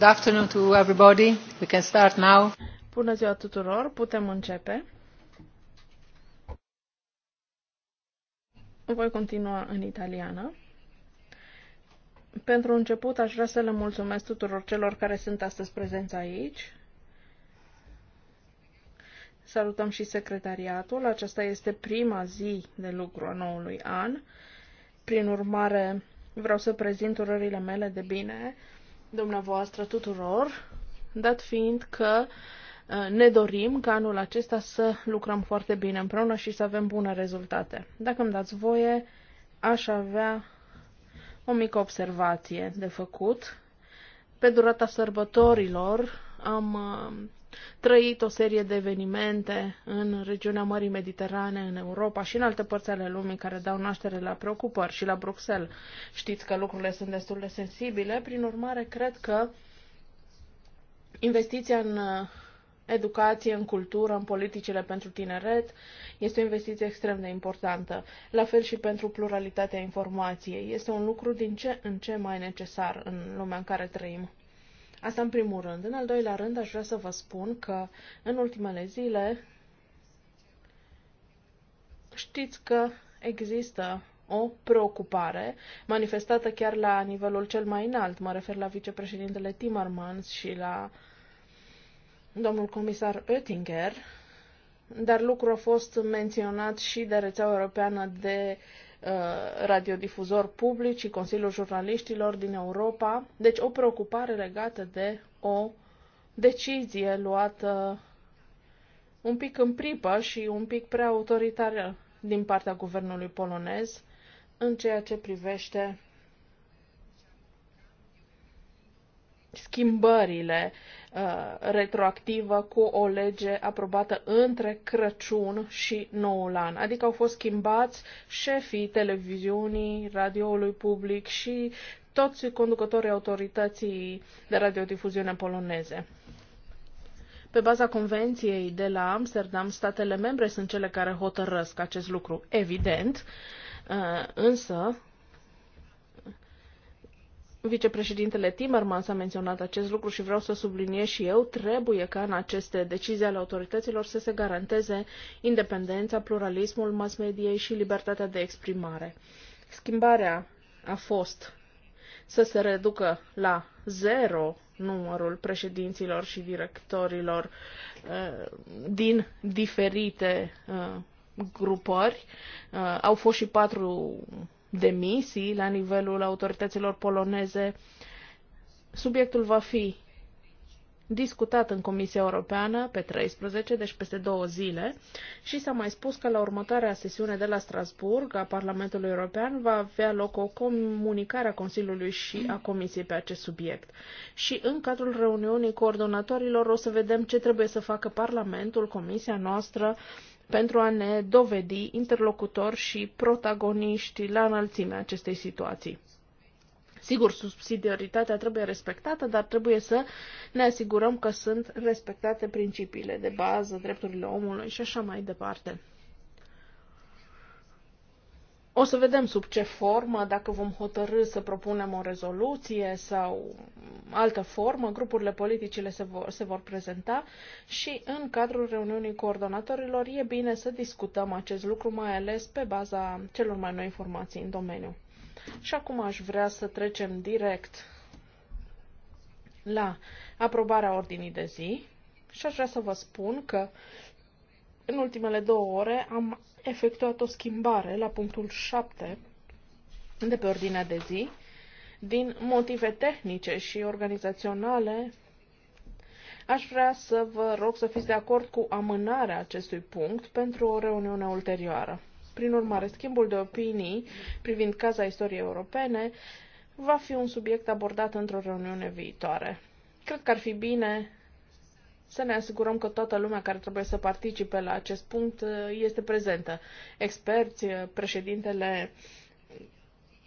Good afternoon to everybody. We can start now. Bună ziua tuturor, putem începe. Voi continua în italiană. Pentru început aș vrea să le mulțumesc tuturor celor care sunt astăzi prezenți aici. Salutăm și secretariatul. Aceasta este prima zi de lucru a noului an. Prin urmare, vreau să prezint urările mele de bine dumneavoastră tuturor, dat fiind că uh, ne dorim ca anul acesta să lucrăm foarte bine împreună și să avem bune rezultate. Dacă îmi dați voie, aș avea o mică observație de făcut. Pe durata sărbătorilor am uh, trăit o serie de evenimente în regiunea Mării Mediterane, în Europa și în alte părți ale lumii care dau naștere la preocupări și la Bruxelles. Știți că lucrurile sunt destul de sensibile, prin urmare cred că investiția în uh, educație, în cultură, în politicile pentru tineret, este o investiție extrem de importantă. La fel și pentru pluralitatea informației. Este un lucru din ce în ce mai necesar în lumea în care trăim. Asta în primul rând. În al doilea rând, aș vrea să vă spun că în ultimele zile știți că există o preocupare manifestată chiar la nivelul cel mai înalt. Mă refer la vicepreședintele Timmermans și la domnul comisar Oettinger, dar lucrul a fost menționat și de rețeaua europeană de uh, Uh, radiodifuzori publici și Consiliul Jurnaliștilor din Europa. Deci o preocupare legată de o decizie luată un pic în pripă și un pic prea autoritară din partea guvernului polonez în ceea ce privește schimbările uh, retroactivă cu o lege aprobată între Crăciun și Noul An. Adică au fost schimbați șefii televiziunii, radioului public și toți conducătorii autorității de radiodifuziune poloneze. Pe baza convenției de la Amsterdam, statele membre sunt cele care hotărăsc acest lucru, evident, uh, însă Vicepreședintele Timmermans a menționat acest lucru și vreau să subliniez și eu, trebuie ca în aceste decizii ale autorităților să se garanteze independența, pluralismul mass mediei și libertatea de exprimare. Schimbarea a fost să se reducă la zero numărul președinților și directorilor uh, din diferite uh, grupări. Uh, au fost și patru demisii la nivelul autorităților poloneze. Subiectul va fi discutat în Comisia Europeană pe 13, deci peste două zile, și s-a mai spus că la următoarea sesiune de la Strasburg a Parlamentului European va avea loc o comunicare a Consiliului și a Comisiei pe acest subiect. Și în cadrul reuniunii coordonatorilor o să vedem ce trebuie să facă Parlamentul, Comisia noastră, pentru a ne dovedi interlocutori și protagoniști la înălțimea acestei situații. Sigur, subsidiaritatea trebuie respectată, dar trebuie să ne asigurăm că sunt respectate principiile de bază, drepturile omului și așa mai departe. O să vedem sub ce formă, dacă vom hotărâ să propunem o rezoluție sau altă formă, grupurile politicile se vor, se vor prezenta și în cadrul reuniunii coordonatorilor e bine să discutăm acest lucru, mai ales pe baza celor mai noi informații în domeniu. Și acum aș vrea să trecem direct la aprobarea ordinii de zi și aș vrea să vă spun că în ultimele două ore am efectuat o schimbare la punctul 7 de pe ordinea de zi. Din motive tehnice și organizaționale, aș vrea să vă rog să fiți de acord cu amânarea acestui punct pentru o reuniune ulterioară. Prin urmare, schimbul de opinii privind caza Istoriei Europene va fi un subiect abordat într-o reuniune viitoare. Cred că ar fi bine să ne asigurăm că toată lumea care trebuie să participe la acest punct uh, este prezentă. Experți, uh, președintele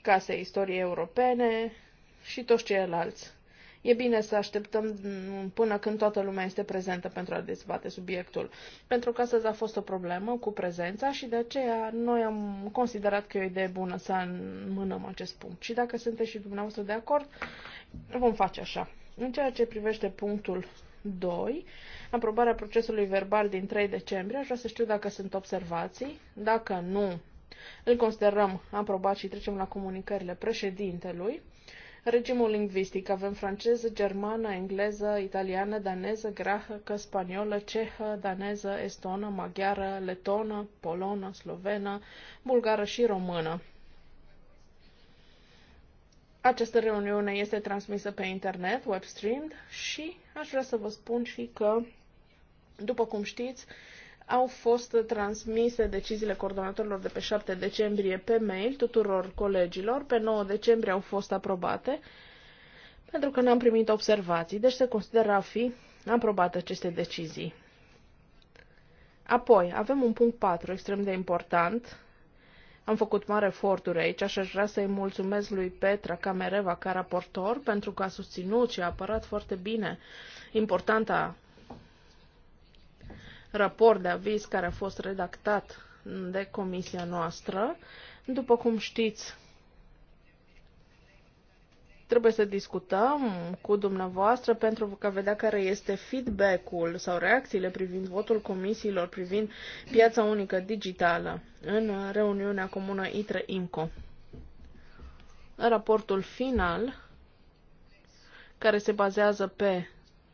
Casei Istoriei Europene și toți ceilalți. E bine să așteptăm mm, până când toată lumea este prezentă pentru a dezbate subiectul. Pentru că astăzi a fost o problemă cu prezența și de aceea noi am considerat că e o idee bună să înmânăm acest punct. Și dacă sunteți și dumneavoastră de acord, vom face așa. În ceea ce privește punctul 2. Aprobarea procesului verbal din 3 decembrie. Aș vrea să știu dacă sunt observații. Dacă nu, îl considerăm aprobat și trecem la comunicările președintelui. Regimul lingvistic. Avem franceză, germană, engleză, italiană, daneză, grahă, spaniolă, cehă, daneză, estonă, maghiară, letonă, polonă, slovenă, bulgară și română. Această reuniune este transmisă pe internet, webstreamed, și aș vrea să vă spun și că, după cum știți, au fost transmise deciziile coordonatorilor de pe 7 decembrie pe mail tuturor colegilor. Pe 9 decembrie au fost aprobate pentru că n-am primit observații, deci se consideră a fi aprobate aceste decizii. Apoi, avem un punct 4 extrem de important, am făcut mari eforturi aici și aș vrea să-i mulțumesc lui Petra Camereva ca raportor pentru că a susținut și a apărat foarte bine importanta raport de aviz care a fost redactat de comisia noastră. După cum știți, Trebuie să discutăm cu dumneavoastră pentru că vedea care este feedback-ul sau reacțiile privind votul comisiilor privind piața unică digitală în reuniunea comună ITRE-IMCO. Raportul final, care se bazează pe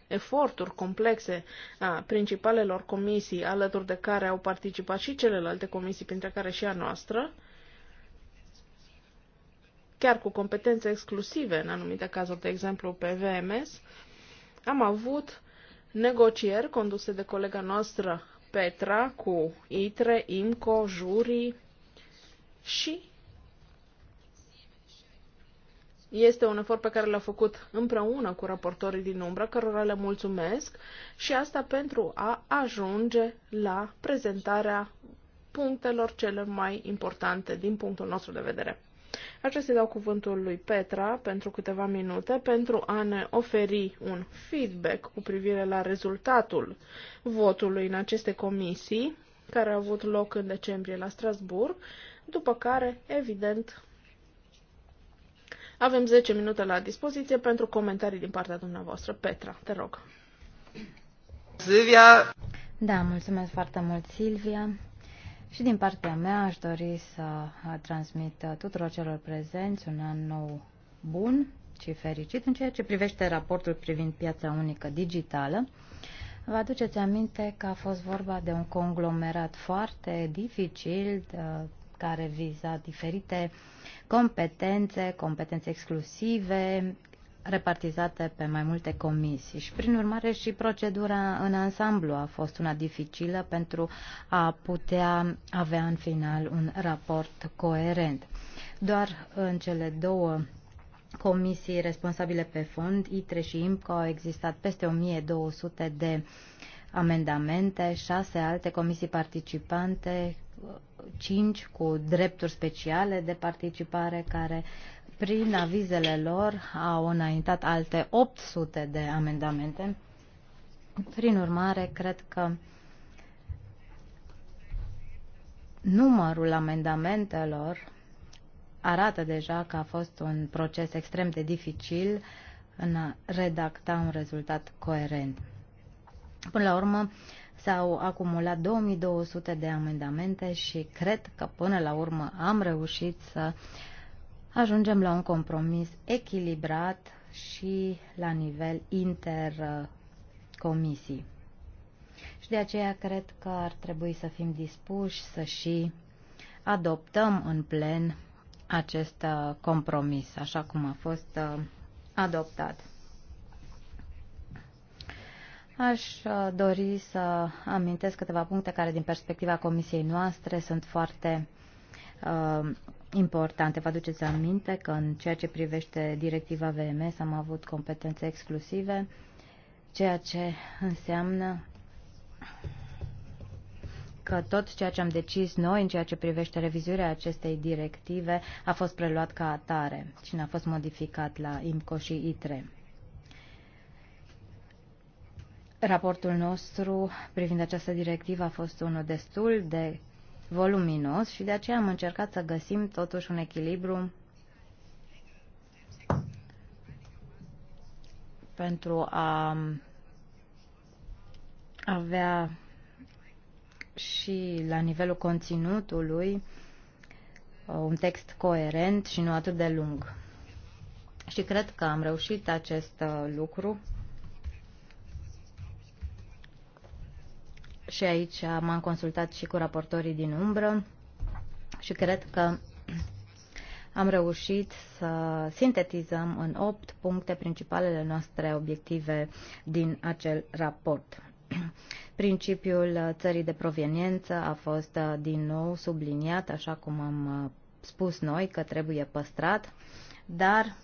eforturi complexe a principalelor comisii, alături de care au participat și celelalte comisii, printre care și a noastră, chiar cu competențe exclusive în anumite cazuri, de exemplu pe VMS, am avut negocieri conduse de colega noastră Petra cu ITRE, IMCO, jurii și este un efort pe care l-a făcut împreună cu raportorii din umbră, cărora le mulțumesc, și asta pentru a ajunge la prezentarea punctelor cele mai importante din punctul nostru de vedere. Așa să dau cuvântul lui Petra pentru câteva minute pentru a ne oferi un feedback cu privire la rezultatul votului în aceste comisii care a avut loc în decembrie la Strasburg, după care, evident, avem 10 minute la dispoziție pentru comentarii din partea dumneavoastră. Petra, te rog. Silvia! Da, mulțumesc foarte mult, Silvia. Și din partea mea aș dori să transmit tuturor celor prezenți un an nou bun și fericit în ceea ce privește raportul privind piața unică digitală. Vă aduceți aminte că a fost vorba de un conglomerat foarte dificil uh, care viza diferite competențe, competențe exclusive, repartizate pe mai multe comisii și, prin urmare, și procedura în ansamblu a fost una dificilă pentru a putea avea în final un raport coerent. Doar în cele două comisii responsabile pe fond, ITRE și IMCO, au existat peste 1200 de amendamente, șase alte comisii participante, cinci cu drepturi speciale de participare care prin avizele lor au înaintat alte 800 de amendamente. Prin urmare, cred că numărul amendamentelor arată deja că a fost un proces extrem de dificil în a redacta un rezultat coerent. Până la urmă, s-au acumulat 2200 de amendamente și cred că până la urmă am reușit să uh, ajungem la un compromis echilibrat și la nivel intercomisii. Și de aceea cred că ar trebui să fim dispuși să și adoptăm în plen acest uh, compromis, așa cum a fost uh, adoptat. Aș uh, dori să amintesc câteva puncte care, din perspectiva comisiei noastre, sunt foarte uh, importante. Vă aduceți aminte că în ceea ce privește directiva VMS am avut competențe exclusive, ceea ce înseamnă că tot ceea ce am decis noi în ceea ce privește revizuirea acestei directive a fost preluat ca atare și n-a fost modificat la IMCO și ITRE. Raportul nostru privind această directivă a fost unul destul de voluminos și de aceea am încercat să găsim totuși un echilibru pentru a avea și la nivelul conținutului uh, un text coerent și nu atât de lung. Și cred că am reușit acest uh, lucru și aici m-am consultat și cu raportorii din umbră și cred că am reușit să sintetizăm în opt puncte principalele noastre obiective din acel raport. Principiul țării de proveniență a fost uh, din nou subliniat, așa cum am uh, spus noi, că trebuie păstrat, dar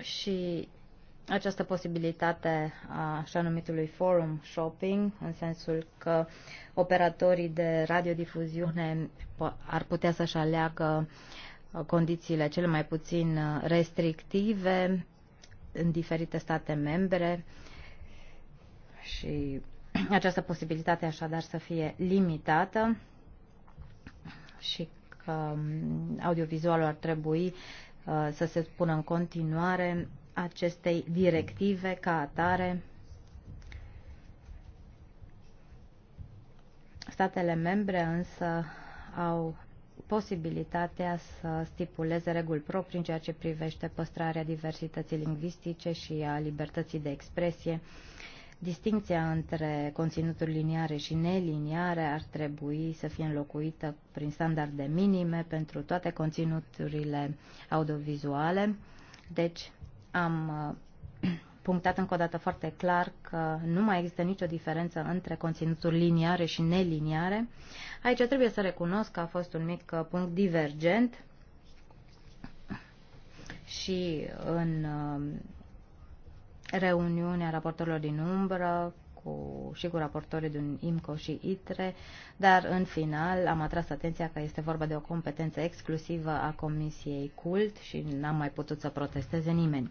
și această posibilitate a așa numitului forum shopping, în sensul că operatorii de radiodifuziune ar putea să-și aleagă uh, condițiile cele mai puțin uh, restrictive în diferite state membre și această posibilitate așadar să fie limitată și că um, audiovizualul ar trebui uh, să se pună în continuare acestei directive ca atare. Statele membre însă au posibilitatea să stipuleze reguli proprii în ceea ce privește păstrarea diversității lingvistice și a libertății de expresie. Distinția între conținuturi liniare și neliniare ar trebui să fie înlocuită prin standarde minime pentru toate conținuturile audiovizuale, deci am uh, punctat încă o dată foarte clar că nu mai există nicio diferență între conținuturi liniare și neliniare. Aici trebuie să recunosc că a fost un mic uh, punct divergent și în uh, reuniunea raportorilor din umbră cu, și cu raportorii din IMCO și ITRE, dar în final am atras atenția că este vorba de o competență exclusivă a Comisiei CULT și n-am mai putut să protesteze nimeni.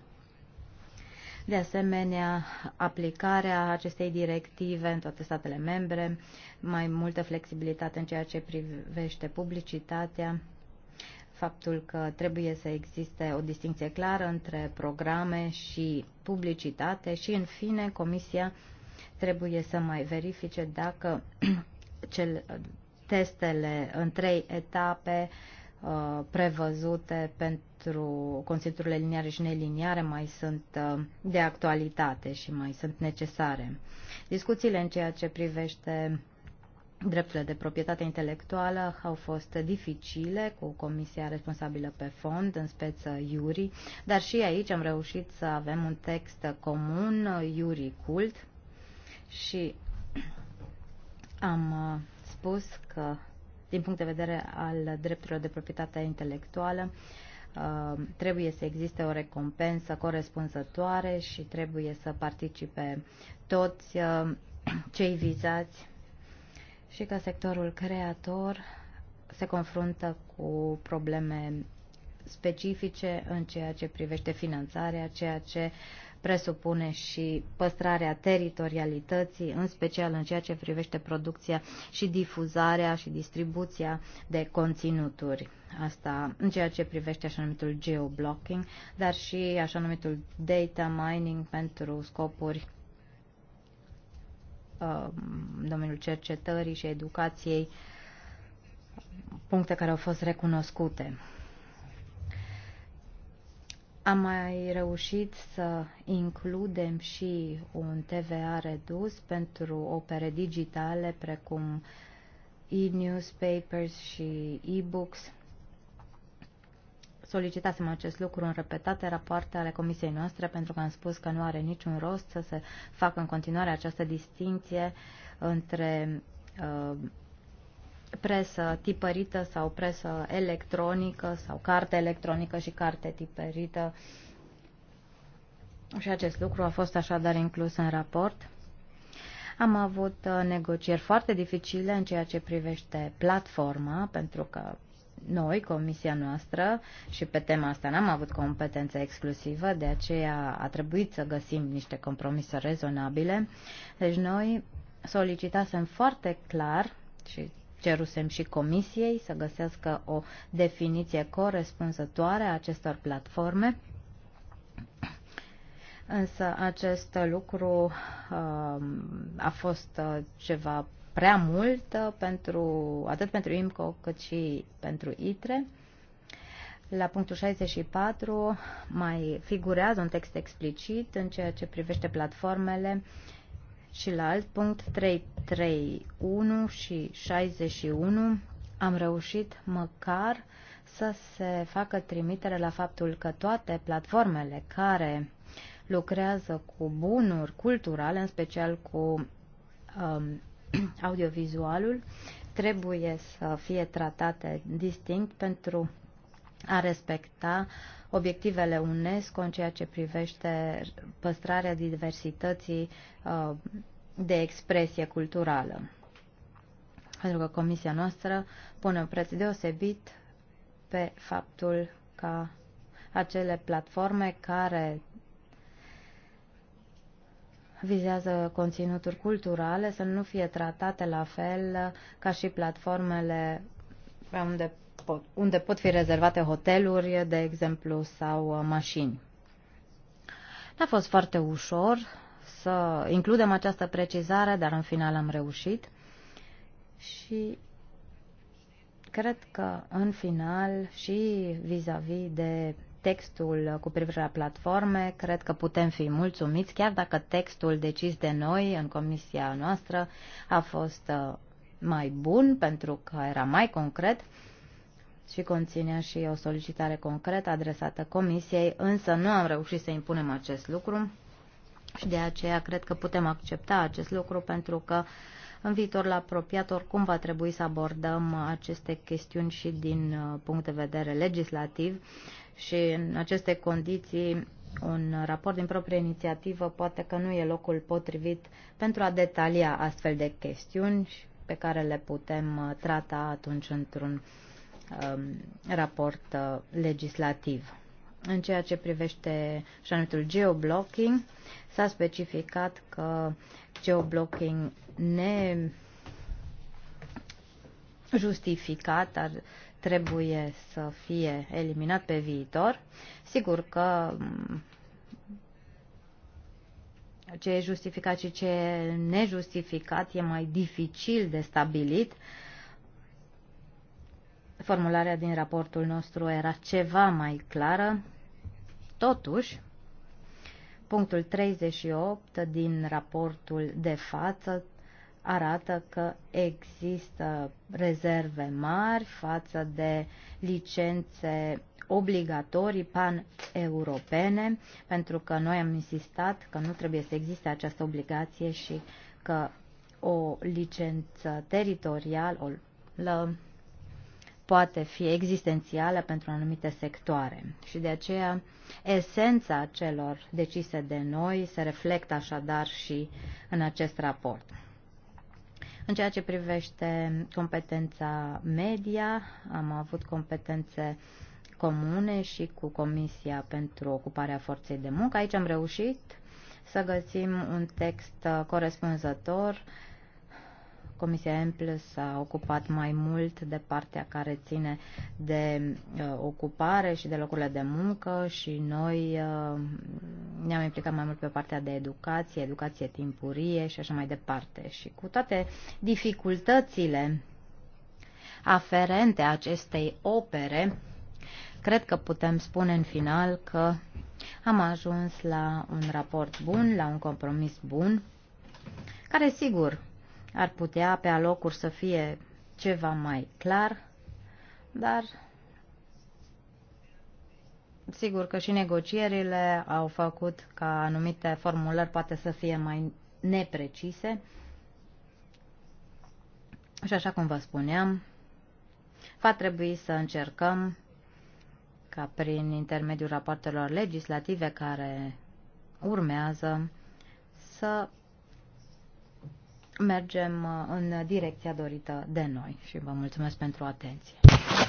De asemenea, aplicarea acestei directive în toate statele membre, mai multă flexibilitate în ceea ce privește publicitatea, faptul că trebuie să existe o distinție clară între programe și publicitate și, în fine, Comisia trebuie să mai verifice dacă cel, testele în trei etape uh, uh, prevăzute pentru conținturile liniare și neliniare mai sunt uh, de actualitate și mai sunt necesare. Discuțiile în ceea ce privește drepturile de proprietate intelectuală au fost dificile cu comisia responsabilă pe fond, în speță Iuri, dar și aici am reușit să avem un text comun, Iuri Cult, și am uh, spus că din punct de vedere al drepturilor de proprietate intelectuală, uh, trebuie să existe o recompensă corespunzătoare și trebuie să participe toți uh, cei vizați și că sectorul creator se confruntă cu probleme specifice în ceea ce privește finanțarea, ceea ce presupune și păstrarea teritorialității, în special în ceea ce privește producția și difuzarea și distribuția de conținuturi. Asta în ceea ce privește așa numitul geoblocking, dar și așa numitul data mining pentru scopuri um, în domeniul cercetării și educației, puncte care au fost recunoscute. Am mai reușit să includem și un TVA redus pentru opere digitale precum e-newspapers și e-books. Solicitasem acest lucru în repetate rapoarte ale comisiei noastre pentru că am spus că nu are niciun rost să se facă în continuare această distinție între uh, presă tipărită sau presă electronică sau carte electronică și carte tipărită. Și acest lucru a fost așadar inclus în raport. Am avut uh, negocieri foarte dificile în ceea ce privește platforma, pentru că noi, comisia noastră, și pe tema asta n-am avut competență exclusivă, de aceea a trebuit să găsim niște compromisuri rezonabile. Deci noi solicitasem foarte clar și cerusem și comisiei să găsească o definiție corespunzătoare a acestor platforme. Însă acest lucru um, a fost uh, ceva prea mult uh, pentru, atât pentru IMCO cât și pentru ITRE. La punctul 64 mai figurează un text explicit în ceea ce privește platformele și la alt punct 331 și 61 am reușit măcar să se facă trimitere la faptul că toate platformele care lucrează cu bunuri culturale, în special cu um, audiovizualul, trebuie să fie tratate distinct pentru a respecta obiectivele UNESCO în ceea ce privește păstrarea diversității uh, de expresie culturală. Pentru că comisia noastră pune un preț deosebit pe faptul ca acele platforme care vizează conținuturi culturale să nu fie tratate la fel ca și platformele unde pot, unde pot fi rezervate hoteluri, de exemplu, sau uh, mașini. N-a fost foarte ușor să includem această precizare, dar în final am reușit și cred că în final și vis-a-vis -vis de textul cu privire la platforme, cred că putem fi mulțumiți, chiar dacă textul decis de noi în comisia noastră a fost uh, mai bun pentru că era mai concret, și conținea și o solicitare concretă adresată Comisiei, însă nu am reușit să impunem acest lucru și de aceea cred că putem accepta acest lucru pentru că în viitorul apropiat oricum va trebui să abordăm aceste chestiuni și din uh, punct de vedere legislativ și în aceste condiții un raport din proprie inițiativă poate că nu e locul potrivit pentru a detalia astfel de chestiuni pe care le putem uh, trata atunci într-un Um, raport uh, legislativ. În ceea ce privește șanutul geoblocking, s-a specificat că geoblocking ne justificat ar, trebuie să fie eliminat pe viitor. Sigur că mm, ce e justificat și ce e nejustificat e mai dificil de stabilit, formularea din raportul nostru era ceva mai clară. Totuși, punctul 38 din raportul de față arată că există rezerve mari față de licențe obligatorii pan-europene, pentru că noi am insistat că nu trebuie să existe această obligație și că o licență teritorială poate fi existențială pentru anumite sectoare și de aceea esența celor decise de noi se reflectă așadar și în acest raport. În ceea ce privește competența media, am avut competențe comune și cu Comisia pentru Ocuparea Forței de Muncă. Aici am reușit să găsim un text corespunzător uh, Comisia EMPL s-a ocupat mai mult de partea care ține de uh, ocupare și de locurile de muncă și noi uh, ne-am implicat mai mult pe partea de educație, educație timpurie și așa mai departe. Și cu toate dificultățile aferente acestei opere, cred că putem spune în final că am ajuns la un raport bun, la un compromis bun, care sigur ar putea pe alocuri să fie ceva mai clar, dar sigur că și negocierile au făcut ca anumite formulări poate să fie mai neprecise. Și așa cum vă spuneam, va trebui să încercăm ca prin intermediul rapoartelor legislative care urmează să mergem uh, în direcția dorită de noi și vă mulțumesc pentru atenție.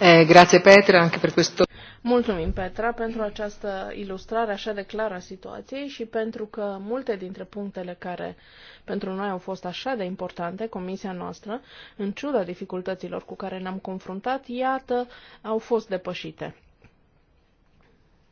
E, eh, grazie Petra, anche per questo. Mulțumim Petra pentru această ilustrare așa de clară a situației și pentru că multe dintre punctele care pentru noi au fost așa de importante, comisia noastră, în ciuda dificultăților cu care ne-am confruntat, iată, au fost depășite.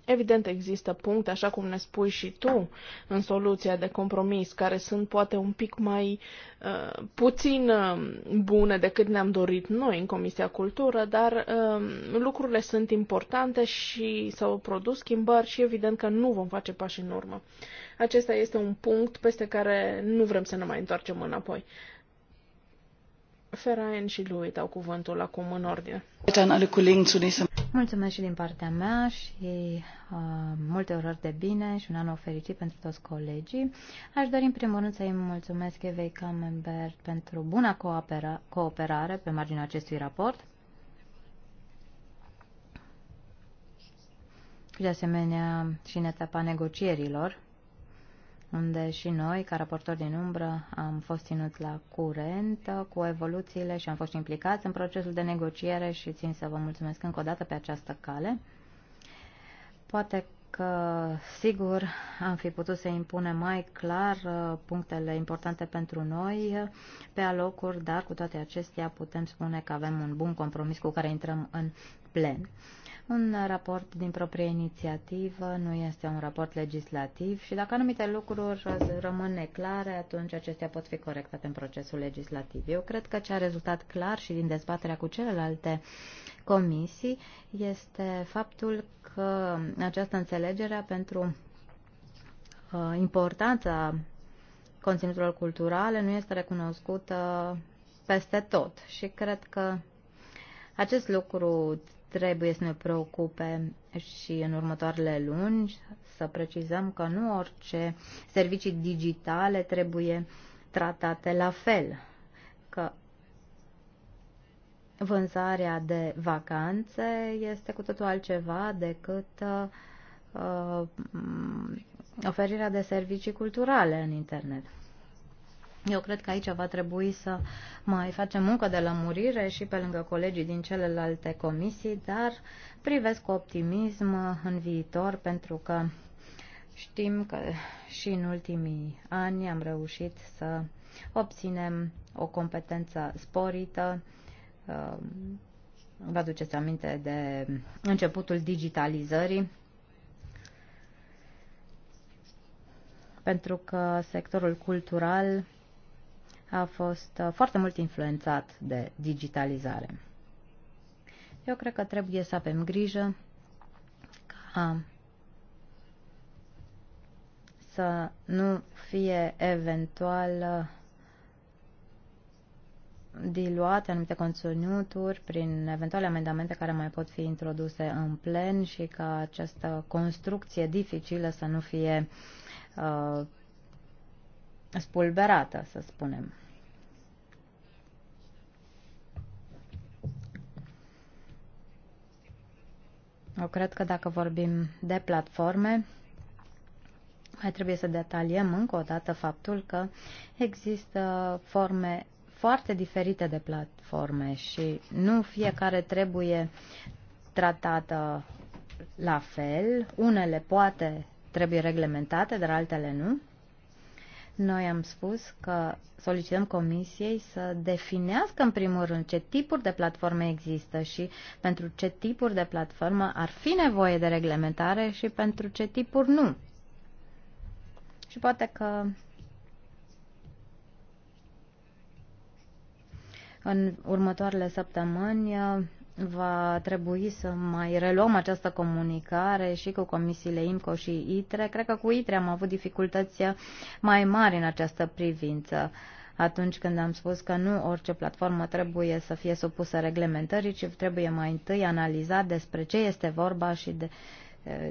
Evident, există puncte, așa cum ne spui și tu, în soluția de compromis, care sunt poate un pic mai uh, puțin uh, bune decât ne-am dorit noi în Comisia Cultură, dar uh, lucrurile sunt importante și s-au produs schimbări și evident că nu vom face pași în urmă. Acesta este un punct peste care nu vrem să ne mai întoarcem înapoi. Ferain și lui dau cuvântul acum în ordine. Mulțumesc și din partea mea și uh, multe urări de bine și un an fericit pentru toți colegii. Aș dori în primul rând să-i mulțumesc Evei Camembert pentru buna cooperare, cooperare pe marginea acestui raport. Și de asemenea și în etapa negocierilor unde și noi, ca raportori din umbră, am fost ținut la curent cu evoluțiile și am fost implicați în procesul de negociere și țin să vă mulțumesc încă o dată pe această cale. Poate că, sigur, am fi putut să impunem mai clar uh, punctele importante pentru noi pe alocuri, dar cu toate acestea putem spune că avem un bun compromis cu care intrăm în plen. Un raport din proprie inițiativă nu este un raport legislativ și dacă anumite lucruri rămân neclare, atunci acestea pot fi corectate în procesul legislativ. Eu cred că ce a rezultat clar și din dezbaterea cu celelalte comisii este faptul că această înțelegere pentru uh, importanța conținuturilor culturale nu este recunoscută peste tot și cred că acest lucru trebuie să ne preocupe și în următoarele luni, să precizăm că nu orice servicii digitale trebuie tratate la fel, că vânzarea de vacanțe este cu totul altceva decât uh, oferirea de servicii culturale în internet. Eu cred că aici va trebui să mai facem muncă de lămurire și pe lângă colegii din celelalte comisii, dar privesc cu optimism în viitor pentru că știm că și în ultimii ani am reușit să obținem o competență sporită. Vă aduceți aminte de începutul digitalizării pentru că sectorul cultural a fost uh, foarte mult influențat de digitalizare. Eu cred că trebuie să avem grijă ca să nu fie eventual uh, diluate anumite conținuturi prin eventuale amendamente care mai pot fi introduse în plen și ca această construcție dificilă să nu fie uh, spulberată, să spunem. Eu cred că dacă vorbim de platforme, mai trebuie să detaliem încă o dată faptul că există forme foarte diferite de platforme și nu fiecare trebuie tratată la fel. Unele poate trebuie reglementate, dar altele nu. Noi am spus că solicităm comisiei să definească în primul rând ce tipuri de platforme există și pentru ce tipuri de platformă ar fi nevoie de reglementare și pentru ce tipuri nu. Și poate că în următoarele săptămâni va trebui să mai reluăm această comunicare și cu comisiile IMCO și ITRE. Cred că cu ITRE am avut dificultăți mai mari în această privință atunci când am spus că nu orice platformă trebuie să fie supusă reglementării, ci trebuie mai întâi analizat despre ce este vorba și de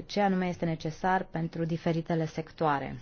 ce anume este necesar pentru diferitele sectoare.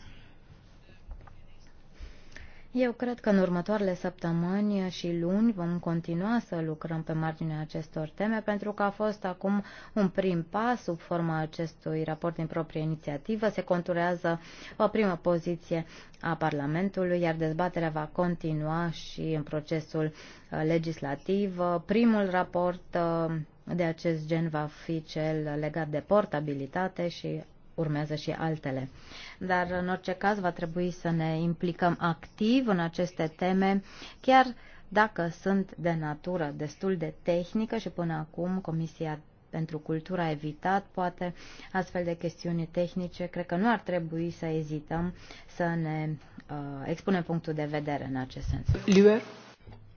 Eu cred că în următoarele săptămâni și luni vom continua să lucrăm pe marginea acestor teme, pentru că a fost acum un prim pas sub forma acestui raport din proprie inițiativă. Se conturează o primă poziție a Parlamentului, iar dezbaterea va continua și în procesul uh, legislativ. Primul raport uh, de acest gen va fi cel legat de portabilitate și urmează și altele. Dar, în orice caz, va trebui să ne implicăm activ în aceste teme, chiar dacă sunt de natură destul de tehnică și până acum Comisia pentru Cultura a evitat poate astfel de chestiuni tehnice, cred că nu ar trebui să ezităm să ne uh, expunem punctul de vedere în acest sens. Liber.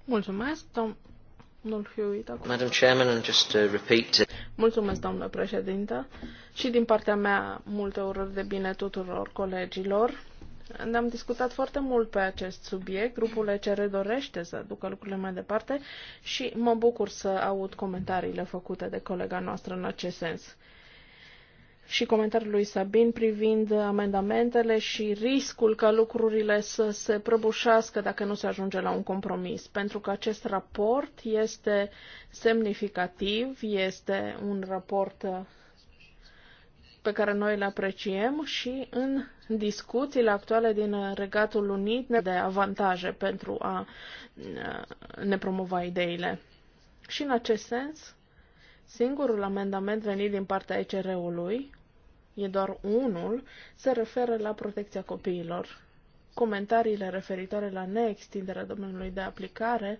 Mulțumesc, Domnul Hewitt acum. Madam Chairman, and just to uh, repeat... Mulțumesc, doamnă președintă. Și din partea mea, multe urări de bine tuturor colegilor. Ne-am discutat foarte mult pe acest subiect. Grupul ECR dorește să ducă lucrurile mai departe și mă bucur să aud comentariile făcute de colega noastră în acest sens și comentariul lui Sabin privind amendamentele și riscul ca lucrurile să se prăbușească dacă nu se ajunge la un compromis, pentru că acest raport este semnificativ, este un raport uh, pe care noi îl apreciem și în discuțiile actuale din Regatul Unit ne de avantaje pentru a uh, ne promova ideile. Și în acest sens, Singurul amendament venit din partea ECR-ului, e doar unul, se referă la protecția copiilor. Comentariile referitoare la neextinderea domeniului de aplicare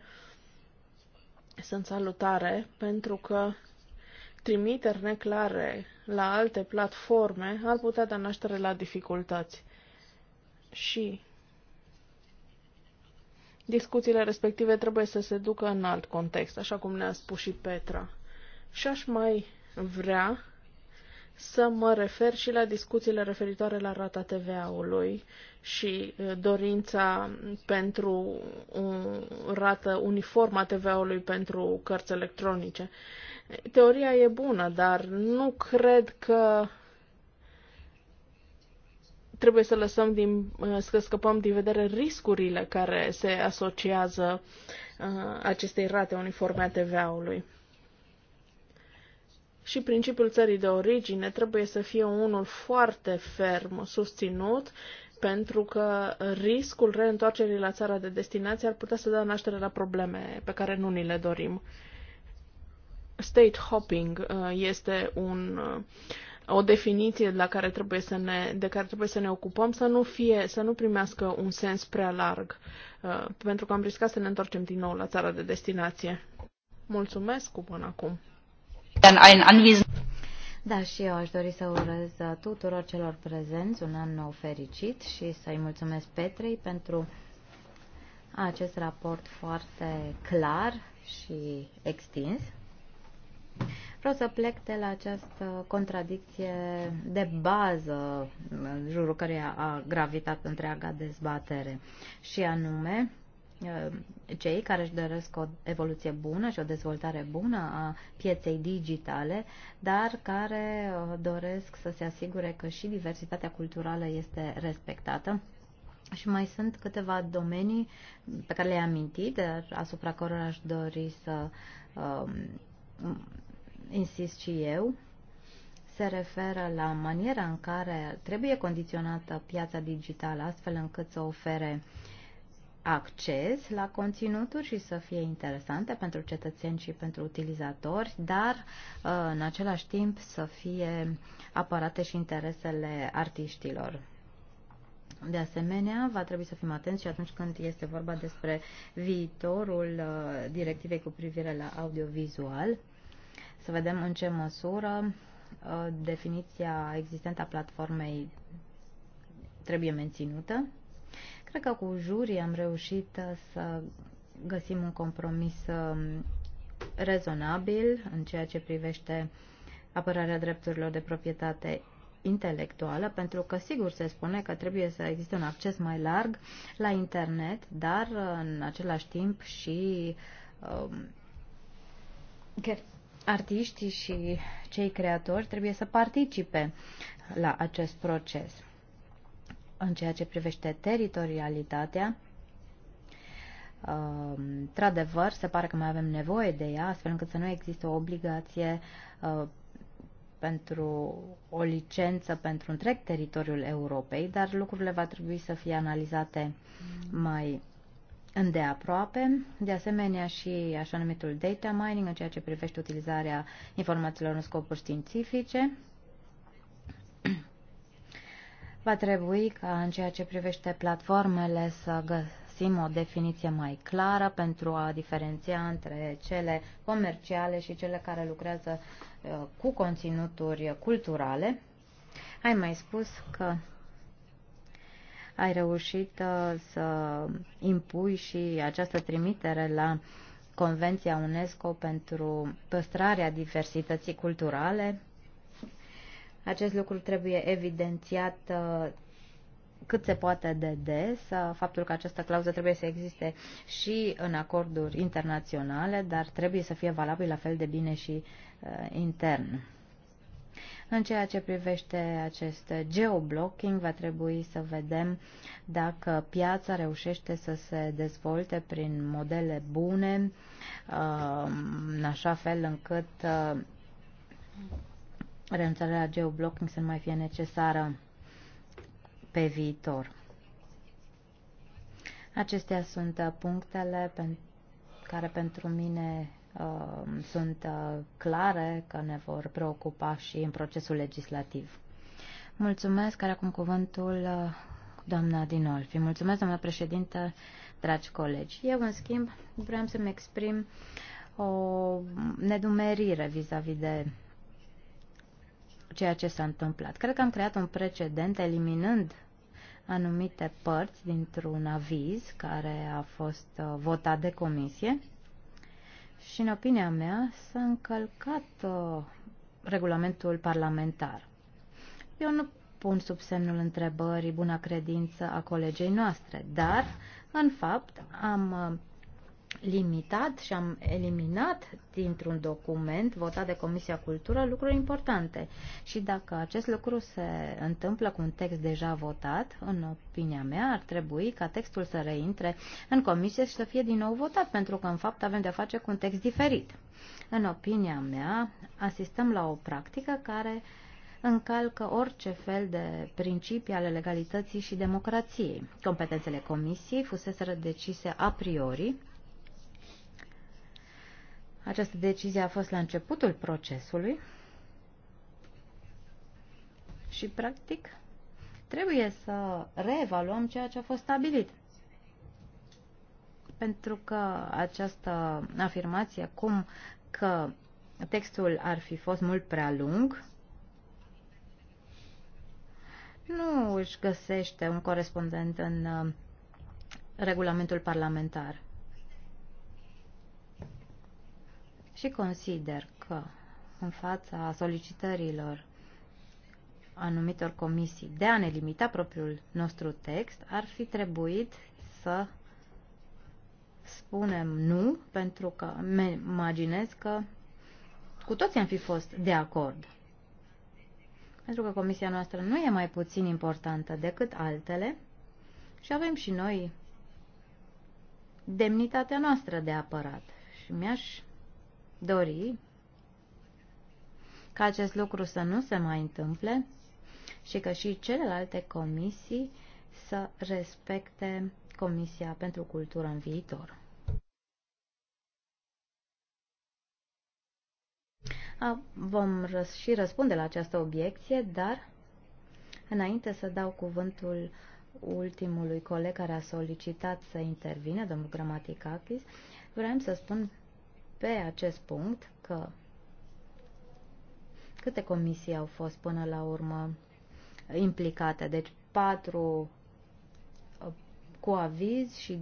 sunt salutare pentru că trimiteri neclare la alte platforme ar putea da naștere la dificultăți. Și discuțiile respective trebuie să se ducă în alt context, așa cum ne-a spus și Petra. Și aș mai vrea să mă refer și la discuțiile referitoare la rata TVA-ului și uh, dorința pentru o rată uniformă a TVA-ului pentru cărți electronice. Teoria e bună, dar nu cred că trebuie să lăsăm din, uh, să scăpăm din vedere riscurile care se asociază uh, acestei rate uniforme a TVA-ului și principiul țării de origine trebuie să fie unul foarte ferm susținut pentru că riscul reîntoarcerii la țara de destinație ar putea să dea naștere la probleme pe care nu ni le dorim. State hopping uh, este un uh, o definiție la care trebuie să ne, de care trebuie să ne ocupăm, să nu, fie, să nu primească un sens prea larg, uh, pentru că am riscat să ne întoarcem din nou la țara de destinație. Mulțumesc cu până acum! Da, și eu aș dori să urez tuturor celor prezenți un an nou fericit și să-i mulțumesc Petrei pentru acest raport foarte clar și extins. Vreau să plec de la această contradicție de bază în jurul căreia a gravitat întreaga dezbatere și anume Uh, cei care își doresc o evoluție bună și o dezvoltare bună a pieței digitale, dar care uh, doresc să se asigure că și diversitatea culturală este respectată. Și mai sunt câteva domenii pe care le-am amintit, dar asupra cărora aș dori să um, insist și eu. Se referă la maniera în care trebuie condiționată piața digitală, astfel încât să ofere uh, acces la conținuturi și să fie interesante pentru cetățeni și pentru utilizatori, dar uh, în același timp să fie apărate și interesele artiștilor. De asemenea, va trebui să fim atenți și atunci când este vorba despre viitorul uh, directivei cu privire la audiovizual, să vedem în ce măsură uh, definiția existentă a platformei trebuie menținută Cred că cu jurii am reușit uh, să găsim un compromis um, rezonabil în ceea ce privește apărarea drepturilor de proprietate intelectuală, pentru că sigur se spune că trebuie să existe un acces mai larg la internet, dar uh, în același timp și um, artiștii și cei creatori trebuie să participe la acest proces în ceea ce privește teritorialitatea, um, într-adevăr, se pare că mai avem nevoie de ea, astfel încât să nu există o obligație uh, pentru o licență pentru întreg teritoriul Europei, dar lucrurile va trebui să fie analizate mai îndeaproape. De asemenea și așa numitul data mining în ceea ce privește utilizarea informațiilor în scopuri științifice Va trebui ca în ceea ce privește platformele să găsim o definiție mai clară pentru a diferenția între cele comerciale și cele care lucrează uh, cu conținuturi culturale. Ai mai spus că ai reușit uh, să impui și această trimitere la Convenția UNESCO pentru păstrarea diversității culturale acest lucru trebuie evidențiat uh, cât se poate de des, uh, faptul că această clauză trebuie să existe și în acorduri internaționale, dar trebuie să fie valabil la fel de bine și uh, intern. În ceea ce privește acest geoblocking, va trebui să vedem dacă piața reușește să se dezvolte prin modele bune, uh, în așa fel încât uh, renunțarea la geoblocking să nu mai fie necesară pe viitor. Acestea sunt uh, punctele pe care pentru mine uh, sunt uh, clare că ne vor preocupa și în procesul legislativ. Mulțumesc, care acum cuvântul uh, doamna Dinolfi. Mulțumesc, doamna președintă, dragi colegi. Eu, în schimb, vreau să-mi exprim o nedumerire vis-a-vis -vis de ceea ce s-a întâmplat. Cred că am creat un precedent eliminând anumite părți dintr-un aviz care a fost uh, votat de comisie și, în opinia mea, s-a încălcat uh, regulamentul parlamentar. Eu nu pun sub semnul întrebării buna credință a colegei noastre, dar, în fapt, am uh, limitat și am eliminat dintr-un document votat de Comisia Cultură lucruri importante. Și dacă acest lucru se întâmplă cu un text deja votat, în opinia mea ar trebui ca textul să reintre în comisie și să fie din nou votat, pentru că în fapt avem de-a face cu un text diferit. În opinia mea, asistăm la o practică care încalcă orice fel de principii ale legalității și democrației. Competențele comisiei fuseseră decise a priori, această decizie a fost la începutul procesului și, practic, trebuie să reevaluăm ceea ce a fost stabilit. Pentru că această afirmație, cum că textul ar fi fost mult prea lung, nu își găsește un corespondent în uh, regulamentul parlamentar. și consider că în fața solicitărilor anumitor comisii de a ne limita propriul nostru text, ar fi trebuit să spunem nu, pentru că mă imaginez că cu toții am fi fost de acord. Pentru că comisia noastră nu e mai puțin importantă decât altele și avem și noi demnitatea noastră de apărat. Și mi-aș dori ca acest lucru să nu se mai întâmple și că și celelalte comisii să respecte Comisia pentru Cultură în viitor. Vom și răspunde la această obiecție, dar înainte să dau cuvântul ultimului coleg care a solicitat să intervine, domnul Gramaticakis, vreau să spun pe acest punct că câte comisii au fost până la urmă implicate. Deci patru uh, cu aviz și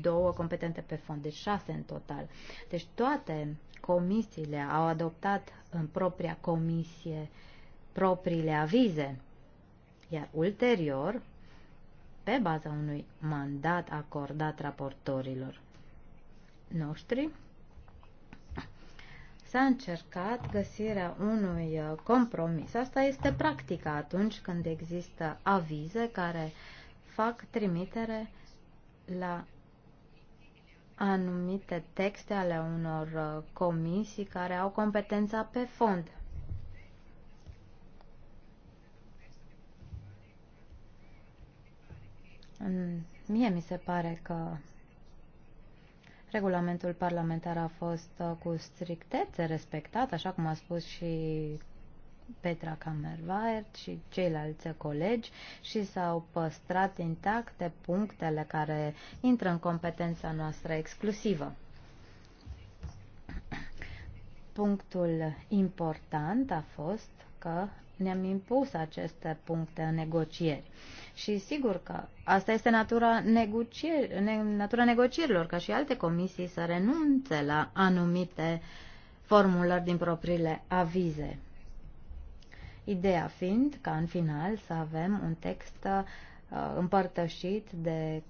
două competente pe fond, deci șase în total. Deci toate comisiile au adoptat în propria comisie propriile avize, iar ulterior, pe baza unui mandat acordat raportorilor noștri, s-a încercat găsirea unui uh, compromis. Asta este practica atunci când există avize care fac trimitere la anumite texte ale unor uh, comisii care au competența pe fond. Mie mi se pare că Regulamentul parlamentar a fost uh, cu strictețe respectat, așa cum a spus și Petra Camervaert și ceilalți colegi și s-au păstrat intacte punctele care intră în competența noastră exclusivă. Punctul important a fost că ne-am impus aceste puncte în negocieri. Și sigur că asta este natura, negocier, ne, natura negocierilor, ca și alte comisii să renunțe la anumite formulări din propriile avize. Ideea fiind ca în final să avem un text uh, împărtășit de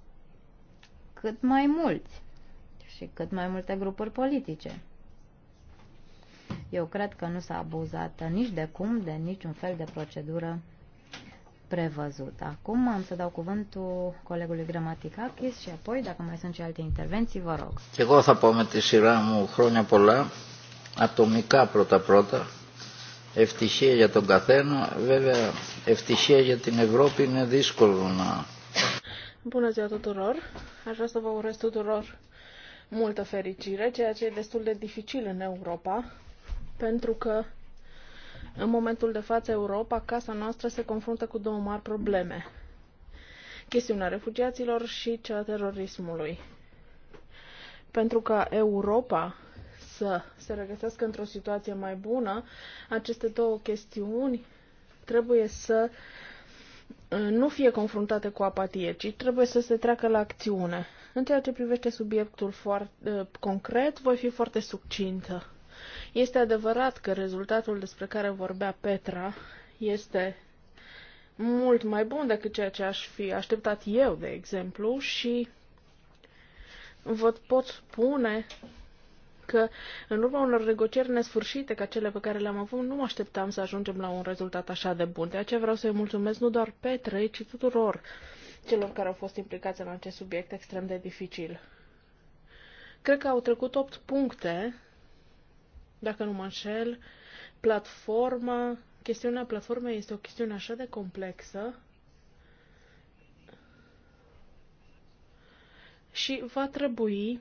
cât mai mulți și cât mai multe grupuri politice. Eu cred că nu s-a abuzat nici de cum de niciun fel de procedură prevăzut. Acum am să dau cuvântul colegului Gramaticakis și apoi, dacă mai sunt și alte intervenții, vă rog. Ce θα πω με τη σειρά μου χρόνια πολλά, prota, πρώτα-πρώτα, ευτυχία για τον καθένα, βέβαια ευτυχία για την Ευρώπη είναι δύσκολο να... Bună ziua tuturor! Aș vrea să vă urez tuturor multă fericire, ceea ce e destul de dificil în Europa, pentru că în momentul de față, Europa, casa noastră, se confruntă cu două mari probleme. Chestiunea refugiaților și cea a terorismului. Pentru ca Europa să se regăsească într-o situație mai bună, aceste două chestiuni trebuie să uh, nu fie confruntate cu apatie, ci trebuie să se treacă la acțiune. În ceea ce privește subiectul foarte uh, concret, voi fi foarte succintă. Este adevărat că rezultatul despre care vorbea Petra este mult mai bun decât ceea ce aș fi așteptat eu, de exemplu, și vă pot spune că în urma unor negocieri nesfârșite ca cele pe care le-am avut, nu mă așteptam să ajungem la un rezultat așa de bun. De aceea vreau să-i mulțumesc nu doar Petre, ci tuturor celor care au fost implicați în acest subiect extrem de dificil. Cred că au trecut 8 puncte dacă nu mă înșel, platforma, chestiunea platformei este o chestiune așa de complexă și va trebui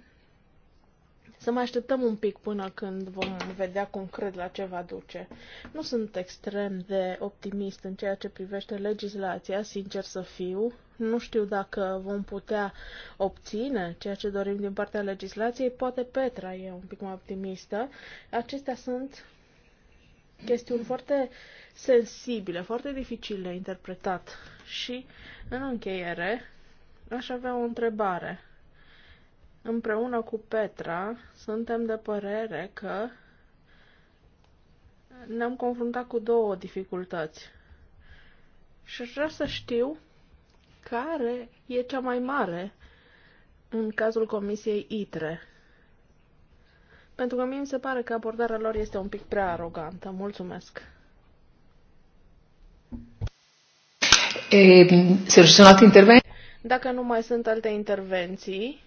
să mai așteptăm un pic până când vom vedea concret la ce va duce. Nu sunt extrem de optimist în ceea ce privește legislația, sincer să fiu. Nu știu dacă vom putea obține ceea ce dorim din partea legislației. Poate Petra e un pic mai optimistă. Acestea sunt chestiuni foarte sensibile, foarte dificil de interpretat. Și, în încheiere, aș avea o întrebare. Împreună cu Petra, suntem de părere că ne-am confruntat cu două dificultăți. Și aș vrea să știu care e cea mai mare în cazul Comisiei ITRE. Pentru că mie mi se pare că abordarea lor este un pic prea arogantă. Mulțumesc. E, ehm, se sunt alte intervenții? Dacă nu mai sunt alte intervenții,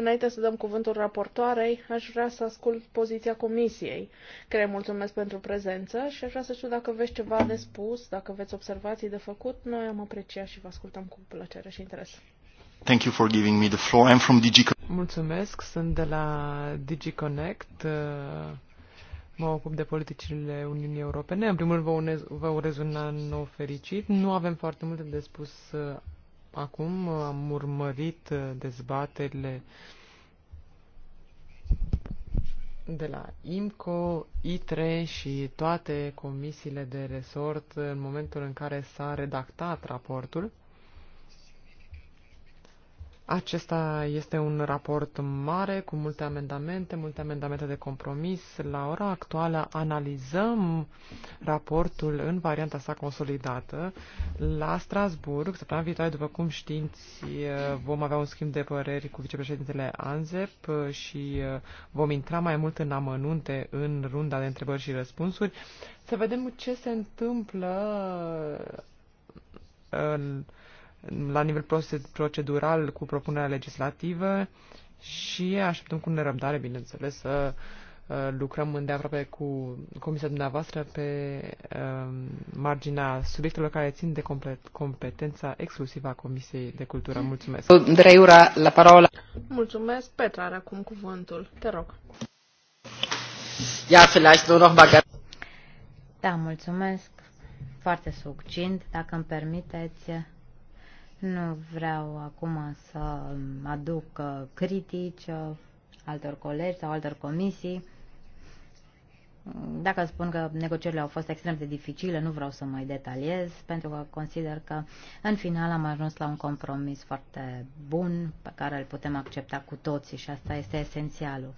Înainte să dăm cuvântul raportoarei, aș vrea să ascult poziția comisiei, care mulțumesc pentru prezență și aș vrea să știu dacă veți ceva de spus, dacă veți observații de făcut. Noi am apreciat și vă ascultăm cu plăcere și interes. Thank you for giving me the floor. I'm from Mulțumesc, sunt de la DigiConnect. Mă ocup de politicile Uniunii Europene. În primul rând, vă vă urez un an nou fericit. Nu avem foarte multe de spus acum am urmărit uh, dezbaterile de la IMCO, ITRE și toate comisiile de resort uh, în momentul în care s-a redactat raportul acesta este un raport mare, cu multe amendamente, multe amendamente de compromis. La ora actuală analizăm raportul în varianta sa consolidată. La Strasburg, săptămâna viitoare, după cum știți, vom avea un schimb de păreri cu vicepreședintele ANZEP și vom intra mai mult în amănunte în runda de întrebări și răspunsuri. Să vedem ce se întâmplă în la nivel procedural cu propunerea legislativă și așteptăm cu nerăbdare, bineînțeles, să uh, lucrăm îndeaproape cu comisia dumneavoastră pe um, marginea subiectelor care țin de competența exclusivă a Comisiei de Cultură. Mulțumesc! Dreiura, la parola! Mulțumesc! Petra are acum cuvântul. Te rog! Ia vielleicht nur noch mal Da, mulțumesc! Foarte succint, dacă îmi permiteți nu vreau acum să aduc uh, critici uh, altor colegi sau altor comisii. Mm, dacă spun că negocierile au fost extrem de dificile, nu vreau să mai detaliez, pentru că consider că în final am ajuns la un compromis foarte bun pe care îl putem accepta cu toții și asta este esențialul.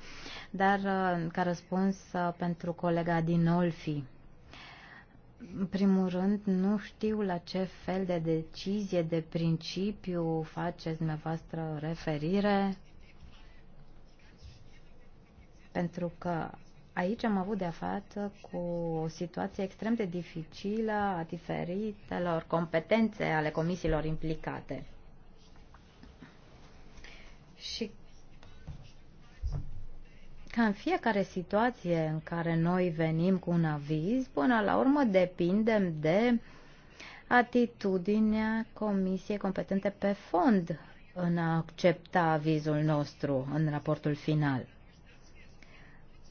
Dar uh, ca răspuns pentru colega din Olfi. În primul rând, nu știu la ce fel de decizie, de principiu faceți dumneavoastră referire, pentru că aici am avut de-a față cu o situație extrem de dificilă a diferitelor competențe ale comisiilor implicate. Și ca în fiecare situație în care noi venim cu un aviz, până la urmă depindem de atitudinea comisiei competente pe fond în a accepta avizul nostru în raportul final.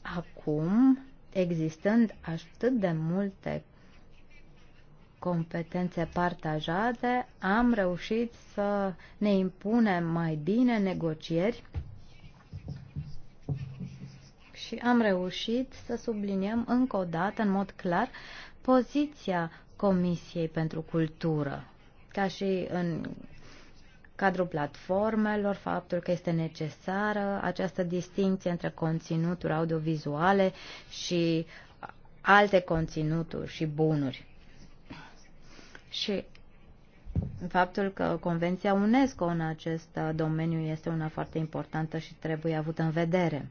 Acum, existând atât de multe competențe partajate, am reușit să ne impunem mai bine negocieri și am reușit să subliniem încă o dată, în mod clar, poziția Comisiei pentru Cultură, ca și în cadrul platformelor, faptul că este necesară această distinție între conținuturi audiovizuale și alte conținuturi și bunuri. Și faptul că Convenția UNESCO în acest domeniu este una foarte importantă și trebuie avută în vedere.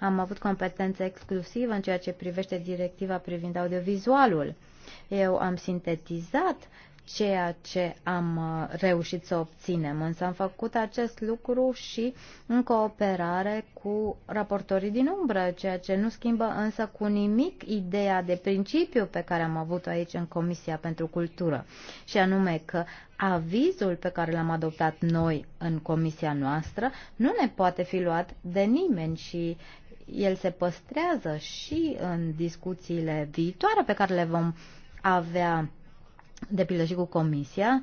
Am avut competență exclusivă în ceea ce privește directiva privind audiovizualul. Eu am sintetizat ceea ce am uh, reușit să obținem, însă am făcut acest lucru și în cooperare cu raportorii din umbră, ceea ce nu schimbă însă cu nimic ideea de principiu pe care am avut-o aici în Comisia pentru Cultură, și anume că avizul pe care l-am adoptat noi în Comisia noastră nu ne poate fi luat de nimeni și el se păstrează și în discuțiile viitoare pe care le vom avea, de pildă și cu Comisia,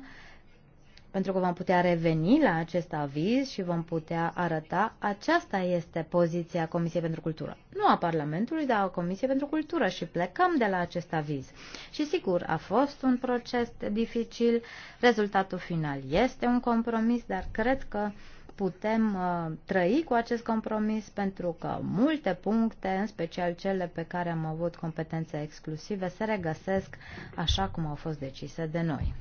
pentru că vom putea reveni la acest aviz și vom putea arăta aceasta este poziția Comisiei pentru Cultură. Nu a Parlamentului, dar a Comisiei pentru Cultură și plecăm de la acest aviz. Și sigur, a fost un proces dificil, rezultatul final este un compromis, dar cred că uh, putem uh, trăi cu acest compromis pentru că multe puncte, în special cele pe care am avut competențe exclusive, se regăsesc așa cum au fost decise de noi.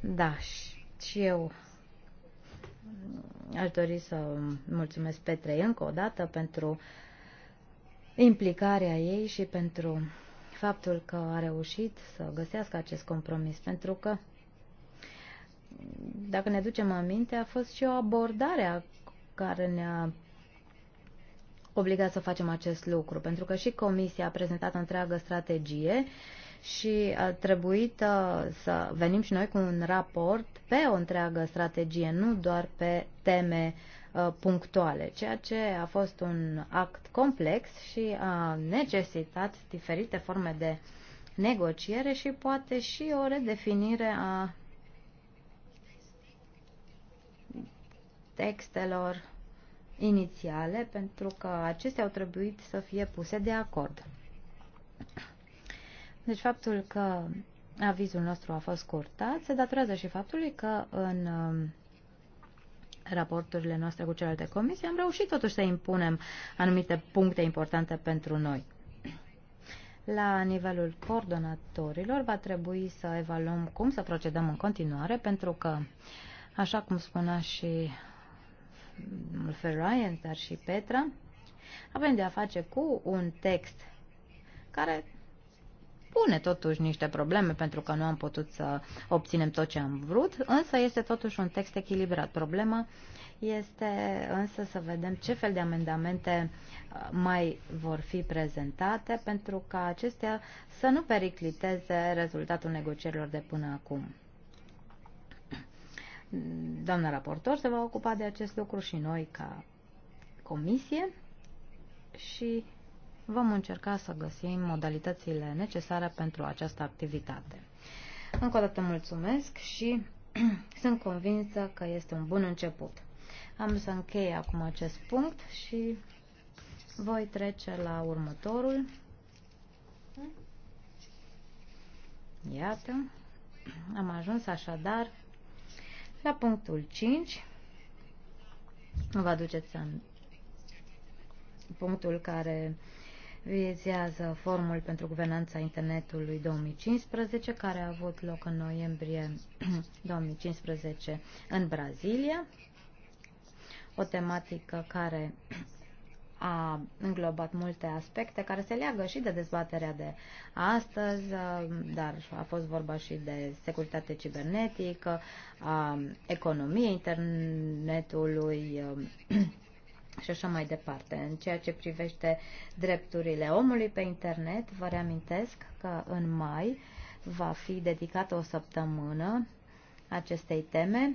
Da, și eu aș dori să mulțumesc Petrei încă o dată pentru implicarea ei și pentru faptul că a reușit să găsească acest compromis, pentru că dacă ne ducem aminte, a fost și o abordare care ne-a obligat să facem acest lucru, pentru că și Comisia a prezentat o întreagă strategie și a trebuit uh, să venim și noi cu un raport pe o întreagă strategie, nu doar pe teme uh, punctuale, ceea ce a fost un act complex și a necesitat diferite forme de negociere și poate și o redefinire a textelor inițiale, pentru că acestea au trebuit să fie puse de acord. Deci faptul că avizul nostru a fost curtat se datorează și faptului că în um, raporturile noastre cu celelalte comisii am reușit totuși să impunem anumite puncte importante pentru noi. La nivelul coordonatorilor va trebui să evaluăm cum să procedăm în continuare, pentru că, așa cum spunea și domnul Ryan, dar și Petra, avem de a face cu un text care pune totuși niște probleme pentru că nu am putut să obținem tot ce am vrut, însă este totuși un text echilibrat. Problema este însă să vedem ce fel de amendamente uh, mai vor fi prezentate pentru ca acestea să nu pericliteze rezultatul negocierilor de până acum. Doamna raportor se va ocupa de acest lucru și noi ca comisie și vom încerca să găsim modalitățile necesare pentru această activitate. Încă o dată mulțumesc și sunt convinsă că este un bun început. Am să închei acum acest punct și voi trece la următorul. Iată, am ajuns așadar la punctul 5 vă aduceți în punctul care vizează formul pentru guvernanța internetului 2015, care a avut loc în noiembrie 2015 în Brazilia, o tematică care a înglobat multe aspecte care se leagă și de dezbaterea de astăzi, dar a fost vorba și de securitate cibernetică, a economiei internetului și așa mai departe. În ceea ce privește drepturile omului pe internet, vă reamintesc că în mai va fi dedicată o săptămână acestei teme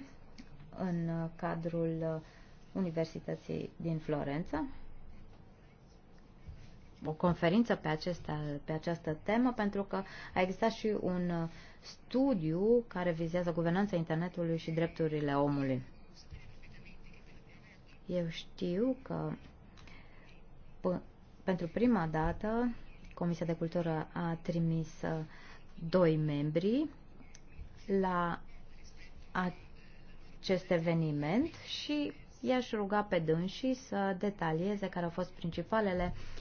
în cadrul Universității din Florența, o conferință pe, acesta, pe această temă, pentru că a existat și un uh, studiu care vizează guvernanța internetului și drepturile omului. Eu știu că pentru prima dată Comisia de Cultură a trimis uh, doi membri la acest eveniment și i-aș ruga pe dânsii să detalieze care au fost principalele uh,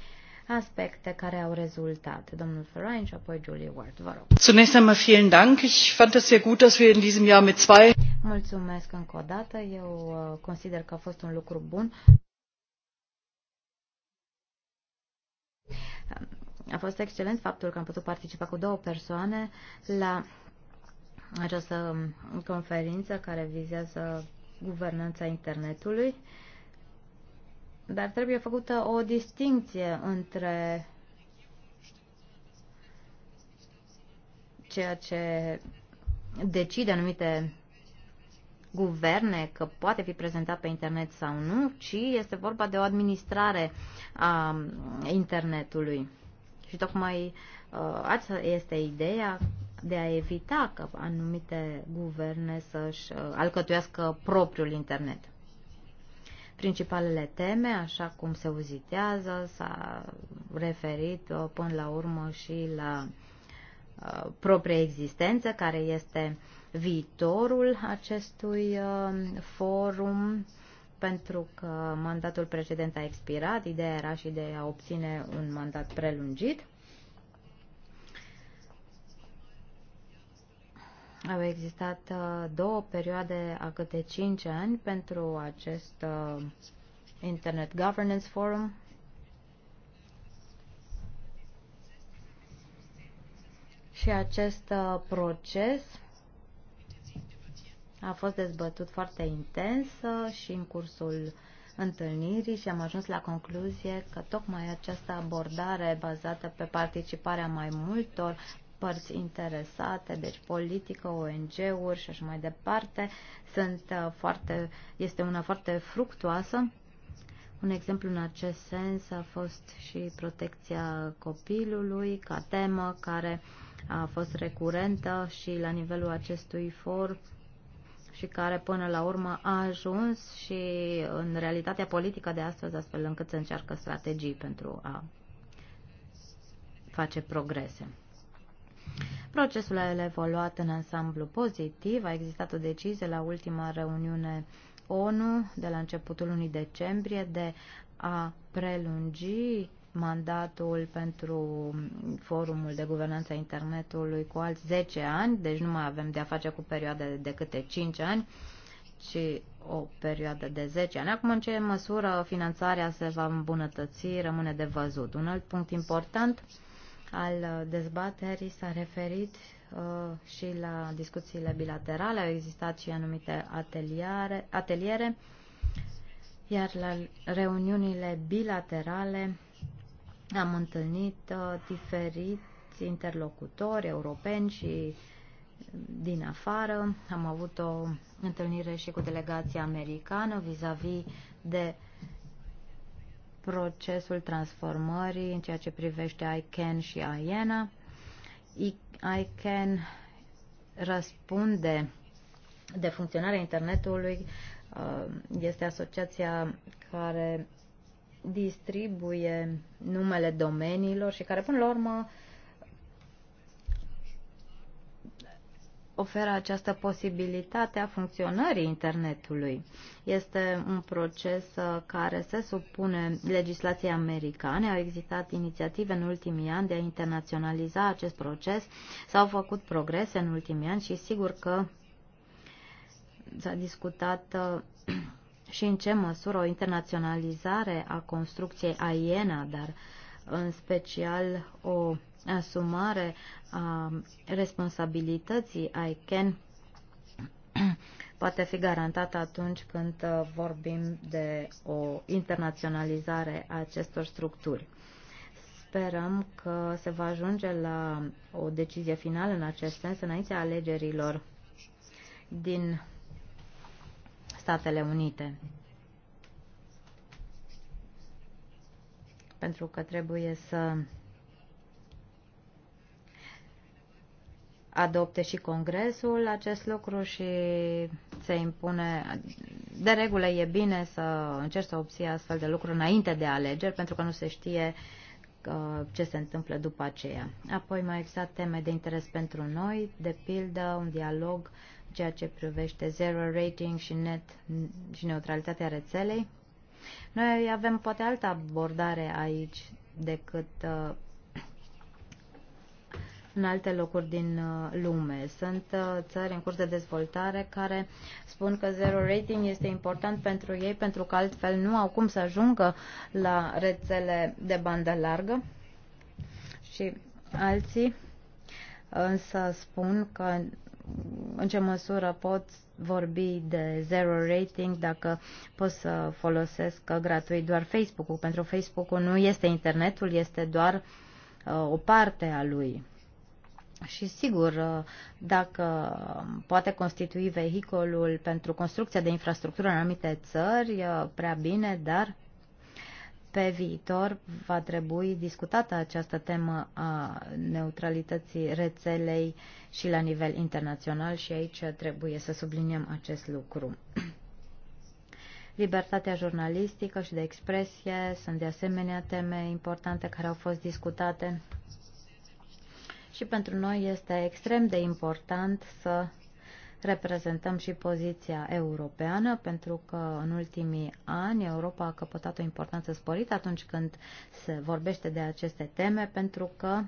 aspecte care au rezultat. Domnul Ferrain și apoi Julie Ward, vă rog. Zunächst einmal vielen Dank. Ich fand es sehr gut, dass wir in diesem Jahr mit zwei Mulțumesc încă o dată. Eu uh, consider că a fost un lucru bun. A fost excelent faptul că am putut participa cu două persoane la această um, conferință care vizează guvernanța internetului. Dar trebuie făcută o distinție între ceea ce decide anumite guverne că poate fi prezentat pe internet sau nu, ci este vorba de o administrare a internetului. Și tocmai uh, asta este ideea de a evita că anumite guverne să-și uh, alcătuiască propriul internet. Principalele teme, așa cum se uzitează, s-a referit uh, până la urmă și la uh, propria existență, care este viitorul acestui uh, forum, pentru că mandatul precedent a expirat, ideea era și de a obține un mandat prelungit. Au existat uh, două perioade a câte cinci ani pentru acest uh, Internet Governance Forum. Și acest uh, proces a fost dezbătut foarte intens și în cursul întâlnirii și am ajuns la concluzie că tocmai această abordare bazată pe participarea mai multor părți interesate, deci politică, ONG-uri și așa mai departe. Sunt uh, foarte, este una foarte fructuoasă. Un exemplu în acest sens a fost și protecția copilului ca temă care a fost recurentă și la nivelul acestui for și care până la urmă a ajuns și în realitatea politică de astăzi, astfel încât să încearcă strategii pentru a face progrese. Procesul a evoluat în ansamblu pozitiv, a existat o decizie la ultima reuniune ONU de la începutul lunii decembrie de a prelungi mandatul pentru forumul de guvernanță a internetului cu alți 10 ani, deci nu mai avem de a face cu perioade de câte 5 ani, ci o perioadă de 10 ani. Acum, în ce măsură finanțarea se va îmbunătăți, rămâne de văzut. Un alt punct important al uh, dezbaterii s-a referit uh, și la discuțiile bilaterale. Au existat și anumite ateliere, ateliere iar la reuniunile bilaterale am întâlnit uh, diferiți interlocutori europeni și din afară. Am avut o întâlnire și cu delegația americană vis-a-vis -vis de uh, procesul transformării în ceea ce privește ICANN și IENA. ICANN răspunde de funcționarea internetului, uh, este asociația care distribuie numele domeniilor și care până la urmă oferă această posibilitate a funcționării internetului. Este un proces uh, care se supune legislației americane. Au existat inițiative în ultimii ani de a internaționaliza acest proces. S-au făcut progrese în ultimii ani și sigur că s-a discutat uh, și în ce măsură o internaționalizare a construcției AIENA, dar în special o asumare a responsabilității ICANN poate fi garantată atunci când uh, vorbim de o internaționalizare a acestor structuri. Sperăm că se va ajunge la o decizie finală în acest sens înaintea alegerilor din Statele Unite. Pentru că trebuie să adopte și Congresul acest lucru și se impune. De regulă e bine să încerci să obții astfel de lucruri înainte de alegeri, pentru că nu se știe uh, ce se întâmplă după aceea. Apoi mai exact teme de interes pentru noi, de pildă un dialog ceea ce privește zero rating și, net, și neutralitatea rețelei. Noi avem poate altă abordare aici decât uh, în alte locuri din uh, lume. Sunt uh, țări în curs de dezvoltare care spun că zero rating este important pentru ei pentru că altfel nu au cum să ajungă la rețele de bandă largă și alții uh, însă spun că în ce măsură pot vorbi de zero rating dacă pot să folosesc gratuit doar Facebook-ul. Pentru Facebook-ul nu este internetul, este doar uh, o parte a lui. Și sigur, uh, dacă poate constitui vehiculul pentru construcția de infrastructură în anumite țări, uh, prea bine, dar pe viitor va trebui discutată această temă a neutralității rețelei și la nivel internațional și aici trebuie să subliniem acest lucru. Libertatea jurnalistică și de expresie sunt de asemenea teme importante care au fost discutate și pentru noi este extrem de important să reprezentăm și poziția europeană, pentru că în ultimii ani Europa a căpătat o importanță sporită atunci când se vorbește de aceste teme, pentru că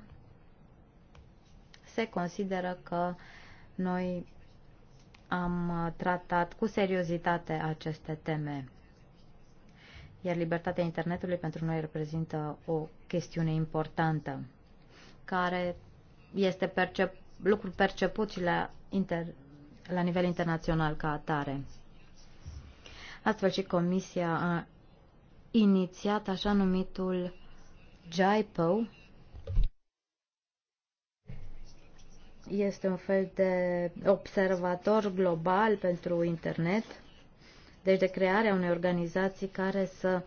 se consideră că noi am tratat cu seriozitate aceste teme. Iar libertatea internetului pentru noi reprezintă o chestiune importantă care este percep, lucru perceput și la, inter, la nivel internațional ca atare. Astfel și Comisia a inițiat așa numitul JIPO. Este un fel de observator global pentru internet, deci de crearea unei organizații care să uh,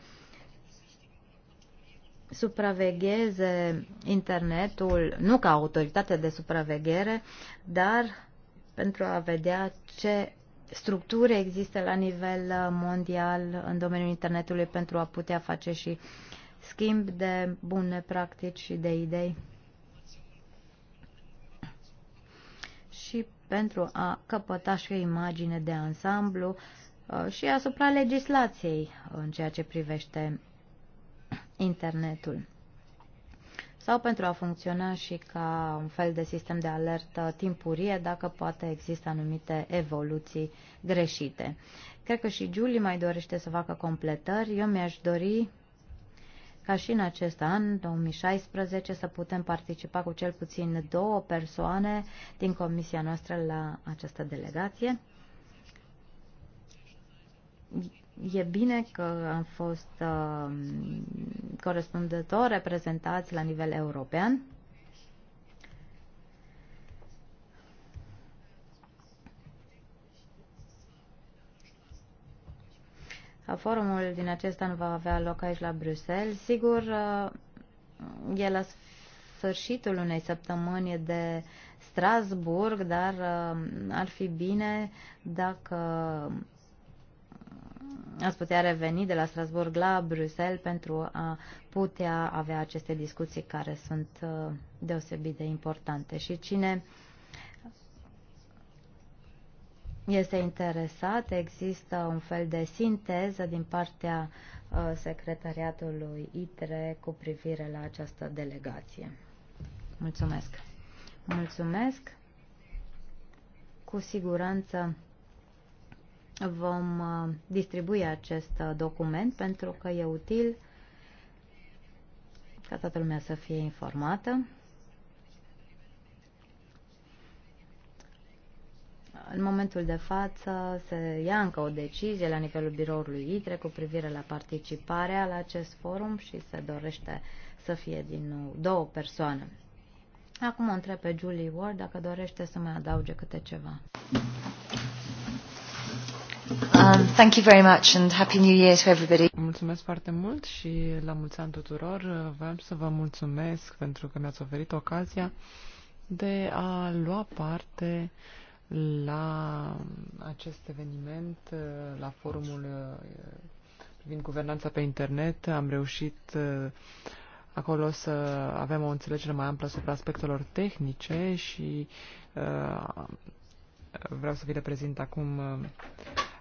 supravegheze internetul, nu ca autoritate de supraveghere, dar pentru a vedea ce structuri există la nivel uh, mondial în domeniul internetului pentru a putea face și schimb de bune practici și de idei și pentru a căpăta și o imagine de ansamblu uh, și asupra legislației în ceea ce privește internetul sau pentru a funcționa și ca un fel de sistem de alertă timpurie dacă poate există anumite evoluții greșite. Cred că și Julie mai dorește să facă completări. Eu mi-aș dori ca și în acest an, 2016, să putem participa cu cel puțin două persoane din comisia noastră la această delegație. E bine că am fost uh, corespunzător reprezentați la nivel european. Forumul din acest an va avea loc aici la Bruxelles. Sigur, uh, e la sfârșitul unei săptămâni de Strasburg, dar uh, ar fi bine dacă ați putea reveni de la Strasburg la Bruxelles pentru a putea avea aceste discuții care sunt uh, deosebit de importante. Și cine este interesat, există un fel de sinteză din partea uh, secretariatului ITRE cu privire la această delegație. Mulțumesc! Mulțumesc! Cu siguranță vom uh, distribui acest uh, document pentru că e util ca toată lumea să fie informată. În momentul de față se ia încă o decizie la nivelul biroului ITRE cu privire la participarea la acest forum și se dorește să fie din nou două persoane. Acum o întreb pe Julie Ward dacă dorește să mai adauge câte ceva. Mulțumesc foarte mult și la mulți ani tuturor. Vreau să vă mulțumesc pentru că mi-ați oferit ocazia de a lua parte la acest eveniment, la forumul uh, privind guvernanța pe internet. Am reușit uh, acolo să avem o înțelegere mai amplă asupra aspectelor tehnice și uh, vreau să vi le prezint acum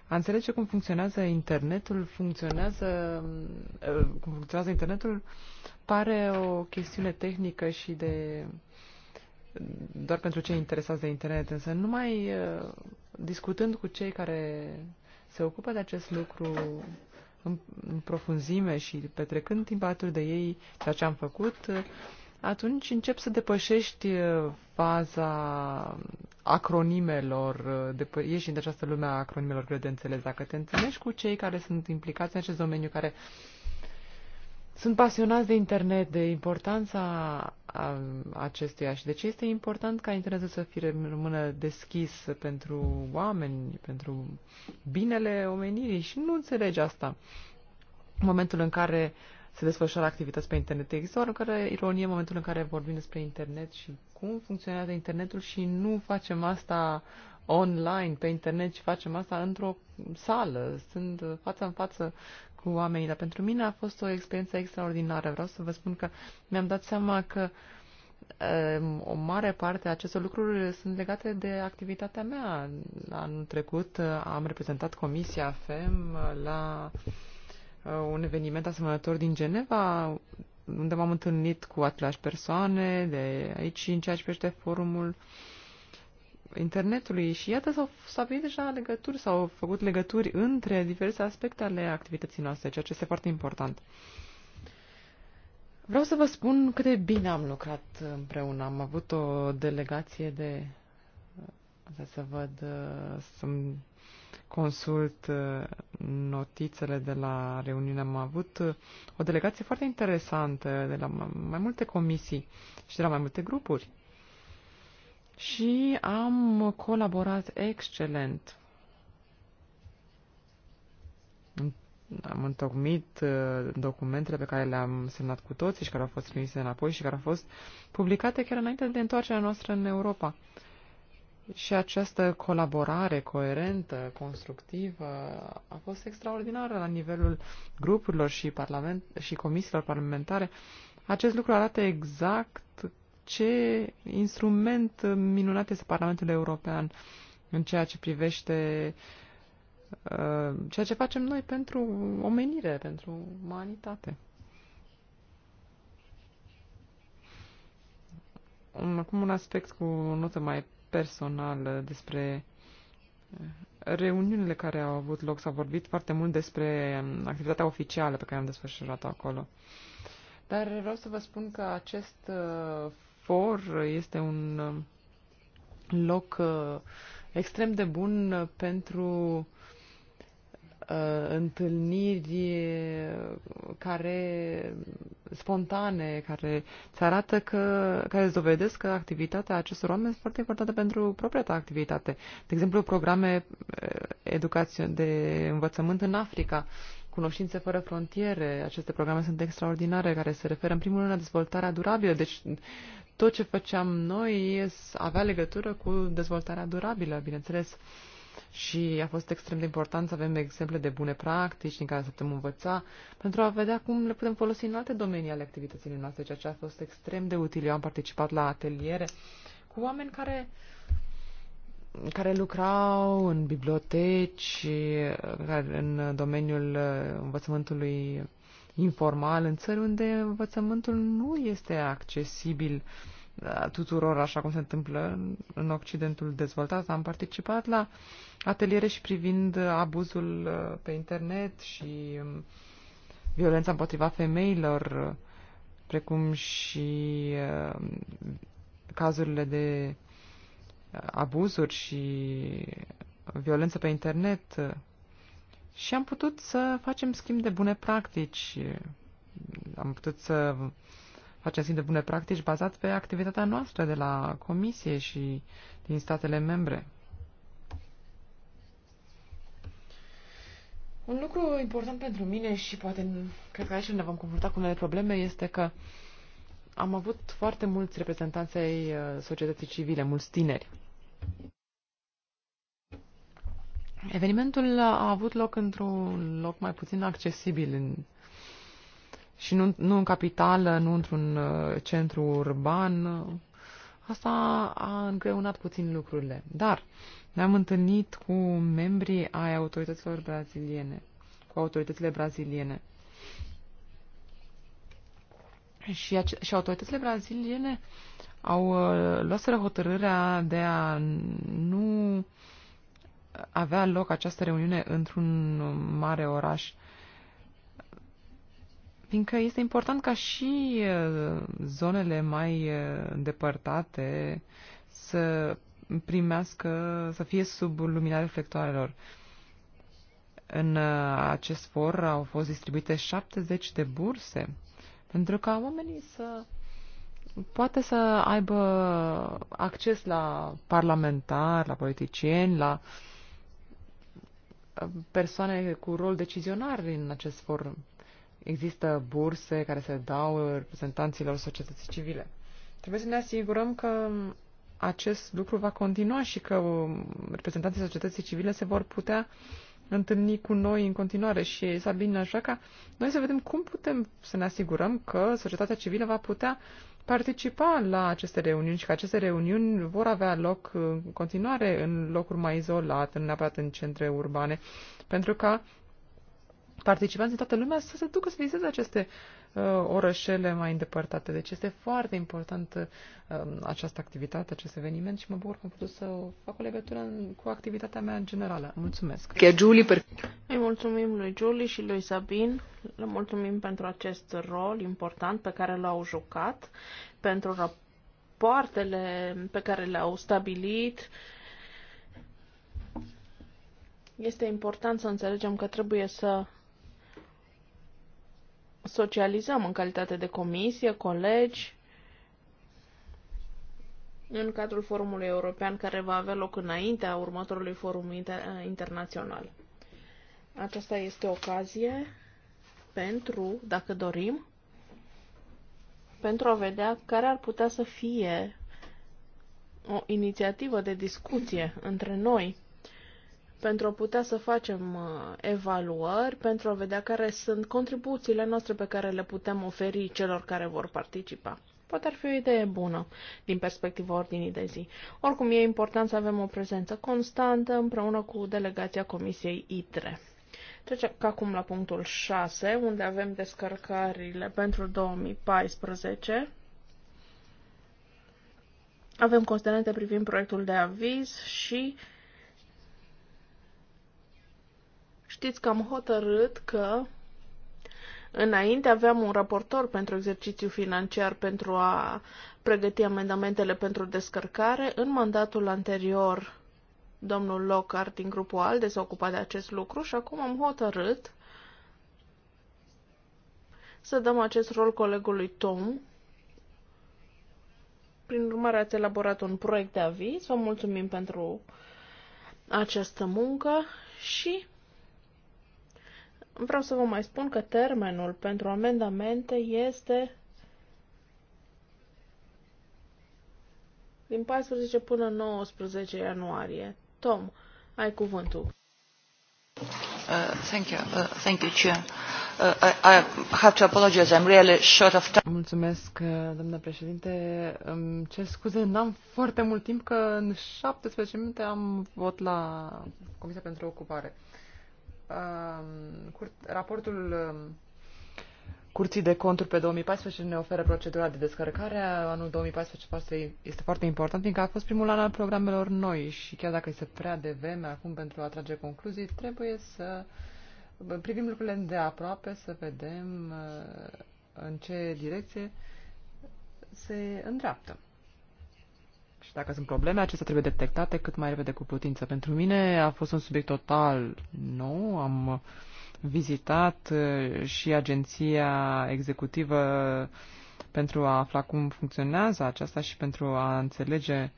a înțelege cum funcționează internetul, funcționează, uh, cum funcționează internetul, pare o chestiune tehnică și de doar pentru cei interesați de internet, însă numai uh, discutând cu cei care se ocupă de acest lucru în, în profunzime și petrecând timp alături de ei ceea ce am făcut, atunci încep să depășești uh, faza um, acronimelor, uh, depă- ieși din această lume a acronimelor greu de înțeles. Dacă te întâlnești cu cei care sunt implicați în acest domeniu, care sunt pasionați de internet, de importanța um, acestuia și de ce este important ca internetul să fie rămână deschis pentru oameni, pentru binele omenirii și nu înțelegi asta. În momentul în care se desfășoară activități pe internet. Există care ironie în momentul în care vorbim despre internet și cum funcționează internetul și nu facem asta online, pe internet, ci facem asta într-o sală, sunt față în față cu oamenii. Dar pentru mine a fost o experiență extraordinară. Vreau să vă spun că mi-am dat seama că um, o mare parte a acestor lucruri sunt legate de activitatea mea. Anul trecut am reprezentat Comisia FEM la uh, Uh, un eveniment asemănător din Geneva, unde m-am întâlnit cu aceleași persoane de aici în ceea ce privește forumul internetului și iată s-au stabilit deja legături, s-au făcut legături între diverse aspecte ale activității noastre, ceea ce este foarte important. Vreau să vă spun cât de bine am lucrat împreună. Am avut o delegație de... Asta uh, să văd, uh, să-mi consult uh, notițele de la reuniune, am avut uh, o delegație foarte interesantă de la mai multe comisii și de la mai multe grupuri. Și am colaborat excelent. Am întocmit uh, documentele pe care le-am semnat cu toții și care au fost trimise înapoi și care au fost publicate chiar înainte de întoarcerea noastră în Europa. Și această colaborare coerentă, constructivă, a fost extraordinară la nivelul grupurilor și, parlament, și comisiilor parlamentare. Acest lucru arată exact ce instrument minunat este Parlamentul European în ceea ce privește uh, ceea ce facem noi pentru omenire, pentru umanitate. Acum un aspect cu o notă mai personal despre eh, reuniunile care au avut loc. S-a vorbit foarte mult despre um, activitatea oficială pe care am desfășurat-o acolo. Dar vreau să vă spun că acest eh, for este un um, loc eh, extrem de bun pentru Uh, întâlniri uh, care spontane, care îți arată că, care îți dovedesc că activitatea acestor oameni este foarte importantă pentru propria ta activitate. De exemplu, programe uh, educație de învățământ în Africa, Cunoștințe fără frontiere, aceste programe sunt extraordinare, care se referă în primul rând la dezvoltarea durabilă. Deci tot ce făceam noi avea legătură cu dezvoltarea durabilă, bineînțeles. Uh, și a fost extrem de important să avem exemple de bune practici din care să putem învăța pentru a vedea cum le putem folosi în alte domenii ale activității noastre, ceea ce a fost extrem de util. Eu am participat la ateliere cu oameni care care lucrau în biblioteci, în domeniul învățământului informal, în țări unde învățământul nu este accesibil uh, tuturor, așa cum se întâmplă în Occidentul dezvoltat. Am participat la ateliere și privind abuzul pe internet și um, violența împotriva femeilor, precum și cazurile de abuzuri și violență pe internet. Și am putut să facem schimb de bune practici. Am putut să face schimb de bune practici bazat pe activitatea noastră de la Comisie și din statele membre. Un lucru important pentru mine și poate cred că aici ne vom confrunta cu unele probleme este că am avut foarte mulți reprezentanți ai uh, societății civile, mulți tineri. Evenimentul a avut loc într-un loc mai puțin accesibil, și nu, nu în capitală, nu într-un uh, centru urban. Asta a îngreunat puțin lucrurile. Dar ne-am întâlnit cu membrii ai autorităților braziliene, cu autoritățile braziliene. Și, și autoritățile braziliene au uh, luat hotărârea de a nu avea loc această reuniune într-un mare oraș fiindcă este important ca și uh, zonele mai uh, îndepărtate să primească, să fie sub lumina reflectoarelor. În uh, acest for au fost distribuite 70 de burse pentru ca oamenii să poate să aibă acces la parlamentari, la politicieni, la persoane cu rol decizionar în acest forum există burse care se dau reprezentanților societății civile. Trebuie să ne asigurăm că acest lucru va continua și că reprezentanții societății civile se vor putea întâlni cu noi în continuare și Sabine, așa ca noi să vedem cum putem să ne asigurăm că societatea civilă va putea participa la aceste reuniuni și că aceste reuniuni vor avea loc în continuare în locuri mai izolate, neapărat în centre urbane, pentru ca participanți din toată lumea să se ducă să viziteze aceste uh, orășele mai îndepărtate. Deci este foarte important uh, această activitate, acest eveniment și mă bucur că am putut să fac o legătură în, cu activitatea mea în generală. Mulțumesc! Okay, Julie, per... Îi mulțumim lui Julie și lui Sabin, le mulțumim pentru acest rol important pe care l-au jucat, pentru rapoartele pe care le-au stabilit, este important să înțelegem că trebuie să socializăm în calitate de comisie, colegi, în cadrul forumului european care va avea loc înaintea următorului forum inter- internațional. Aceasta este ocazie pentru, dacă dorim, pentru a vedea care ar putea să fie o inițiativă de discuție între noi pentru a putea să facem uh, evaluări, pentru a vedea care sunt contribuțiile noastre pe care le putem oferi celor care vor participa. Poate ar fi o idee bună din perspectiva ordinii de zi. Oricum, e important să avem o prezență constantă împreună cu delegația Comisiei ITRE. Trecem acum la punctul 6, unde avem descărcările pentru 2014. Avem constante privind proiectul de aviz și uh, Știți că am hotărât că Înainte aveam un raportor pentru exercițiu financiar pentru a pregăti amendamentele pentru descărcare. În mandatul anterior, domnul Locar din grupul ALDE s-a ocupat de acest lucru și acum am hotărât să dăm acest rol colegului Tom. Prin urmare, ați elaborat un proiect de aviz. Vă mulțumim pentru această muncă și Vreau să vă mai spun că termenul pentru amendamente este din 14 până 19 ianuarie. Tom, ai cuvântul. Uh, thank you. Uh, thank you, Chair. Uh, I, I have to apologize. I'm really short of time. Mulțumesc, uh, domnule președinte. Îmi cer scuze, n-am foarte mult timp, că în 17 minute am vot la Comisia pentru Ocupare. Uh, Um, raportul um, Curții de Conturi pe 2014 ne oferă procedura de descărcare. Anul 2014 este foarte important, fiindcă a fost primul an al programelor noi și chiar dacă este prea devreme acum pentru a trage concluzii, trebuie să privim lucrurile de aproape, să vedem uh, în ce direcție se îndreaptă. Dacă sunt probleme, acestea trebuie detectate cât mai repede cu putință. Pentru mine a fost un subiect total nou. Am vizitat uh, și agenția executivă pentru a afla cum funcționează aceasta și pentru a înțelege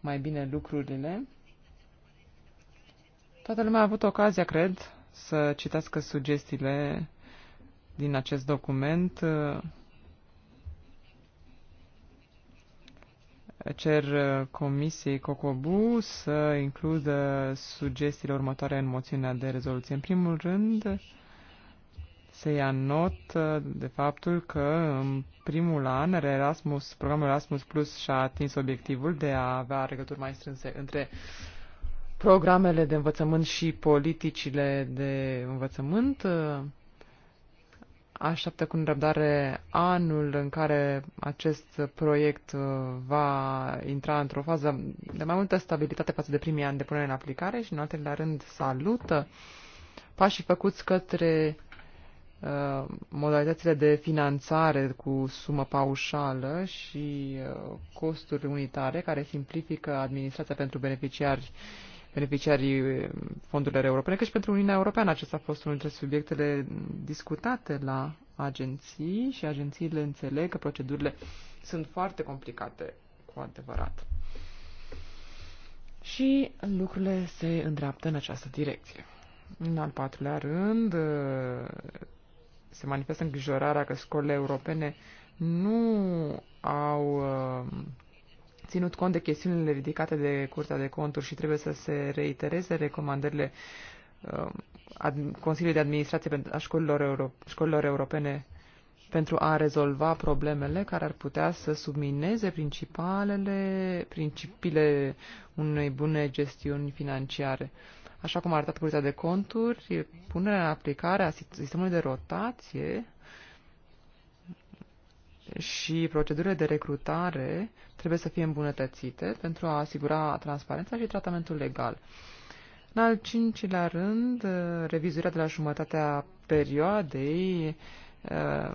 mai bine lucrurile. Toată lumea a avut ocazia, cred, să citească sugestiile din acest document. cer uh, Comisiei COCOBU să includă sugestiile următoare în moțiunea de rezoluție. În primul rând, se ia not uh, de faptul că în primul an Erasmus, programul Erasmus Plus și-a atins obiectivul de a avea legături mai strânse între programele de învățământ și politicile de învățământ așteaptă cu nerăbdare anul în care acest proiect uh, va intra într-o fază de mai multă stabilitate față de primii ani de punere în aplicare și, în al treilea rând, salută pașii făcuți către uh, modalitățile de finanțare cu sumă paușală și uh, costuri unitare care simplifică administrația pentru beneficiari uh, beneficiarii eh, fondurilor europene, cât și pentru Uniunea Europeană. Acesta a fost unul dintre subiectele discutate la agenții și agențiile înțeleg că procedurile sunt foarte complicate cu adevărat. Și lucrurile se îndreaptă în această direcție. În al patrulea rând, eh, se manifestă îngrijorarea că școlile europene nu au eh, ținut cont de chestiunile ridicate de Curtea de Conturi și trebuie să se reitereze recomandările um, Consiliului de Administrație a școlilor, euro, școlilor europene pentru a rezolva problemele care ar putea să submineze principalele principiile unei bune gestiuni financiare. Așa cum a arătat Curtea de Conturi, punerea în aplicare a sistemului de rotație și procedurile de recrutare trebuie să fie îmbunătățite pentru a asigura transparența și tratamentul legal. În al cincilea rând, uh, revizuirea de la jumătatea perioadei uh,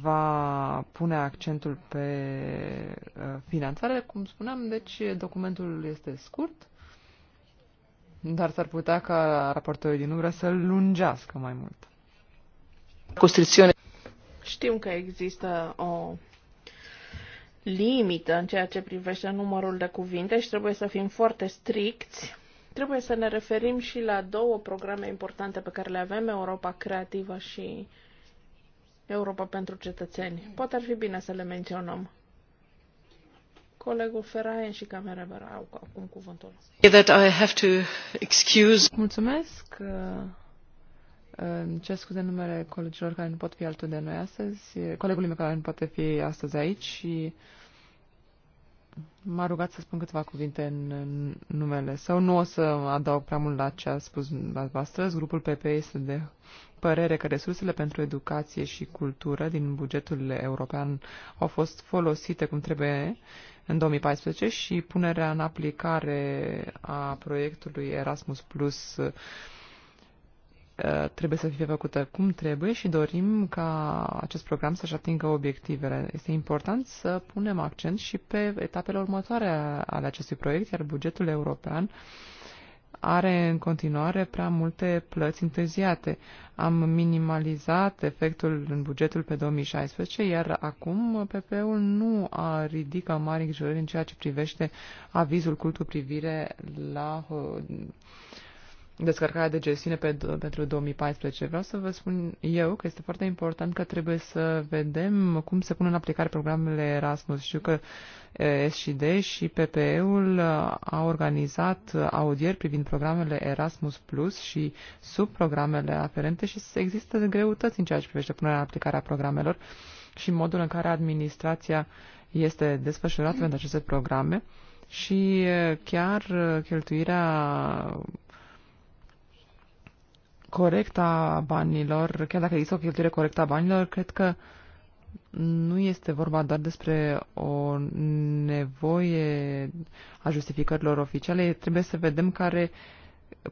va pune accentul pe uh, finanțare. Cum spuneam, deci documentul este scurt, dar s-ar putea ca raportorul din umbră să-l lungească mai mult costrizione. Știm că există o limită în ceea ce privește numărul de cuvinte și trebuie să fim foarte stricți. Trebuie să ne referim și la două programe importante pe care le avem, Europa Creativă și Europa pentru cetățeni. Poate ar fi bine să le menționăm. Colegul Feraien și Vera au acum cuvântul. That I Mulțumesc. Uh, ce scuze numele colegilor care nu pot fi altul de noi astăzi, colegului meu care nu poate fi astăzi aici și m-a rugat să spun câteva cuvinte în numele său. Nu o să adaug prea mult la ce a spus dumneavoastră. Grupul PP este de părere că resursele pentru educație și cultură din bugetul european au fost folosite cum trebuie în 2014 și punerea în aplicare a proiectului Erasmus Plus Uh, trebuie să fie făcută cum trebuie și dorim ca acest program să-și atingă obiectivele. Este important să punem accent și pe etapele următoare ale acestui proiect, iar bugetul european are în continuare prea multe plăți întârziate. Am minimalizat efectul în bugetul pe 2016, iar acum PP-ul nu a ridică mari îngrijorări în ceea ce privește avizul cultul privire la uh, descărcarea de gestiune pe, pentru 2014. Vreau să vă spun eu că este foarte important că trebuie să vedem cum se pun în aplicare programele Erasmus. Știu că SCD și PPE-ul uh, au organizat audieri privind programele Erasmus Plus și subprogramele aferente și există greutăți în ceea ce privește punerea în aplicare a programelor și modul în care administrația este desfășurată pentru aceste programe și chiar uh, cheltuirea corectă a banilor, chiar dacă există o cheltuire corectă a banilor, cred că nu este vorba doar despre o nevoie a justificărilor oficiale, trebuie să vedem care,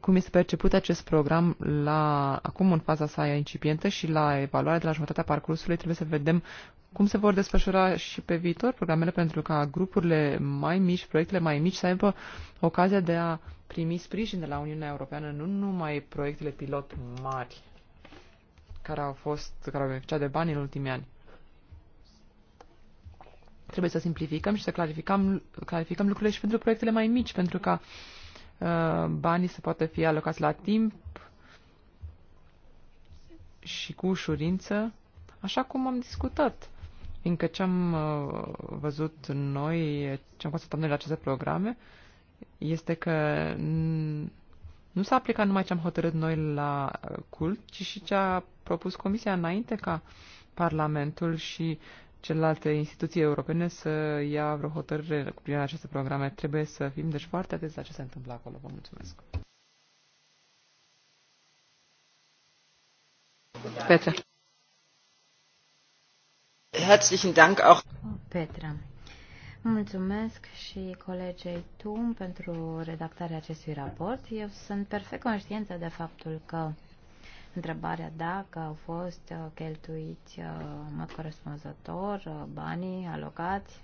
cum este perceput acest program la, acum în faza sa incipientă și la evaluarea de la jumătatea parcursului, trebuie să vedem cum se vor desfășura și pe viitor programele pentru ca grupurile mai mici, proiectele mai mici să aibă ocazia de a primi sprijin de la Uniunea Europeană, nu numai proiectele pilot mari care au fost, care au beneficiat de bani în ultimii ani. Trebuie să simplificăm și să clarificăm, clarificăm lucrurile și pentru proiectele mai mici, pentru ca uh, banii să poată fi alocați la timp și cu ușurință, așa cum am discutat Fiindcă ce am uh, văzut noi, ce am constatat noi la aceste programe, este că nu s-a aplicat numai ce am hotărât noi la uh, cult, ci și ce a propus Comisia înainte ca Parlamentul și celelalte instituții europene să ia vreo hotărâre cu privire la aceste programe. Trebuie să fim deci foarte atenți la ce se întâmplă acolo. Vă mulțumesc. Petra. Herzlichen Dank auch. Petra. Mulțumesc și colegei Tum pentru redactarea acestui raport. Eu sunt perfect conștientă de faptul că întrebarea dacă au fost uh, cheltuiți uh, în mod corespunzător uh, banii alocați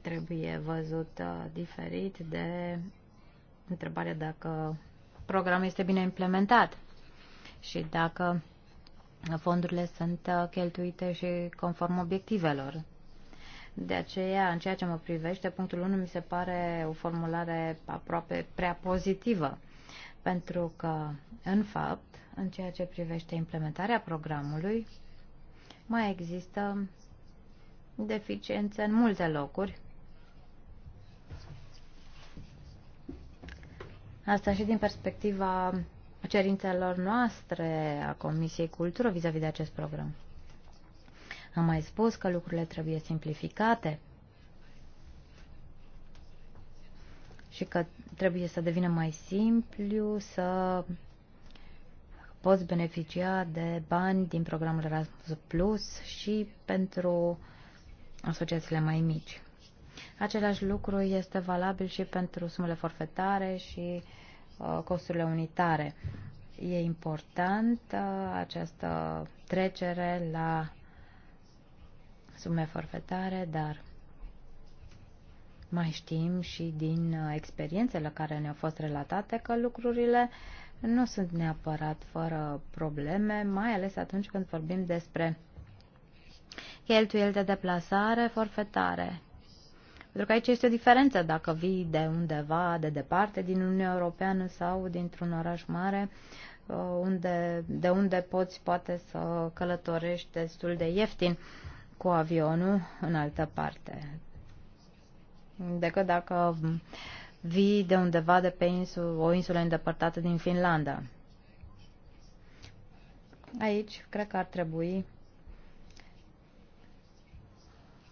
trebuie văzut diferit de întrebarea dacă programul este bine implementat și dacă fondurile sunt uh, cheltuite și conform obiectivelor. De aceea, în ceea ce mă privește, punctul 1 mi se pare o formulare aproape prea pozitivă, pentru că, în fapt, în ceea ce privește implementarea programului, mai există deficiențe în multe locuri. Asta și din perspectiva cerințelor noastre a Comisiei Cultură vis-a-vis -vis de acest program. Am mai spus că lucrurile trebuie simplificate și că trebuie să devină mai simplu să poți beneficia de bani din programul Erasmus Plus și pentru asociațiile mai mici. Același lucru este valabil și pentru sumele forfetare și uh, Uh, costurile unitare. E important uh, această trecere la sume forfetare, dar mai știm și din uh, experiențele care ne-au fost relatate că lucrurile nu sunt neapărat fără probleme, mai ales atunci când vorbim despre cheltuieli de deplasare forfetare, pentru că aici este o diferență dacă vii de undeva, de departe, din Uniunea Europeană sau dintr-un oraș mare, uh, unde, de unde poți poate să călătorești destul de ieftin cu avionul în altă parte. Decât dacă vii de undeva de pe insul, o insulă îndepărtată din Finlanda. Aici cred că ar trebui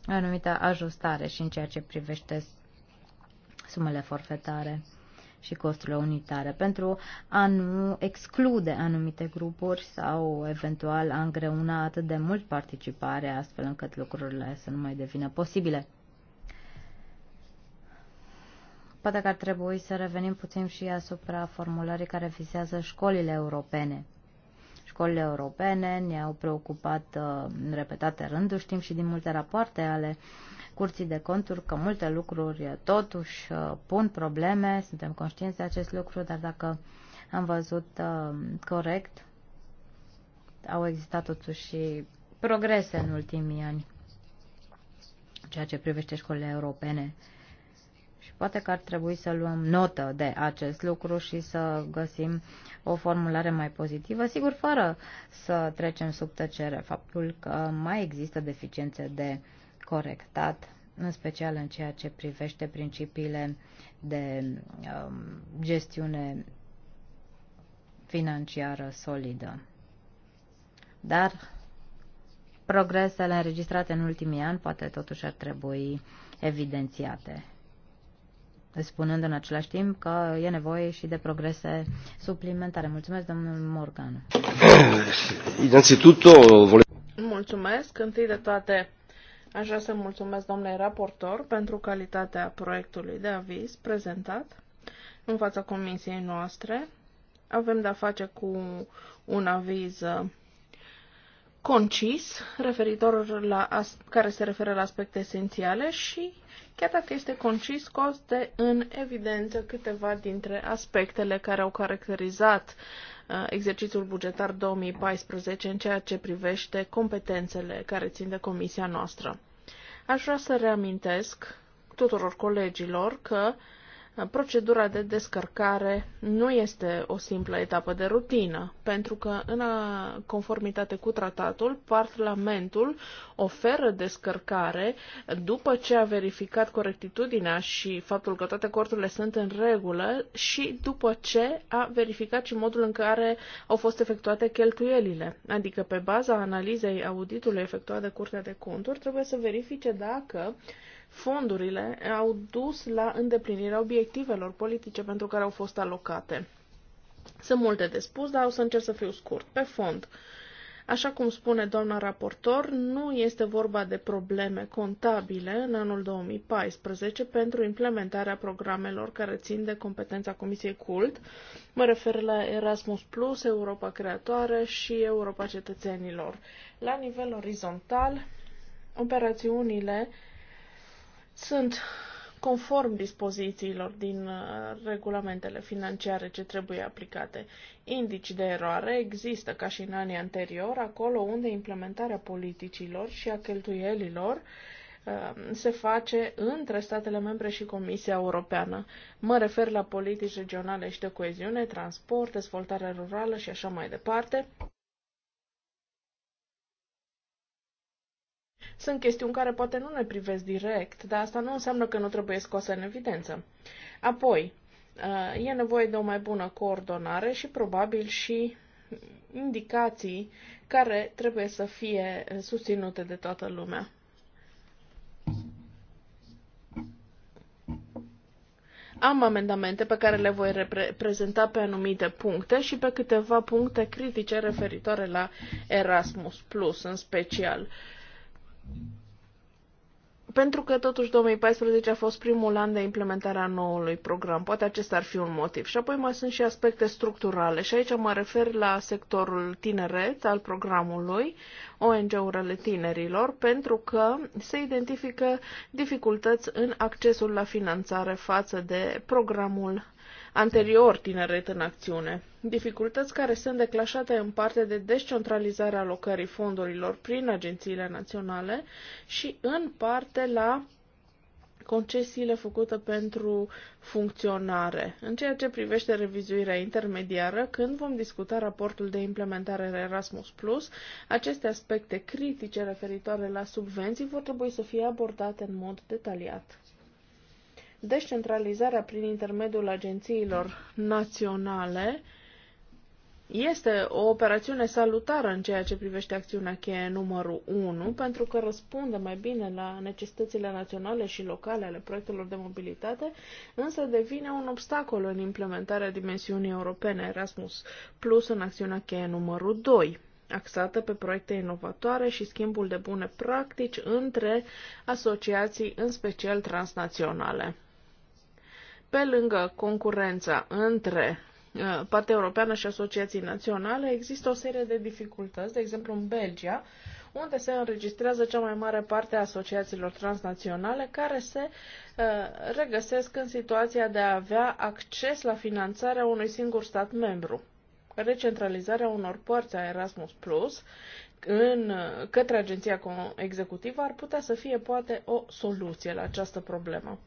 anumită ajustare și în ceea ce privește sumele forfetare și costurile unitare pentru a nu exclude anumite grupuri sau eventual a îngreuna atât de mult participarea astfel încât lucrurile să nu mai devină posibile. Poate că ar trebui să revenim puțin și asupra formulării care vizează școlile europene. Școlile europene ne-au preocupat uh, în repetate rânduri, știm și din multe rapoarte ale curții de conturi că multe lucruri uh, totuși uh, pun probleme, suntem conștienți de acest lucru, dar dacă am văzut corect, au existat totuși și progrese în ultimii ani ceea ce privește școlile europene. Poate că ar trebui să luăm notă de acest lucru și să găsim o formulare mai pozitivă, sigur, fără să trecem sub tăcere faptul că mai există deficiențe de corectat, în special în ceea ce privește principiile de um, gestiune financiară solidă. Dar progresele înregistrate în ultimii ani poate totuși ar trebui evidențiate spunând în același timp că e nevoie și de progrese suplimentare. Mulțumesc, domnul Morgan. Mulțumesc. Întâi de toate, aș vrea să mulțumesc domnului raportor pentru calitatea proiectului de aviz prezentat în fața comisiei noastre. Avem de-a face cu un aviz concis referitor la care se referă la aspecte esențiale și chiar dacă este concis, coste în evidență câteva dintre aspectele care au caracterizat uh, exercițiul bugetar 2014 în ceea ce privește competențele care țin de comisia noastră. Aș vrea să reamintesc tuturor colegilor că uh, Procedura de descărcare nu este o simplă etapă de rutină, pentru că, în conformitate cu tratatul, Parlamentul oferă descărcare după ce a verificat corectitudinea și faptul că toate corturile sunt în regulă și după ce a verificat și modul în care au fost efectuate cheltuielile. Adică, pe baza analizei auditului efectuat de Curtea de Conturi, trebuie să verifice dacă uh, fondurile au dus la îndeplinirea obiectivelor politice pentru care au fost alocate. Sunt multe de spus, dar o să încerc să fiu scurt. Pe fond, Așa cum spune doamna raportor, nu este vorba de probleme contabile în anul 2014 pentru implementarea programelor care țin de competența Comisiei CULT. Mă refer la Erasmus Plus, Europa Creatoare și Europa Cetățenilor. La nivel orizontal, operațiunile sunt conform dispozițiilor din uh, regulamentele financiare ce trebuie aplicate. Indici de eroare există ca și în anii anterior, acolo unde implementarea politicilor și a cheltuielilor uh, se face între statele membre și Comisia Europeană. Mă refer la politici regionale și de coeziune, transport, dezvoltare rurală și așa mai departe. Sunt chestiuni care poate nu ne privesc direct, dar asta nu înseamnă că nu trebuie scoase în evidență. Apoi, uh, e nevoie de o mai bună coordonare și probabil și indicații care trebuie să fie uh, susținute de toată lumea. Am amendamente pe care le voi reprezenta pe anumite puncte și pe câteva puncte critice referitoare la Erasmus, în special. Uh, pentru că totuși 2014 a fost primul an de implementare a noului program. Poate acesta ar fi un motiv. Și apoi mai sunt și aspecte structurale și aici mă refer la sectorul tineret al programului, ONG-urile tinerilor, pentru că se identifică dificultăți în accesul la finanțare față de programul anterior tineret în acțiune. Dificultăți care sunt declașate în parte de descentralizarea alocării fondurilor prin agențiile naționale și în parte la concesiile făcute pentru funcționare. În ceea ce privește revizuirea intermediară, când vom discuta raportul de implementare Erasmus aceste aspecte critice referitoare la subvenții vor trebui să fie abordate în mod detaliat. Descentralizarea prin intermediul agențiilor naționale este o operațiune salutară în ceea ce privește acțiunea cheie numărul 1, pentru că răspunde mai bine la necesitățile naționale și locale ale proiectelor de mobilitate, însă devine un obstacol în implementarea dimensiunii europene Erasmus Plus în acțiunea cheie numărul 2 axată pe proiecte inovatoare și schimbul de bune practici între asociații, în special transnaționale pe lângă concurența între uh, partea europeană și asociații naționale, există o serie de dificultăți, de exemplu în Belgia, unde se înregistrează cea mai mare parte a asociațiilor transnaționale care se uh, regăsesc în situația de a avea acces la finanțarea unui singur stat membru. Recentralizarea unor părți a Erasmus Plus în, către agenția executivă ar putea să fie poate o soluție la această problemă.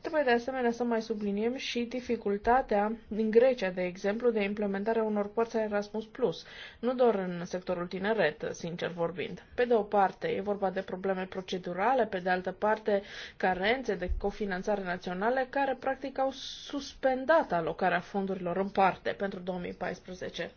Trebuie de asemenea să mai subliniem și dificultatea în Grecia, de exemplu, de implementarea unor părți a Erasmus+, Plus, nu doar în sectorul tineret, sincer vorbind. Pe de o parte, e vorba de probleme procedurale, pe de altă parte, carențe de cofinanțare naționale care practic au suspendat alocarea fondurilor în parte pentru 2014.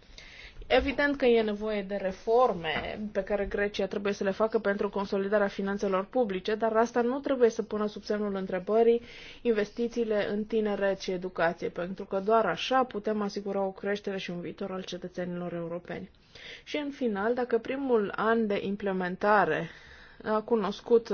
Evident că e nevoie de reforme pe care Grecia trebuie să le facă pentru consolidarea finanțelor publice, dar asta nu trebuie să pună sub semnul întrebării investițiile în tineret și educație, pentru că doar așa putem asigura o creștere și un viitor al cetățenilor europeni. Și în final, dacă primul an de implementare a cunoscut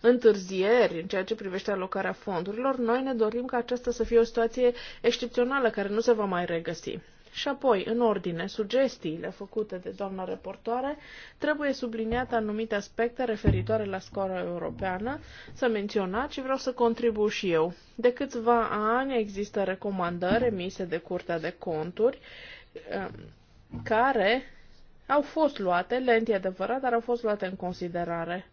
întârzieri în ceea ce privește alocarea fondurilor, noi ne dorim ca aceasta să fie o situație excepțională care nu se va mai regăsi. Și apoi, în ordine, sugestiile făcute de doamna reportoare, trebuie subliniate anumite aspecte referitoare la scoara europeană, să menționat și vreau să contribu și eu. De câțiva ani există recomandări emise de Curtea de Conturi um, care au fost luate, lent e adevărat, dar au fost luate în considerare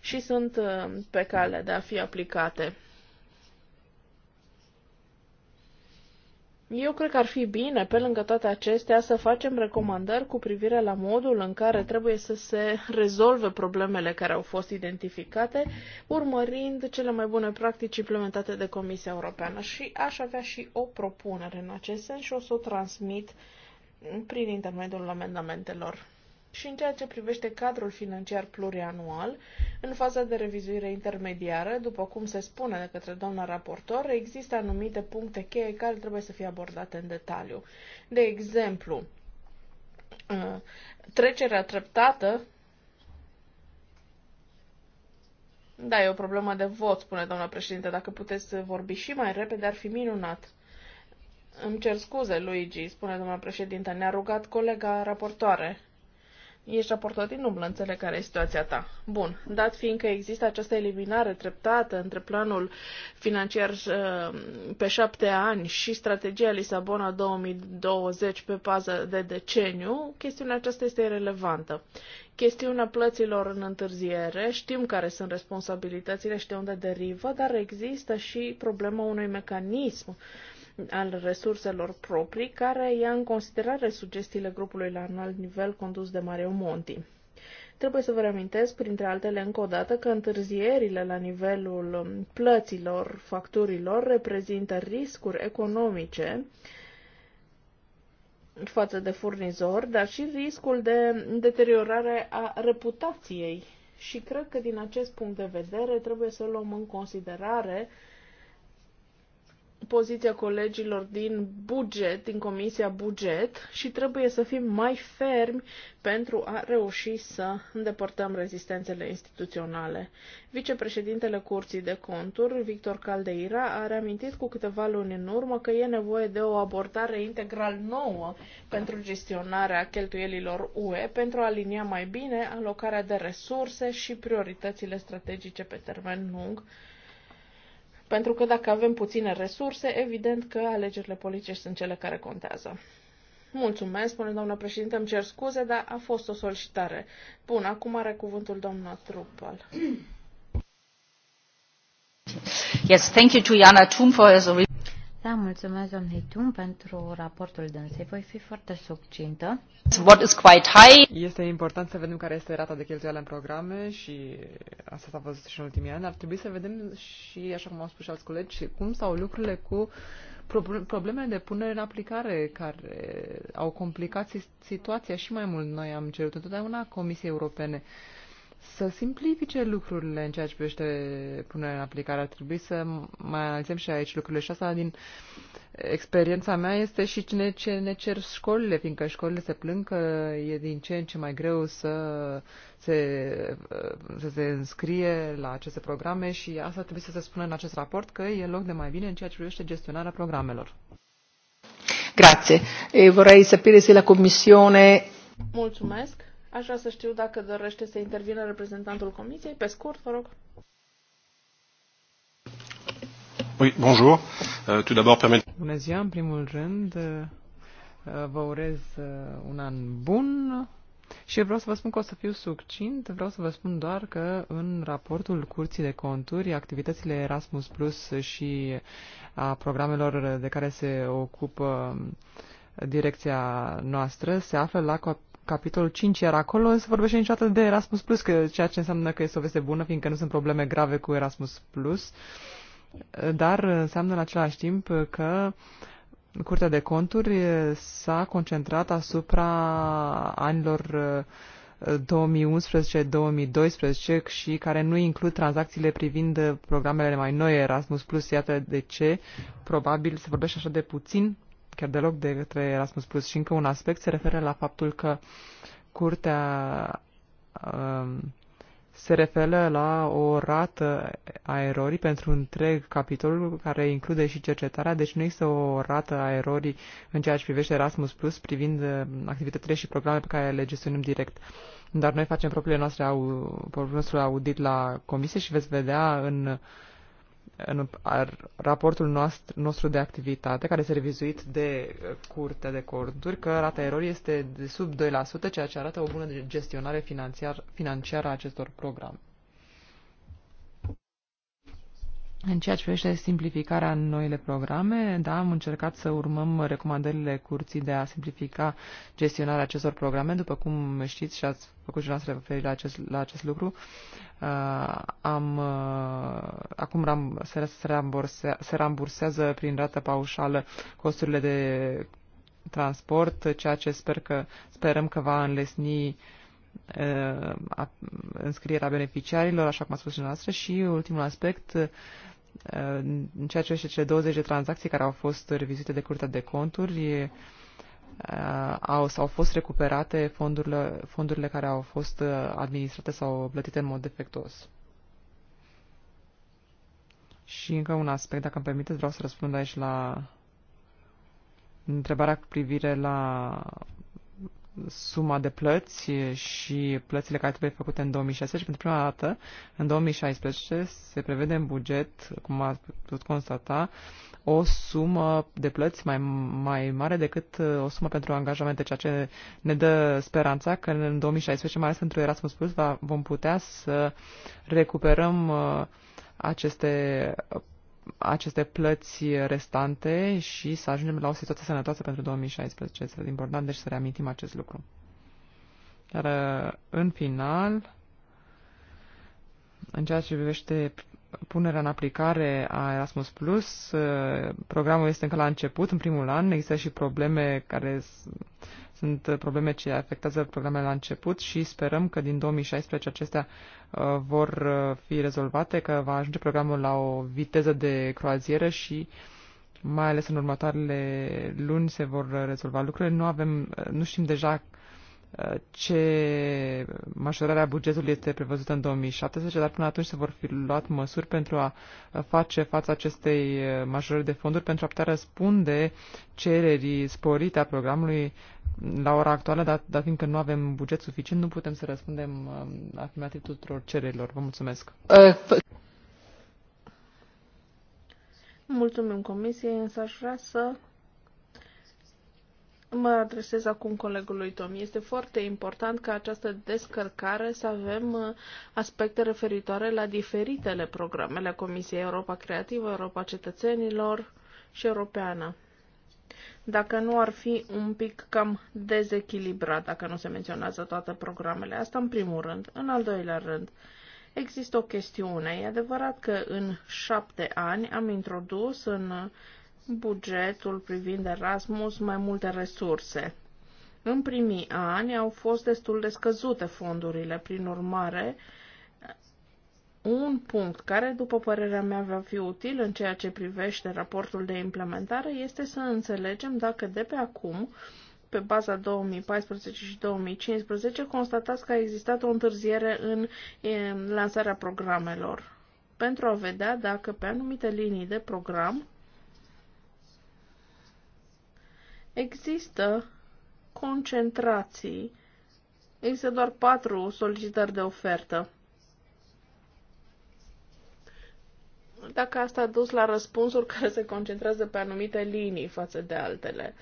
și sunt um, pe cale de a fi aplicate. Eu cred că ar fi bine, pe lângă toate acestea, să facem recomandări cu privire la modul în care trebuie să se rezolve problemele care au fost identificate, urmărind cele mai bune practici implementate de Comisia Europeană. Și aș avea și o propunere în acest sens și o să o transmit prin intermediul amendamentelor și în ceea ce privește cadrul financiar plurianual, în faza de revizuire intermediară, după cum se spune de către doamna raportor, există anumite puncte cheie care trebuie să fie abordate în detaliu. De exemplu, uh, trecerea treptată da, e o problemă de vot, spune doamna președinte. Dacă puteți vorbi și mai repede, ar fi minunat. Îmi cer scuze, Luigi, spune doamna președinte. Ne-a rugat colega raportoare. Ești raportor din umblă, înțeleg care e situația ta. Bun, dat fiindcă există această eliminare treptată între planul financiar uh, pe șapte ani și strategia Lisabona 2020 pe bază de deceniu, chestiunea aceasta este relevantă. Chestiunea plăților în întârziere, știm care sunt responsabilitățile și de unde derivă, dar există și problema unui mecanism uh, al resurselor proprii, care ia în considerare sugestiile grupului la înalt nivel condus de Mario Monti. Trebuie să vă reamintesc, printre altele, încă o dată că întârzierile la nivelul plăților, facturilor, reprezintă riscuri economice față de furnizor, dar și riscul de deteriorare a reputației. Și cred că din acest punct de vedere trebuie să luăm în considerare uh, poziția colegilor din buget, din Comisia Buget și trebuie să fim mai fermi pentru a reuși să îndepărtăm rezistențele instituționale. Vicepreședintele Curții de Conturi, Victor Caldeira, a reamintit cu câteva luni în urmă că e nevoie de o abordare integral nouă pentru gestionarea cheltuielilor UE, pentru a alinia mai bine alocarea de resurse și prioritățile strategice pe termen lung pentru că dacă avem puține resurse, evident că alegerile politice sunt cele care contează. Mulțumesc, spune doamna președinte, îmi cer scuze, dar a fost o solicitare. Bun, acum are cuvântul doamna Trupal. Yes, thank you, Juliana Tum, for da, mulțumesc, domnule Tum, pentru raportul dânsei. Voi fi foarte succintă. What is quite high. Este important să vedem care este rata de cheltuială în programe și asta s-a văzut și în ultimii ani. Ar trebui să vedem și, așa cum au spus și alți colegi, cum stau lucrurile cu probleme de punere în aplicare care au complicat situația și mai mult. Noi am cerut întotdeauna Comisiei Europene uh, să simplifice lucrurile în ceea ce privește punerea în aplicare. Ar trebui să mai analizăm și aici lucrurile. Și asta din experiența mea este și cine ce ne cer școlile, fiindcă școlile se plâng că e din ce în ce mai greu să se, să se înscrie la aceste programe și asta trebuie să se spună în acest raport că e loc de mai bine în ceea ce privește gestionarea programelor. Grazie. E vorrei sapere se la Commissione. Mulțumesc. Aș vrea să știu dacă dorește să intervină reprezentantul Comisiei. Pe scurt, vă rog. Oui, bonjour. Euh, tout d'abord, permet... Bună ziua, în primul rând. Uh, vă urez uh, un an bun și vreau să vă spun că o să fiu succint, vreau să vă spun doar că în raportul Curții de Conturi, activitățile Erasmus Plus și a programelor de care se ocupă direcția noastră se află la capitolul 5, iar acolo se vorbește niciodată de Erasmus Plus, că ceea ce înseamnă că este o veste bună, fiindcă nu sunt probleme grave cu Erasmus Plus, dar înseamnă în același timp că Curtea de Conturi s-a concentrat asupra anilor 2011-2012 uh, și care nu includ tranzacțiile privind programele mai noi Erasmus Plus, iată de ce probabil se vorbește așa de puțin chiar deloc de către Erasmus Plus. Și încă un aspect se referă la faptul că curtea um, se referă la o rată a erorii pentru întreg capitolul care include și cercetarea, deci nu există o rată a erorii în ceea ce privește Erasmus Plus privind um, activitățile și programele pe care le gestionăm direct. Dar noi facem propriile noastre, propriul nostru audit la comisie și veți vedea în uh, în raportul nostru, nostru de activitate, care este revizuit de uh, curte de Conturi, că rata erorii este de sub 2%, ceea ce arată o bună gestionare financiar, financiară a acestor programe. În ceea ce privește simplificarea în noile programe, da, am încercat să urmăm recomandările curții de a simplifica gestionarea acestor programe. După cum știți și ați făcut și noastră referire la acest, la acest lucru, uh, am, uh, acum ram, se, se, ramburse, se rambursează prin rată paușală costurile de transport, ceea ce sper că, sperăm că va înlesni uh, înscrierea beneficiarilor, așa cum a spus și noastră, și ultimul aspect, în ceea ce cele 20 de tranzacții care au fost revizuite de Curtea de Conturi, au, s au fost recuperate fondurile, fondurile care au fost uh, administrate sau plătite în mod defectuos. Și încă un aspect, dacă îmi permiteți, vreau să răspund aici la întrebarea cu privire la suma de plăți și plățile care trebuie făcute în 2016. Pentru prima dată, în 2016, se prevede în buget, cum ați putut constata, o sumă de plăți mai, mai mare decât uh, o sumă pentru angajamente, ceea ce ne dă speranța că în 2016, mai ales pentru Erasmus Plus, vom putea să recuperăm uh, aceste aceste plăți restante și să ajungem la o situație sănătoasă pentru 2016. Este important, deci, să reamintim acest lucru. Iar uh, în final, în ceea ce privește punerea în aplicare a Erasmus Plus, uh, programul este încă la început, în primul an, există și probleme care sunt uh, probleme ce afectează programele la început și sperăm că din 2016 acestea uh, vor uh, fi rezolvate, că va ajunge programul la o viteză de croazieră și mai ales în următoarele luni se vor rezolva lucrurile. Nu, avem, nu știm deja ce majorarea bugetului este prevăzută în 2017, dar până atunci se vor fi luat măsuri pentru a face față acestei majorări de fonduri, pentru a putea răspunde cererii sporite a programului la ora actuală, dar, dar fiindcă nu avem buget suficient, nu putem să răspundem um, afirmativ tuturor cererilor. Vă mulțumesc. Mulțumim comisiei, însă aș vrea să mă adresez acum colegului Tom. Este foarte important ca această descărcare să avem uh, aspecte referitoare la diferitele programele Comisiei Europa Creativă, Europa Cetățenilor și Europeană dacă nu ar fi un pic cam dezechilibrat dacă nu se menționează toate programele. Asta în primul rând. În al doilea rând, există o chestiune. E adevărat că în șapte ani am introdus în bugetul privind Erasmus mai multe resurse. În primii ani au fost destul de scăzute fondurile, prin urmare, uh, un punct care, după părerea mea, va fi util în ceea ce privește raportul de implementare este să înțelegem dacă de pe acum, pe baza 2014 și 2015, constatați că a existat o întârziere în lansarea programelor pentru a vedea dacă pe anumite linii de program există concentrații. Există doar patru solicitări de ofertă dacă asta a dus la răspunsuri care se concentrează pe anumite linii față de altele.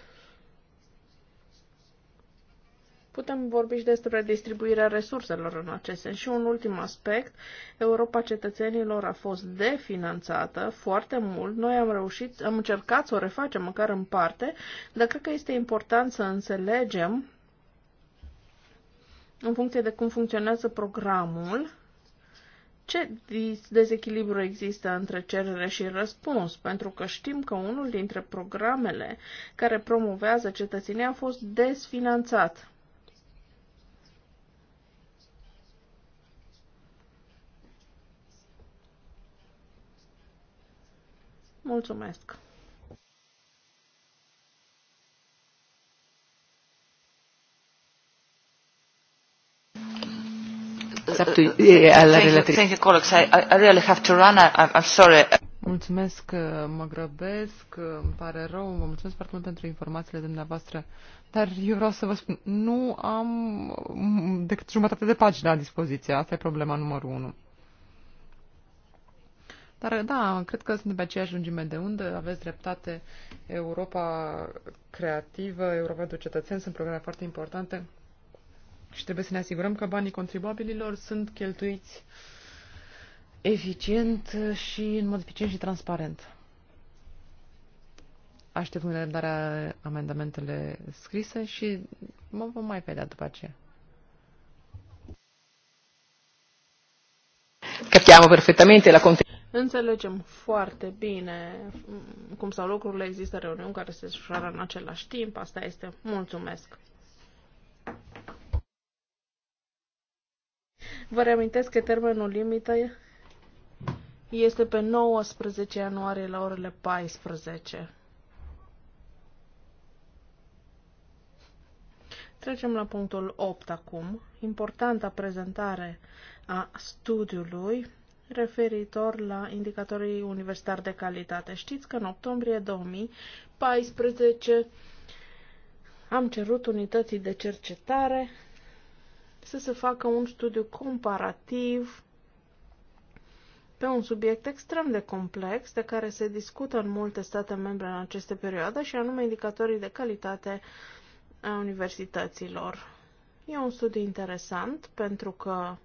Putem vorbi și despre distribuirea resurselor în acest sens. Și un ultim aspect, Europa cetățenilor a fost definanțată foarte mult. Noi am reușit, am încercat să o refacem măcar în parte, dar cred că este important să înțelegem în funcție de cum funcționează programul, ce dezechilibru există între cerere și răspuns, pentru că știm că unul dintre programele care promovează cetățenia a fost desfinanțat. Mulțumesc! It's up to thank, you, thank you, colleagues. I, I really have to run. I, I'm sorry. Mulțumesc, uh, mă grăbesc, uh, îmi pare rău, vă mulțumesc foarte mult pentru informațiile dumneavoastră, dar eu vreau să vă spun, nu am decât jumătate de pagină la dispoziție, asta e problema numărul unu. Dar da, cred că suntem pe aceeași lungime de undă, aveți dreptate, Europa creativă, Europa de cetățeni sunt programe foarte importante și trebuie să ne asigurăm că banii contribuabililor sunt cheltuiți eficient și în mod eficient și transparent. Aștept în răbdarea amendamentele scrise și mă vom mai vedea după aceea. Capiamo perfettamente la conte. Înțelegem foarte bine cum sau lucrurile, există reuniuni care se desfășoară în același timp, asta este mulțumesc. Vă reamintesc că termenul limită este pe 19 ianuarie la orele 14. Trecem la punctul 8 acum, importanta prezentare a studiului referitor la indicatorii universitari de calitate. Știți că în octombrie 2014 am cerut unității de cercetare să se facă un studiu comparativ pe un subiect extrem de complex, de care se discută în multe state membre în aceste perioade, și anume indicatorii de calitate a universităților. E un studiu interesant pentru că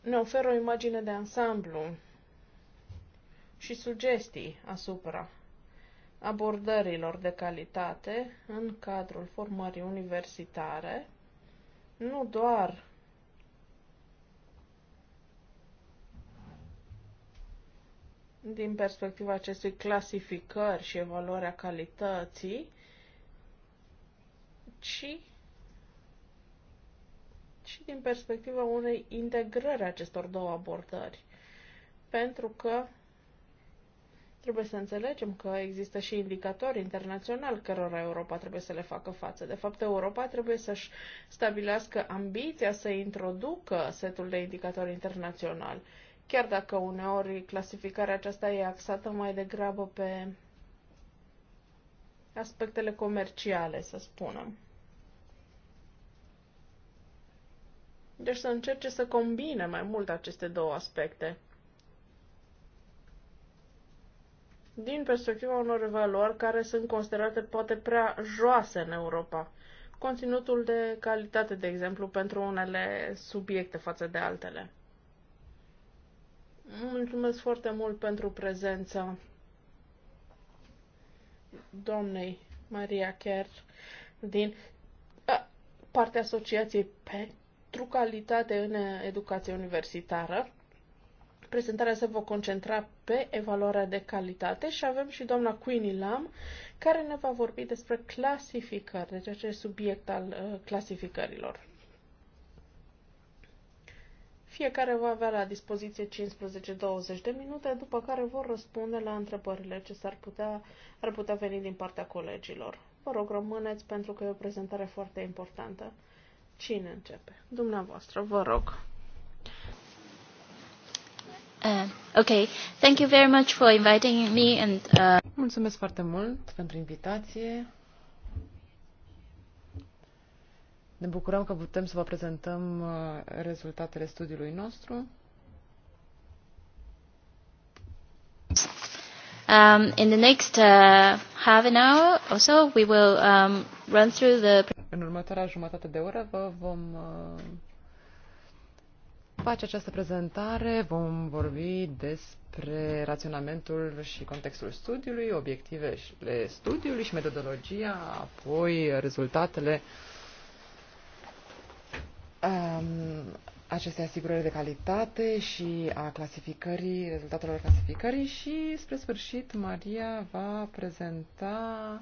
ne oferă o imagine de ansamblu și sugestii asupra abordărilor de calitate în cadrul formării universitare nu doar din perspectiva acestui clasificări și evaluarea calității, ci și din perspectiva unei integrări acestor două abordări. Pentru că Trebuie să înțelegem că există și indicatori internaționali cărora Europa trebuie să le facă față. De fapt, Europa trebuie să-și stabilească ambiția să introducă setul de indicatori internaționali. Chiar dacă uneori clasificarea aceasta e axată mai degrabă pe aspectele comerciale, să spunem. Deci să încerce să combine mai mult aceste două aspecte. din perspectiva unor valori care sunt considerate poate prea joase în Europa. Conținutul de calitate, de exemplu, pentru unele subiecte față de altele. Mulțumesc foarte mult pentru prezența doamnei Maria Kerr din partea Asociației pentru Calitate în Educație Universitară. Prezentarea se va concentra pe evaluarea de calitate și avem și doamna Queenie Lam, care ne va vorbi despre clasificări, deci acest subiect al uh, clasificărilor. Fiecare va avea la dispoziție 15-20 de minute, după care vor răspunde la întrebările ce s-ar putea, ar putea veni din partea colegilor. Vă rog, rămâneți pentru că e o prezentare foarte importantă. Cine începe? Dumneavoastră, vă rog. Uh, ok, thank you very much for inviting me and... Uh... Mulțumesc foarte mult pentru invitație. Ne bucurăm că putem să vă prezentăm uh, rezultatele studiului nostru. Um, in the next uh, half an hour or so, we will um, run through the... În următoarea jumătate de oră vă vom uh, face această prezentare vom vorbi despre raționamentul și contextul studiului, obiectivele studiului și metodologia, apoi rezultatele um, acestei asigurări de calitate și a clasificării, rezultatelor clasificării și, spre sfârșit, Maria va prezenta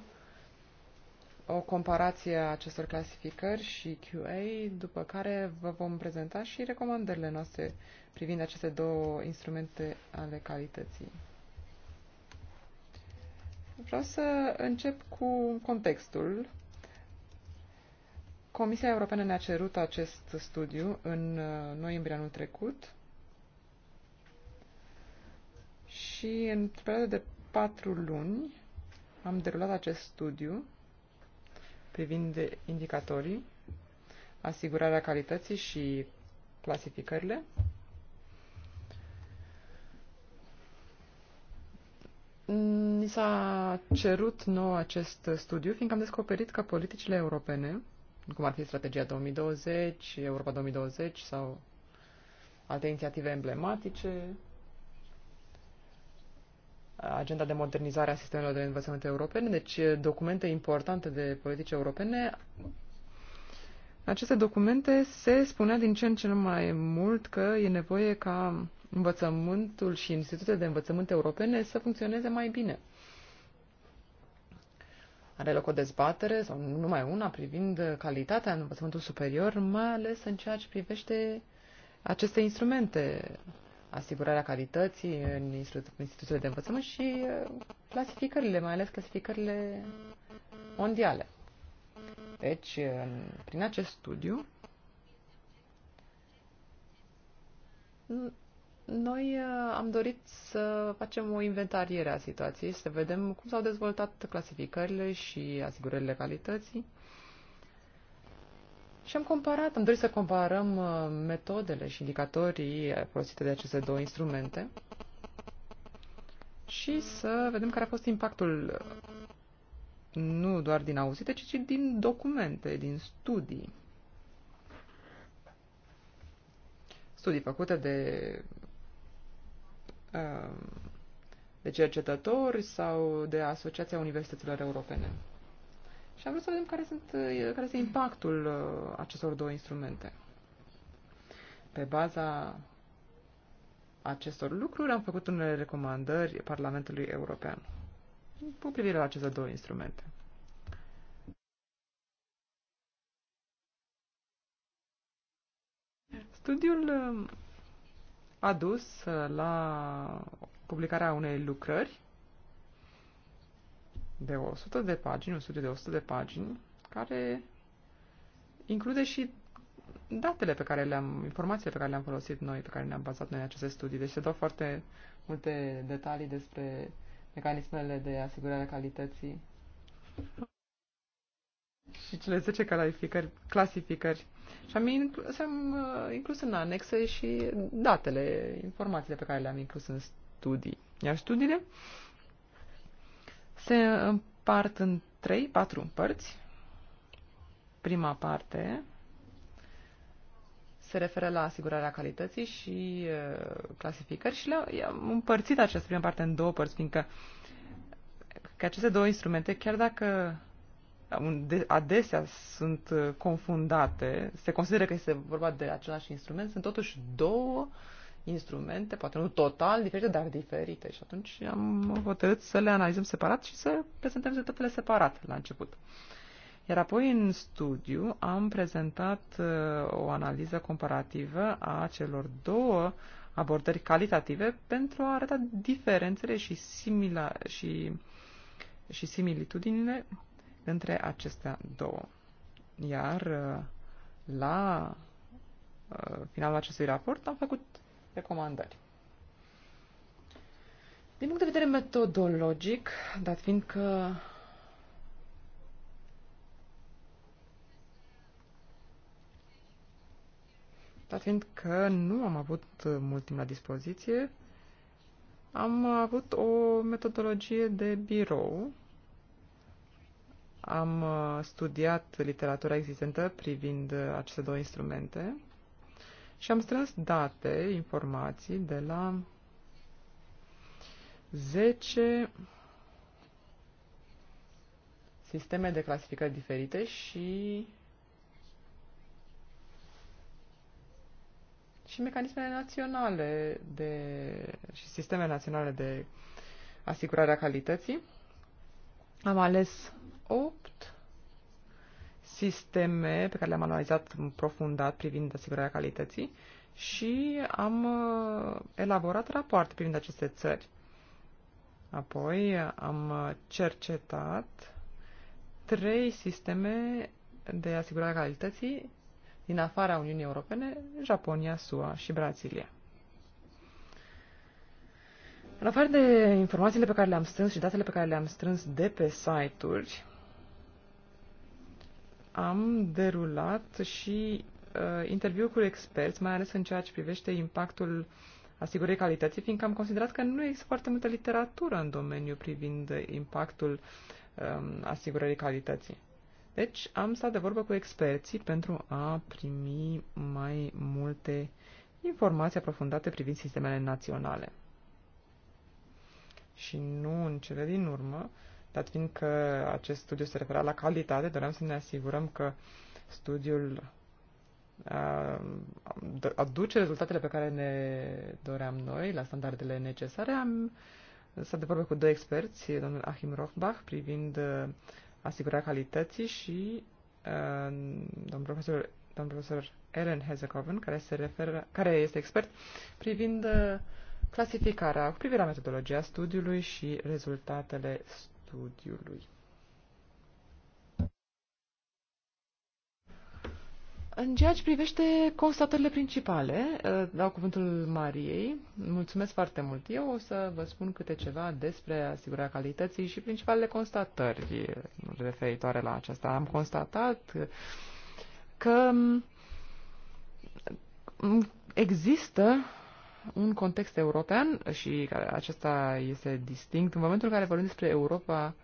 o comparație a acestor clasificări și QA, după care vă vom prezenta și recomandările noastre privind aceste două instrumente ale calității. Vreau să încep cu contextul. Comisia Europeană ne-a cerut acest studiu în uh, noiembrie anul trecut și în perioada de patru luni am derulat acest studiu privind indicatorii, asigurarea calității și clasificările. Ni s-a cerut nou acest studiu, fiindcă am descoperit că politicile europene, cum ar fi strategia 2020, Europa 2020 sau alte inițiative emblematice, agenda de modernizare a sistemelor de învățământ europene, deci documente importante de politici europene. Aceste documente se spunea din ce în ce mai mult că e nevoie ca învățământul și institutele de învățământ europene să funcționeze mai bine. Are loc o dezbatere, sau numai una, privind calitatea în învățământul superior, mai ales în ceea ce privește aceste instrumente asigurarea calității în instituțiile de învățământ și uh, clasificările, mai ales clasificările mondiale. Deci, uh, prin acest studiu, noi uh, am dorit să facem o inventariere a situației, să vedem cum s-au dezvoltat clasificările și asigurările calității și am comparat, am dorit să comparăm uh, metodele și indicatorii folosite de aceste două instrumente și să vedem care a fost impactul uh, nu doar din auzite, ci și din documente, din studii. Studii făcute de, uh, de cercetători sau de Asociația Universităților Europene. Și am vrut să vedem care, sunt, eh, care este impactul eh, acestor două instrumente. Pe baza acestor lucruri am făcut unele recomandări Parlamentului European cu privire la aceste două instrumente. Studiul eh, a dus la publicarea unei lucrări de 100 de pagini, un studiu de 100 de pagini, care include și datele pe care le-am, informațiile pe care le-am folosit noi, pe care ne-am bazat noi în aceste studii. Deci se dau foarte multe detalii despre mecanismele de asigurare a calității și cele 10 clasificări, clasificări. Și am inclus, am uh, inclus în anexe și datele, informațiile pe care le-am inclus în studii. Iar studiile uh, se împart în trei, patru părți. Prima parte se referă la asigurarea calității și clasificări și le-am împărțit această prima parte în două părți, fiindcă că aceste două instrumente, chiar dacă adesea sunt confundate, se consideră că este vorba de același instrument, sunt totuși două uh, instrumente, poate nu total diferite, dar diferite. Și atunci am hotărât să le analizăm separat și să prezentăm rezultatele separat la început. Iar apoi în studiu am prezentat uh, o analiză comparativă a celor două abordări calitative pentru a arăta diferențele și, simila, și, și similitudinile între acestea două. Iar uh, la uh, finalul acestui raport am făcut recomandări. Din punct de vedere metodologic, dat fiind că dat fiind că nu am avut mult timp la dispoziție, am avut o metodologie de birou. Am uh, studiat literatura existentă privind uh, aceste două instrumente și am strâns date, informații de la 10 sisteme de clasificări diferite și și mecanismele naționale de, și sisteme naționale de asigurare a calității. Am ales 8 sisteme pe care le-am analizat în profundat privind asigurarea calității și am uh, elaborat rapoarte privind aceste țări. Apoi am cercetat trei sisteme de asigurare a calității din afara Uniunii Europene, Japonia, SUA și Brazilia. În afară de informațiile pe care le-am strâns și datele pe care le-am strâns de pe site-uri, am derulat și uh, interviu cu experți, mai ales în ceea ce privește impactul asigurării calității, fiindcă am considerat că nu există foarte multă literatură în domeniu privind impactul um, asigurării calității. Deci am stat de vorbă cu experții pentru a primi mai multe informații aprofundate privind sistemele naționale. Și nu în cele din urmă, uh, dat fiind că acest studiu se refera la calitate, doream să ne asigurăm că studiul uh, aduce rezultatele pe care ne doream noi, la standardele necesare. Am stat de vorbă cu doi experți, domnul Achim Rochbach, privind uh, asigurarea calității și uh, domnul profesor, domnul profesor Ellen Hezekoven, care, se referă, care este expert privind uh, clasificarea cu privire la metodologia studiului și rezultatele studiului studiului. În ceea ce privește constatările principale, uh, dau cuvântul Mariei. Mulțumesc foarte mult. Eu o să vă spun câte ceva despre asigurarea calității și principalele constatări referitoare la aceasta. Am constatat că mm, există un context european și acesta este distinct. În momentul în care vorbim despre Europa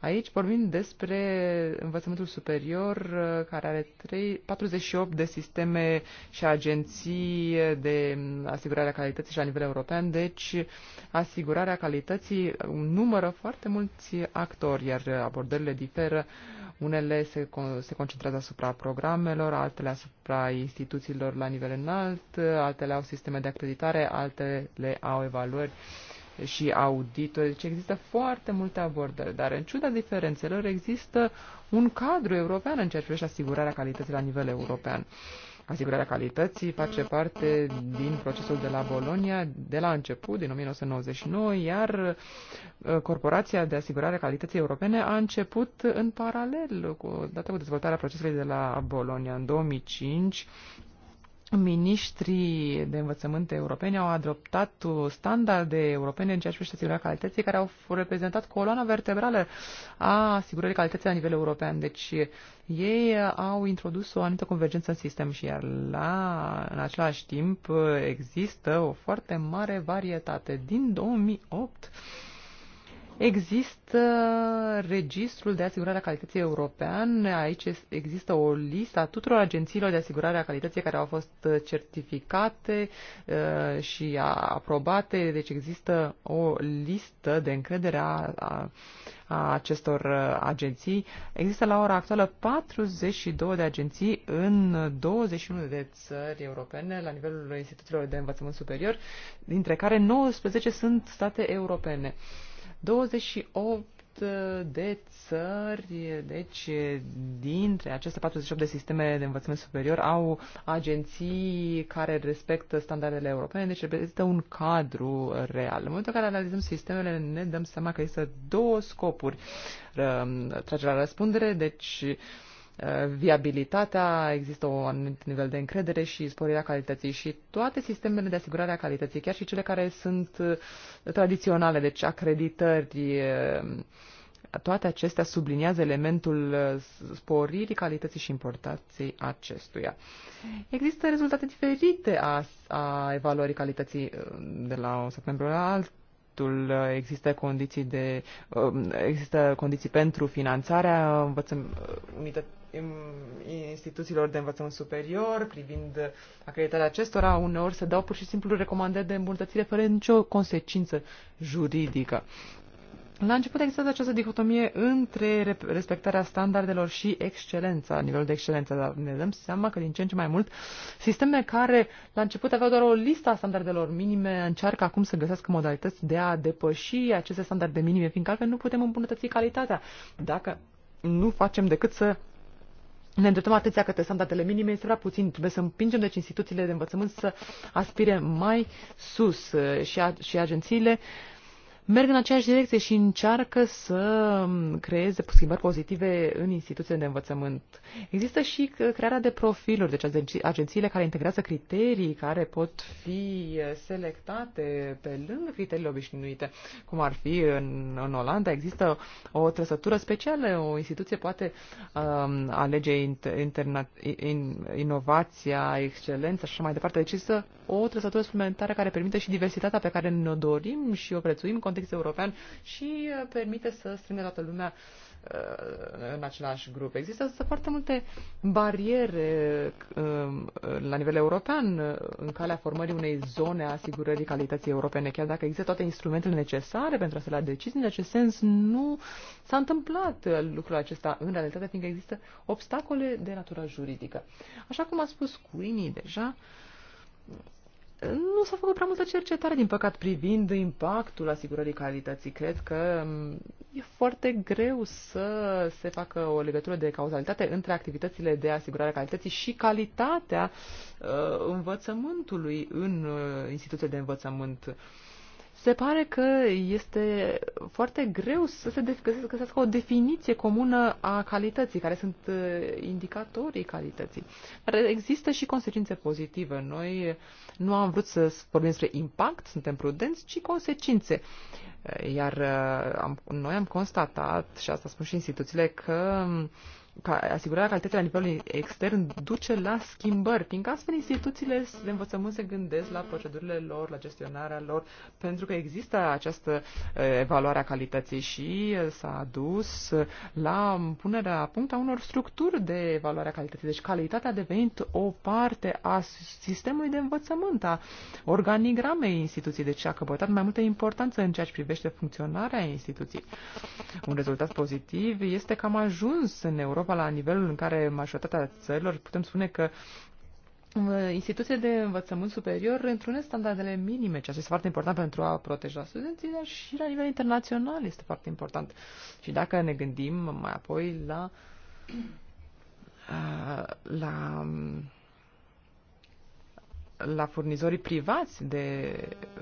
Aici vorbim despre învățământul superior, uh, care are 3, 48 de sisteme și agenții de mm, asigurare a calității și la nivel european, deci asigurarea calității numără foarte mulți actori, iar abordările diferă. Unele se, se concentrează asupra programelor, altele asupra instituțiilor la nivel înalt, altele au sisteme de acreditare, altele au evaluări. Uh, și auditori. Deci există foarte multe abordări, dar în ciuda diferențelor există un cadru european în ceea ce privește asigurarea calității la nivel european. Asigurarea calității face parte din procesul de la Bologna de la început, din 1999, iar uh, Corporația de Asigurare a Calității Europene a început în paralel cu, data cu dezvoltarea procesului de la Bologna. În 2005, Ministrii de învățământ europene au adoptat standarde europene în ceea ce privește asigurarea calității, care au reprezentat coloana vertebrală a asigurării calității la nivel european. Deci ei au introdus o anumită convergență în sistem și iar la, în același timp există o foarte mare varietate. Din 2008 Există registrul de asigurare a calității european, aici există o listă a tuturor agențiilor de asigurare a calității care au fost certificate uh, și aprobate, deci există o listă de încredere a, a, a acestor uh, agenții. Există la ora actuală 42 de agenții în 21 de țări europene la nivelul instituțiilor de învățământ superior, dintre care 19 sunt state europene. 28 de țări, deci dintre aceste 48 de sisteme de învățământ superior au agenții care respectă standardele europene, deci reprezintă un cadru real. În momentul în care analizăm sistemele, ne dăm seama că există două scopuri. Trage la răspundere, deci uh, viabilitatea, există un anumit nivel de încredere și sporirea calității și toate sistemele de asigurare a calității, chiar și cele care sunt uh, tradiționale, deci acreditări, uh, toate acestea subliniază elementul uh, sporirii calității și importanței acestuia. Există rezultate diferite a, a evaluării calității de la un septembrie la alt există condiții, de, există condiții pentru finanțarea unității instituțiilor de învățământ superior, privind acreditarea acestora, uneori se dau pur și simplu recomandări de îmbunătățire fără nicio consecință juridică. La început există această dicotomie între respectarea standardelor și excelența, nivelul de excelență, dar ne dăm seama că din ce în ce mai mult sisteme care la început aveau doar o listă a standardelor minime încearcă acum să găsească modalități de a depăși aceste standarde minime, fiindcă altfel nu putem îmbunătăți calitatea. Dacă nu facem decât să ne îndreptăm atenția către standardele minime, este prea puțin. Trebuie să împingem deci instituțiile de învățământ să aspire mai sus uh, și, a, și agențiile merg în aceeași direcție și încearcă să creeze schimbări pozitive în instituțiile de învățământ. Există și crearea de profiluri, deci agențiile care integrează criterii care pot fi selectate pe lângă criteriile obișnuite, cum ar fi în, în Olanda. Există o trăsătură specială, o instituție poate um, alege interna, in, inovația, excelența și așa mai departe. Deci există o trăsătură suplimentară care permite și diversitatea pe care ne-o dorim și o prețuim, context european și uh, permite să strângă toată lumea uh, în același grup. Există foarte multe bariere um, la nivel european uh, în calea formării unei zone a asigurării calității europene, chiar dacă există toate instrumentele necesare pentru a se lua decizii. În acest sens, nu s-a întâmplat lucrul acesta în realitate, fiindcă există obstacole de natură juridică. Așa cum a spus Queenie deja, nu s-a făcut prea multă cercetare, din păcat, privind impactul asigurării calității. Cred că mm, e foarte greu să se facă o legătură de cauzalitate între activitățile de asigurare a calității și calitatea uh, învățământului în uh, instituții de învățământ. Uh, se pare că este foarte greu să se găsească o definiție comună a calității, care sunt uh, indicatorii calității. Dar există și consecințe pozitive. Noi nu am vrut să vorbim despre impact, suntem prudenți, ci consecințe. Iar uh, am, noi am constatat, și asta spun și instituțiile, că uh, ca asigurarea calității la nivelul extern duce la schimbări, fiindcă astfel instituțiile de învățământ se gândesc la procedurile lor, la gestionarea lor, pentru că există această evaluare a calității și s-a dus la punerea a punct a unor structuri de evaluare a calității. Deci calitatea a devenit o parte a sistemului de învățământ, a organigramei instituției, deci a căpătat mai multă importanță în ceea ce privește funcționarea instituției. Un rezultat pozitiv este că am ajuns în Europa Europa la nivelul în care majoritatea țărilor putem spune că uh, instituțiile de învățământ superior întrunesc standardele minime, ceea ce este foarte important pentru a proteja studenții, dar și la nivel internațional este foarte important. Și dacă ne gândim mai apoi la uh, la la furnizorii privați de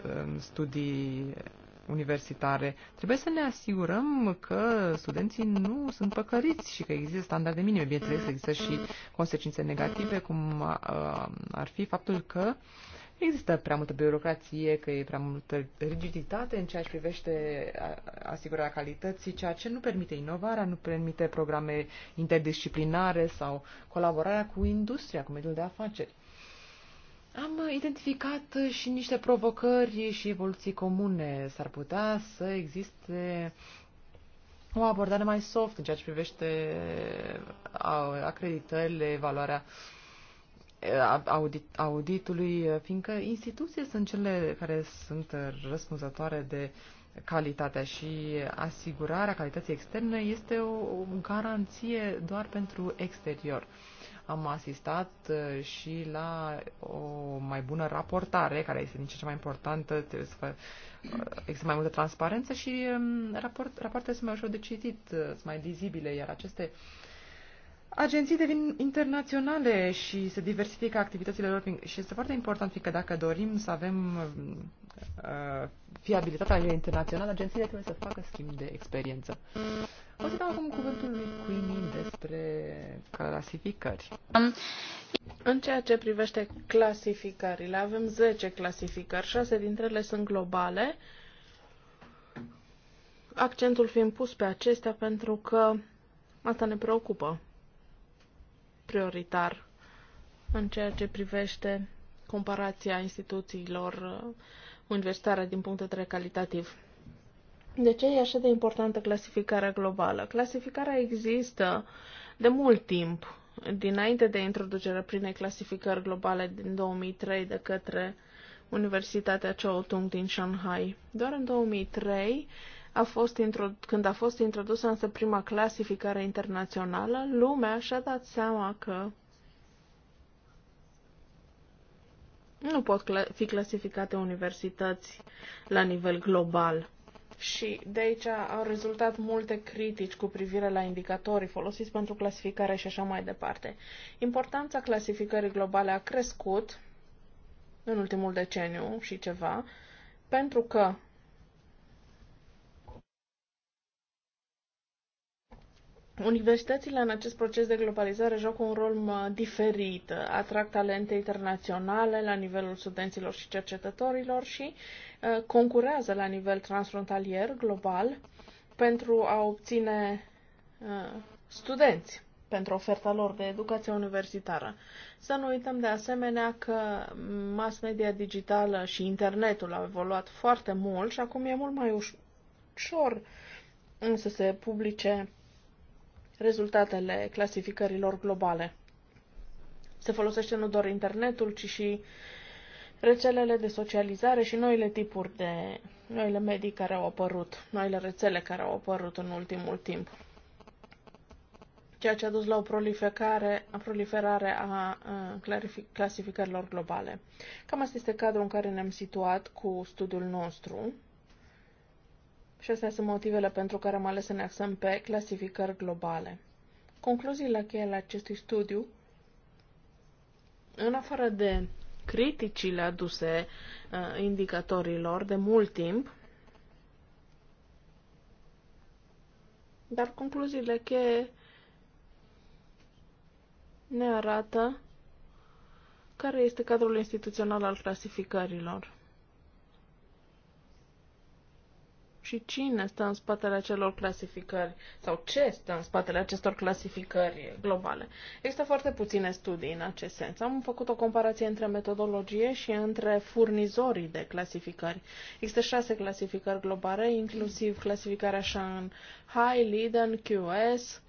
uh, studii universitare, trebuie să ne asigurăm că studenții nu sunt păcăriți și că există standarde minime. Bineînțeles, există și consecințe negative, cum uh, ar fi faptul că există prea multă birocrație, că e prea multă rigiditate în ceea ce privește uh, asigurarea calității, ceea ce nu permite inovarea, nu permite programe interdisciplinare sau colaborarea cu industria, cu mediul de afaceri. Am identificat și niște provocări și evoluții comune. S-ar putea să existe o abordare mai soft în ceea ce privește acreditările, evaluarea audit, auditului, fiindcă instituții sunt cele care sunt răspunzătoare de calitatea și asigurarea calității externe este o, o garanție doar pentru exterior. Uh, am asistat uh, și la o mai bună raportare, care este din ce mai importantă, trebuie să fă, uh, există mai multă transparență și um, raport, rapoartele sunt mai ușor de citit, uh, sunt mai lizibile, iar aceste agenții devin internaționale și se diversifică activitățile lor și este foarte important, fiindcă dacă dorim să avem uh, fiabilitatea internațională, agențiile trebuie să facă schimb de experiență. O să dau acum cuvântul lui Queenie despre clasificări. În ceea ce privește clasificările, avem 10 clasificări, 6 dintre ele sunt globale, accentul fiind pus pe acestea pentru că asta ne preocupă prioritar în ceea ce privește comparația instituțiilor uh, universitare din punct de vedere calitativ. De ce e așa de importantă clasificarea globală? Clasificarea există de mult timp, dinainte de introducerea prinei clasificări globale din 2003 de către Universitatea Chou-Tung din Shanghai. Doar în 2003, a fost când a fost introdusă însă prima clasificare internațională, lumea și-a dat seama că nu pot fi clasificate universități la nivel global. Și de aici au rezultat multe critici cu privire la indicatorii folosiți pentru clasificare și așa mai departe. Importanța clasificării globale a crescut în ultimul deceniu și ceva, pentru că Universitățile în acest proces de globalizare joacă un rol diferit, atrag talente internaționale la nivelul studenților și cercetătorilor și uh, concurează la nivel transfrontalier, global, pentru a obține uh, studenți pentru oferta lor de educație universitară. Să nu uităm de asemenea că mass media digitală și internetul au evoluat foarte mult și acum e mult mai ușor să se publice rezultatele clasificărilor globale. Se folosește nu doar internetul, ci și rețelele de socializare și noile tipuri de noile medii care au apărut, noile rețele care au apărut în ultimul timp. Ceea ce a dus la o proliferare, a proliferare a clasificărilor globale. Cam asta este cadrul în care ne-am situat cu studiul nostru. Și astea sunt motivele pentru care am ales să ne axăm pe clasificări globale. Concluziile cheie ale acestui studiu, în afară de criticile aduse uh, indicatorilor de mult timp, dar concluziile cheie ne arată care este cadrul instituțional al clasificărilor. și cine stă în spatele acelor clasificări sau ce stă în spatele acestor clasificări globale. Există foarte puține studii în acest sens. Am făcut o comparație între metodologie și între furnizorii de clasificări. Există șase clasificări globale, inclusiv clasificarea High, Leiden, QS,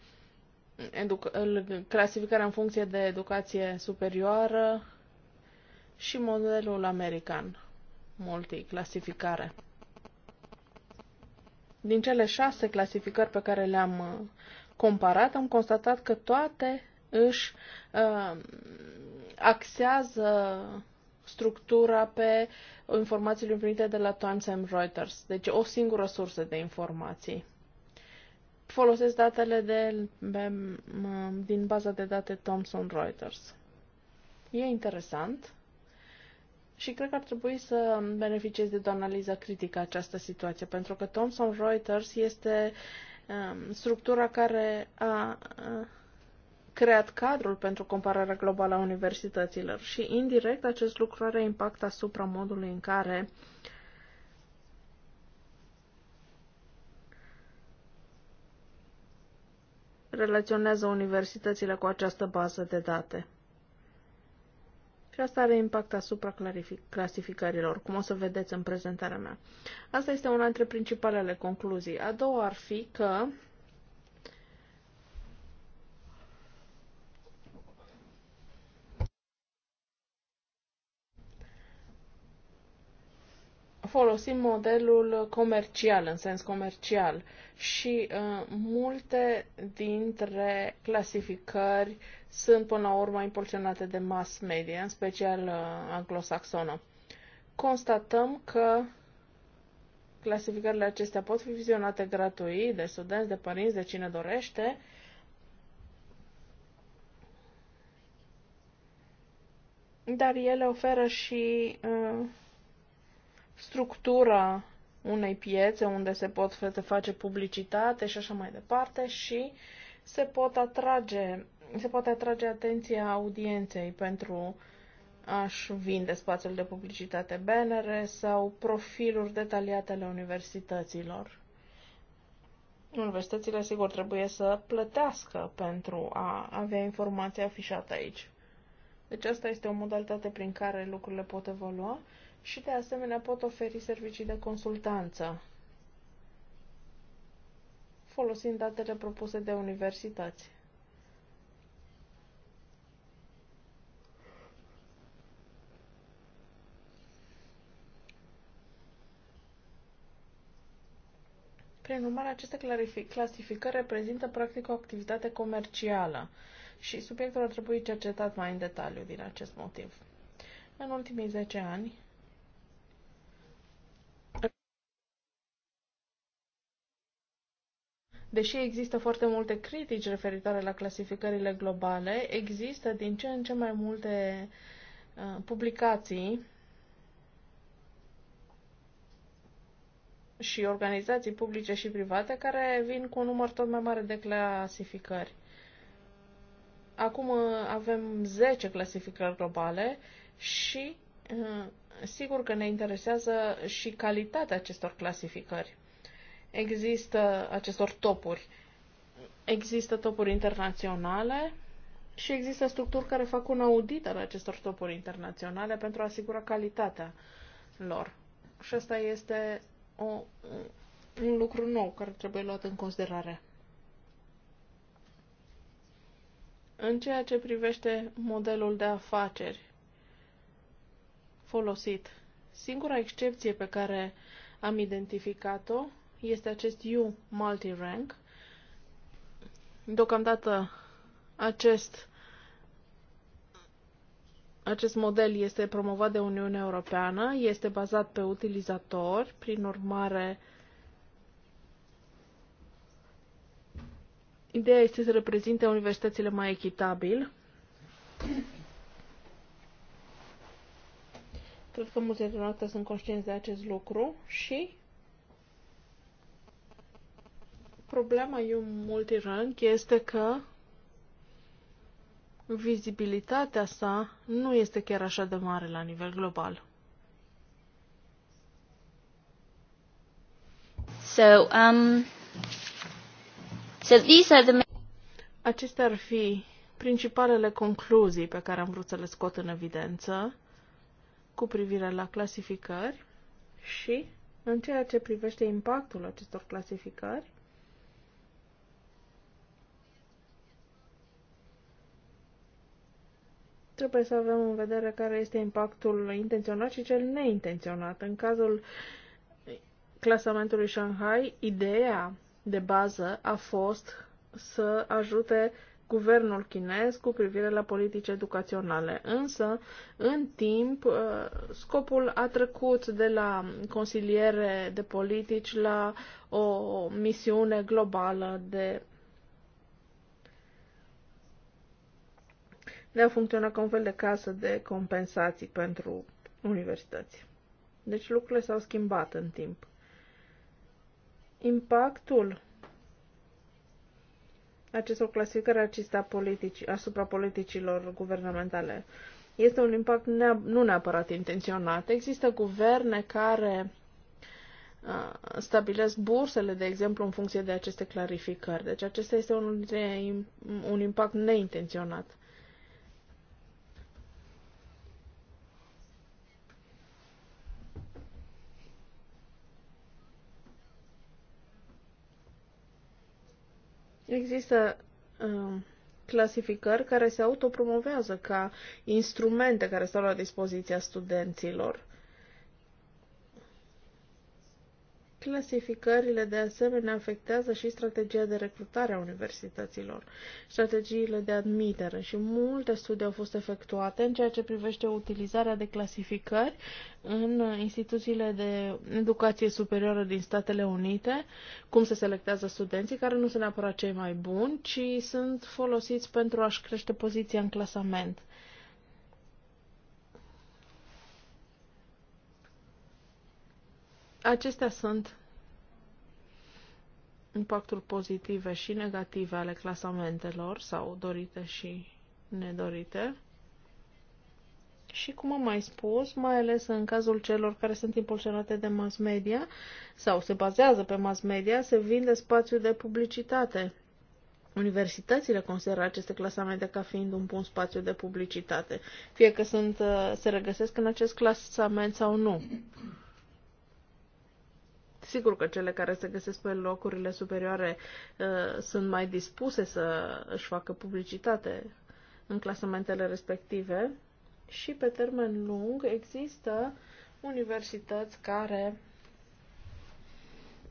clasificarea în funcție de educație superioară și modelul american multiclasificare. Din cele șase clasificări pe care le-am uh, comparat, am constatat că toate își uh, axează structura pe informațiile primite de la Thomson Reuters, deci o singură sursă de informații. Folosesc datele de, de, din baza de date Thomson Reuters. E interesant și cred că ar trebui să beneficiez de o analiză critică această situație, pentru că Thomson Reuters este um, structura care a, uh, creat cadrul pentru compararea globală a universităților și indirect acest lucru are impact asupra modului în care relaționează universitățile cu această bază de date și asta are impact asupra clasificărilor, cum o să vedeți în prezentarea mea. Asta este una dintre principalele concluzii. A doua ar fi că folosim modelul comercial, în sens comercial, și uh, multe dintre clasificări sunt până la urmă impulsionate de mass media, în special uh, anglosaxonă. Constatăm că clasificările acestea pot fi vizionate gratuit de studenți, de părinți, de cine dorește, dar ele oferă și uh, structura unei piețe unde se pot face publicitate și așa mai departe și se pot atrage, se poate atrage atenția audienței pentru aș vinde spațiul de publicitate bannere sau profiluri detaliate ale universităților. Universitățile, sigur, trebuie să plătească pentru a avea informația afișată aici. Deci asta este o modalitate prin care lucrurile pot evolua și de asemenea pot oferi servicii de consultanță folosind datele propuse de universități. Prin urmare, aceste clasificări reprezintă practic o activitate comercială și subiectul ar trebui cercetat mai în detaliu din acest motiv. În ultimii 10 ani, Deși există foarte multe critici referitoare la clasificările globale, există din ce în ce mai multe uh, publicații și organizații publice și private care vin cu un număr tot mai mare de clasificări. Acum uh, avem 10 clasificări globale și uh, sigur că ne interesează și calitatea acestor clasificări există acestor topuri. Există topuri internaționale și există structuri care fac un audit al acestor topuri internaționale pentru a asigura calitatea lor. Și asta este o, un lucru nou care trebuie luat în considerare. În ceea ce privește modelul de afaceri folosit, singura excepție pe care am identificat-o este acest U Multi Multi-Rank. Deocamdată acest, acest model este promovat de Uniunea Europeană, este bazat pe utilizatori, prin urmare ideea este să reprezinte universitățile mai echitabil. Cred că mulți dintre noastre sunt conștienți de acest lucru și Problema eu multirank este că vizibilitatea sa nu este chiar așa de mare la nivel global. So, um, so these are the... Acestea ar fi principalele concluzii pe care am vrut să le scot în evidență cu privire la clasificări și în ceea ce privește impactul acestor clasificări, Trebuie să avem în vedere care este impactul intenționat și cel neintenționat. În cazul clasamentului Shanghai, ideea de bază a fost să ajute guvernul chinez cu privire la politici educaționale. Însă, în timp, uh, scopul a trecut de la consiliere de politici la o misiune globală de de a funcționa ca un fel de casă de compensații pentru universități. Deci lucrurile s-au schimbat în timp. Impactul acestor clasificări politici, asupra politicilor guvernamentale este un impact nea, nu neapărat intenționat. Există guverne care stabilesc bursele, de exemplu, în funcție de aceste clarificări. Deci acesta este un, un impact neintenționat. Există um, clasificări care se autopromovează ca instrumente care stau la dispoziția studenților. Clasificările de asemenea afectează și strategia de recrutare a universităților, strategiile de admitere și multe studii au fost efectuate în ceea ce privește utilizarea de clasificări în instituțiile de educație superioară din Statele Unite, cum se selectează studenții care nu sunt neapărat cei mai buni, ci sunt folosiți pentru a-și crește poziția în clasament. Acestea sunt impactul pozitive și negative ale clasamentelor sau dorite și nedorite. Și cum am mai spus, mai ales în cazul celor care sunt impulsionate de mass media sau se bazează pe mass media, se vinde spațiu de publicitate. Universitățile consideră aceste clasamente ca fiind un bun spațiu de publicitate, fie că sunt, se regăsesc în acest clasament sau nu. Sigur că cele care se găsesc pe locurile superioare uh, sunt mai dispuse să își facă publicitate în clasamentele respective și pe termen lung există universități care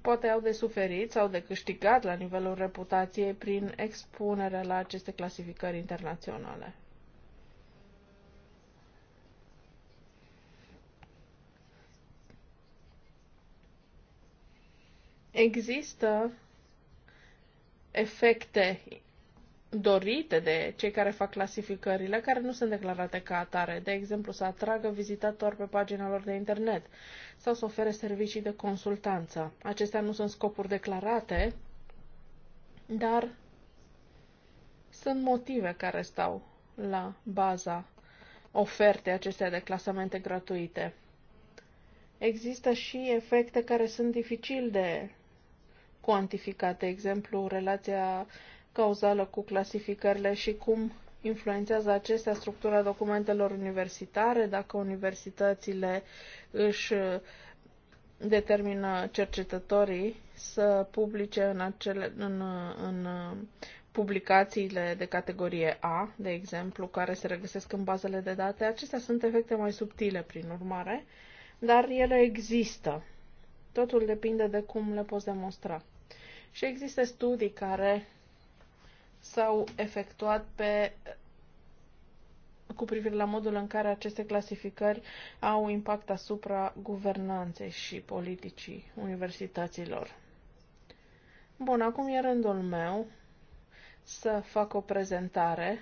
poate au de suferit sau de câștigat la nivelul reputației prin expunerea la aceste clasificări internaționale. Există efecte dorite de cei care fac clasificările, care nu sunt declarate ca atare, de exemplu să atragă vizitatori pe pagina lor de internet sau să ofere servicii de consultanță. Acestea nu sunt scopuri declarate, dar sunt motive care stau la baza ofertei acestea de clasamente gratuite. Există și efecte care sunt dificil de cuantificate, de exemplu, relația cauzală cu clasificările și cum influențează acestea structura documentelor universitare, dacă universitățile își determină cercetătorii să publice în, acele, în, în publicațiile de categorie A, de exemplu, care se regăsesc în bazele de date. Acestea sunt efecte mai subtile, prin urmare, dar ele există. Totul depinde de cum le poți demonstra. Și există studii care s-au efectuat pe cu privire la modul în care aceste clasificări au impact asupra guvernanței și politicii universităților. Bun, acum e rândul meu să fac o prezentare.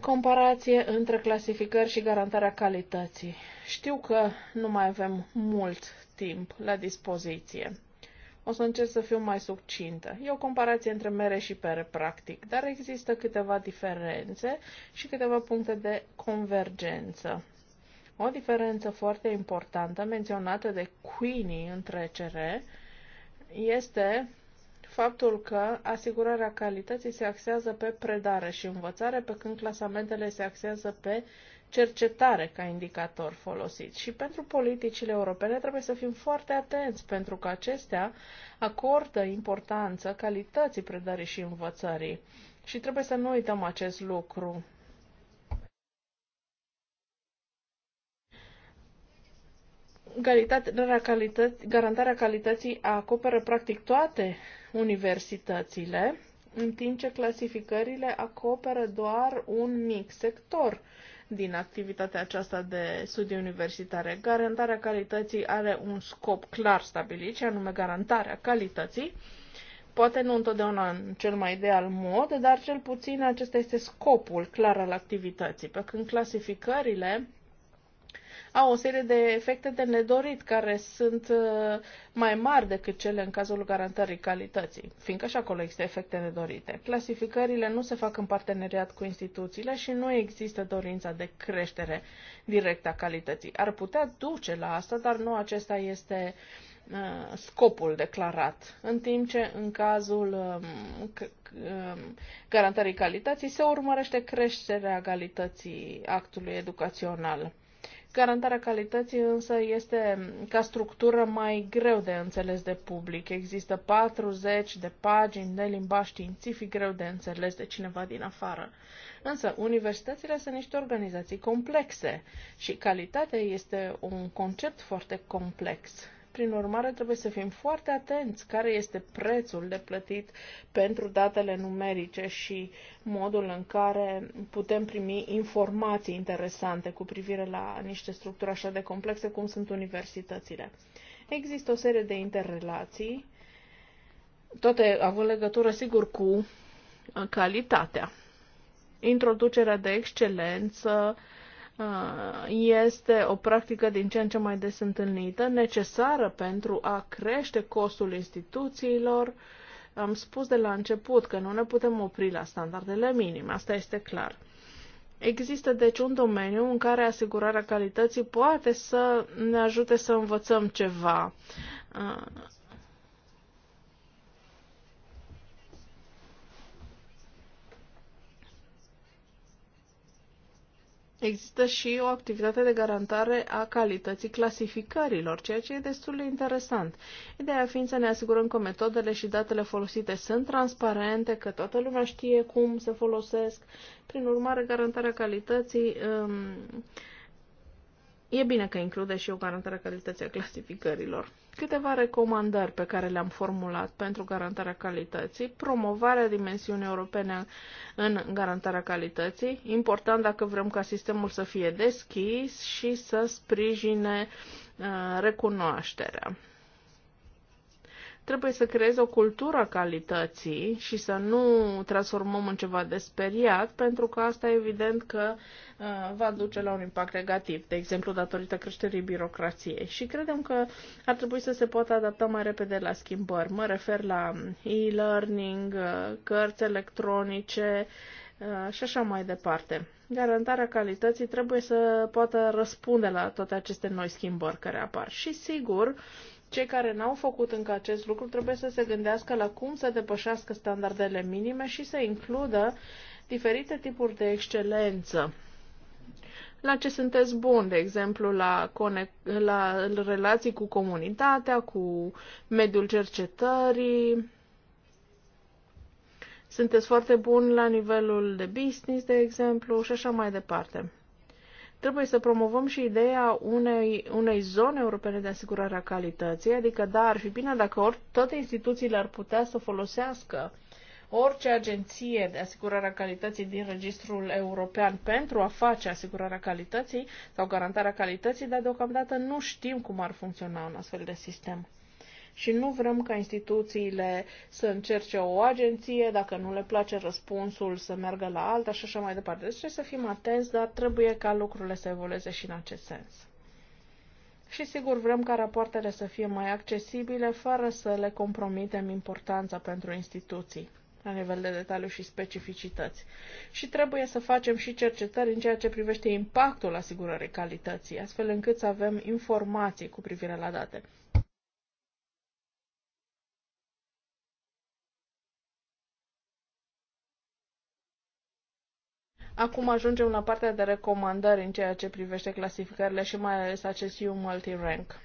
Comparație între clasificări și garantarea calității. Știu că nu mai avem mult timp la dispoziție. O să încerc să fiu mai succintă. E o comparație între mere și pere, practic, dar există câteva diferențe și câteva puncte de convergență. O diferență foarte importantă menționată de Queenie în trecere este faptul că asigurarea calității se axează pe predare și învățare, pe când clasamentele se axează pe cercetare ca indicator folosit. Și pentru politicile europene trebuie să fim foarte atenți, pentru că acestea acordă importanță calității predării și învățării. Și trebuie să nu uităm acest lucru. garantarea calității acoperă practic toate universitățile, în timp ce clasificările acoperă doar un mic sector din activitatea aceasta de studii universitare. Garantarea calității are un scop clar stabilit, și anume garantarea calității. Poate nu întotdeauna în cel mai ideal mod, dar cel puțin acesta este scopul clar al activității. Pe când clasificările au o serie de efecte de nedorit care sunt uh, mai mari decât cele în cazul garantării calității, fiindcă și acolo există efecte nedorite. Clasificările nu se fac în parteneriat cu instituțiile și nu există dorința de creștere directă a calității. Ar putea duce la asta, dar nu acesta este uh, scopul declarat, în timp ce în cazul um, um, garantării calității se urmărește creșterea calității actului educațional. Garantarea calității însă este ca structură mai greu de înțeles de public. Există 40 de pagini de limba științific greu de înțeles de cineva din afară. Însă, universitățile sunt niște organizații complexe și calitatea este un concept foarte complex prin urmare, trebuie să fim foarte atenți care este prețul de plătit pentru datele numerice și modul în care putem primi informații interesante cu privire la niște structuri așa de complexe cum sunt universitățile. Există o serie de interrelații, toate având legătură, sigur, cu calitatea. Introducerea de excelență, Ah, este o practică din ce în ce mai des întâlnită, necesară pentru a crește costul instituțiilor. Am spus de la început că nu ne putem opri la standardele minime, asta este clar. Există deci un domeniu în care asigurarea calității poate să ne ajute să învățăm ceva ah, există și o activitate de garantare a calității clasificărilor, ceea ce e destul de interesant. Ideea fiind să ne asigurăm că metodele și datele folosite sunt transparente, că toată lumea știe cum se folosesc. Prin urmare, garantarea calității um, e bine că include și o garantare a calității a clasificărilor câteva recomandări pe care le-am formulat pentru garantarea calității, promovarea dimensiunii europene în garantarea calității, important dacă vrem ca sistemul să fie deschis și să sprijine uh, recunoașterea. Trebuie să creezi o cultură calității și să nu transformăm în ceva de speriat, pentru că asta evident că uh, va duce la un impact negativ, de exemplu datorită creșterii birocrației. Și credem că ar trebui să se poată adapta mai repede la schimbări. Mă refer la e-learning, uh, cărți electronice, uh, și așa mai departe. Garantarea calității trebuie să poată răspunde la toate aceste noi schimbări care apar. Și sigur, cei care n-au făcut încă acest lucru trebuie să se gândească la cum să depășească standardele minime și să includă diferite tipuri de excelență. La ce sunteți bun, de exemplu, la, la relații cu comunitatea, cu mediul cercetării, sunteți foarte bun la nivelul de business, de exemplu, și așa mai departe. Trebuie să promovăm și ideea unei, unei zone europene de asigurare a calității, adică da, ar fi bine dacă ori, toate instituțiile ar putea să folosească orice agenție de asigurare a calității din registrul european pentru a face asigurarea calității sau garantarea calității, dar deocamdată nu știm cum ar funcționa un astfel de sistem și nu vrem ca instituțiile să încerce o agenție, dacă nu le place răspunsul să meargă la alta și așa mai departe. Deci trebuie să fim atenți, dar trebuie ca lucrurile să evolueze și în acest sens. Și sigur vrem ca rapoartele să fie mai accesibile fără să le compromitem importanța pentru instituții la nivel de detaliu și specificități. Și trebuie să facem și cercetări în ceea ce privește impactul asigurării calității, astfel încât să avem informații cu privire la date. Acum ajungem la partea de recomandări în ceea ce privește clasificările și mai ales acest U multi-rank.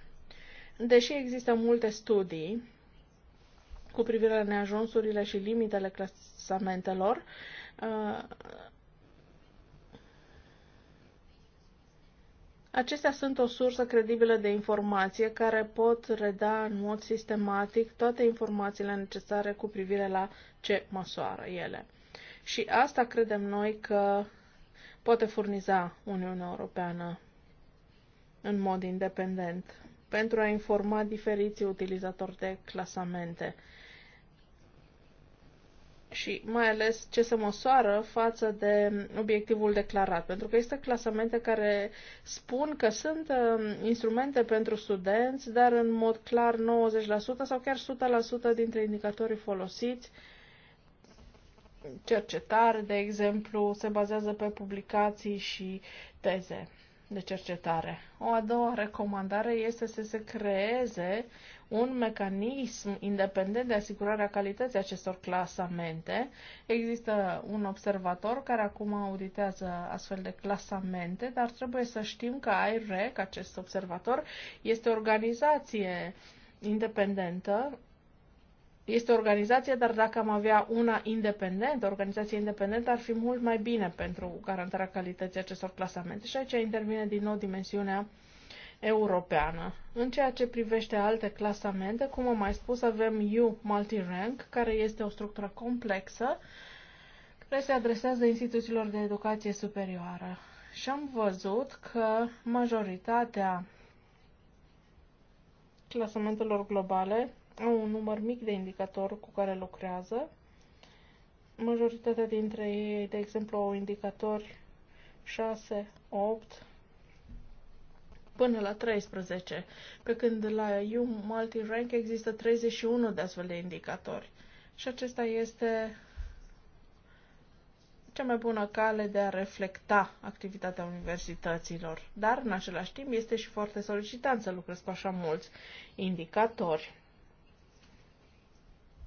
Deși există multe studii cu privire la neajunsurile și limitele clasamentelor, uh, Acestea sunt o sursă credibilă de informație care pot reda în mod sistematic toate informațiile necesare cu privire la ce măsoară ele. Și asta credem noi că poate furniza Uniunea Europeană în mod independent pentru a informa diferiții utilizatori de clasamente și mai ales ce se măsoară față de obiectivul declarat. Pentru că există clasamente care spun că sunt um, instrumente pentru studenți, dar în mod clar 90% sau chiar 100% dintre indicatorii folosiți uh, cercetare, de exemplu, se bazează pe publicații și teze de cercetare. O a doua recomandare este să se creeze un mecanism independent de asigurarea calității acestor clasamente. Există un observator care acum auditează astfel de clasamente, dar trebuie să știm că IREC, acest observator, este o organizație independentă este o organizație, dar dacă am avea una independentă, o organizație independentă, ar fi mult mai bine pentru garantarea calității acestor clasamente. Și aici intervine din nou dimensiunea europeană. În ceea ce privește alte clasamente, cum am mai spus, avem U Multirank, care este o structură complexă, care se adresează instituțiilor de educație superioară. Și am văzut că majoritatea clasamentelor globale au un număr mic de indicatori cu care lucrează. Majoritatea dintre ei, de exemplu, au indicatori 6, 8, până la 13, pe când la U Rank există 31 de astfel de indicatori. Și acesta este cea mai bună cale de a reflecta activitatea universităților, dar în același timp este și foarte solicitant să lucrezi cu așa mulți indicatori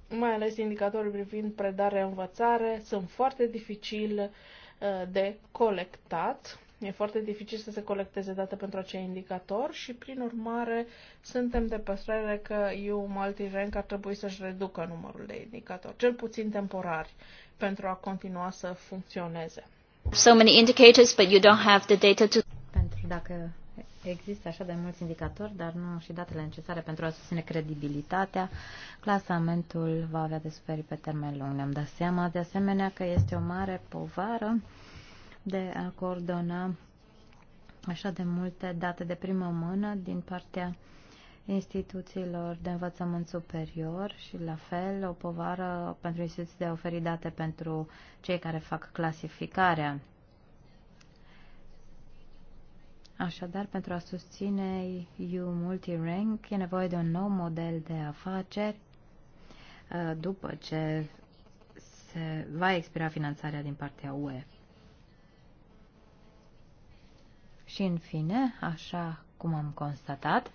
mai ales indicatorii privind predare-învățare, sunt foarte dificil uh, de colectat. E foarte dificil să se colecteze date pentru acei indicatori și, prin urmare, suntem de păstrare că EU multi-rank ar trebui să-și reducă numărul de indicatori, cel puțin temporari, pentru a continua să funcționeze. So many indicators, but you don't have the data to... Pentru dacă Există așa de mulți indicatori, dar nu și datele necesare pentru a susține credibilitatea. Clasamentul va avea de suferit pe termen lung. Ne-am dat seama de asemenea că este o mare povară de a coordona așa de multe date de primă mână din partea instituțiilor de învățământ superior și la fel o povară pentru instituții de a oferi date pentru cei care fac clasificarea Așadar, pentru a susține Multi Multirank e nevoie de un nou model de afaceri uh, după ce se va expira finanțarea din partea UE. Și în fine, așa cum am constatat,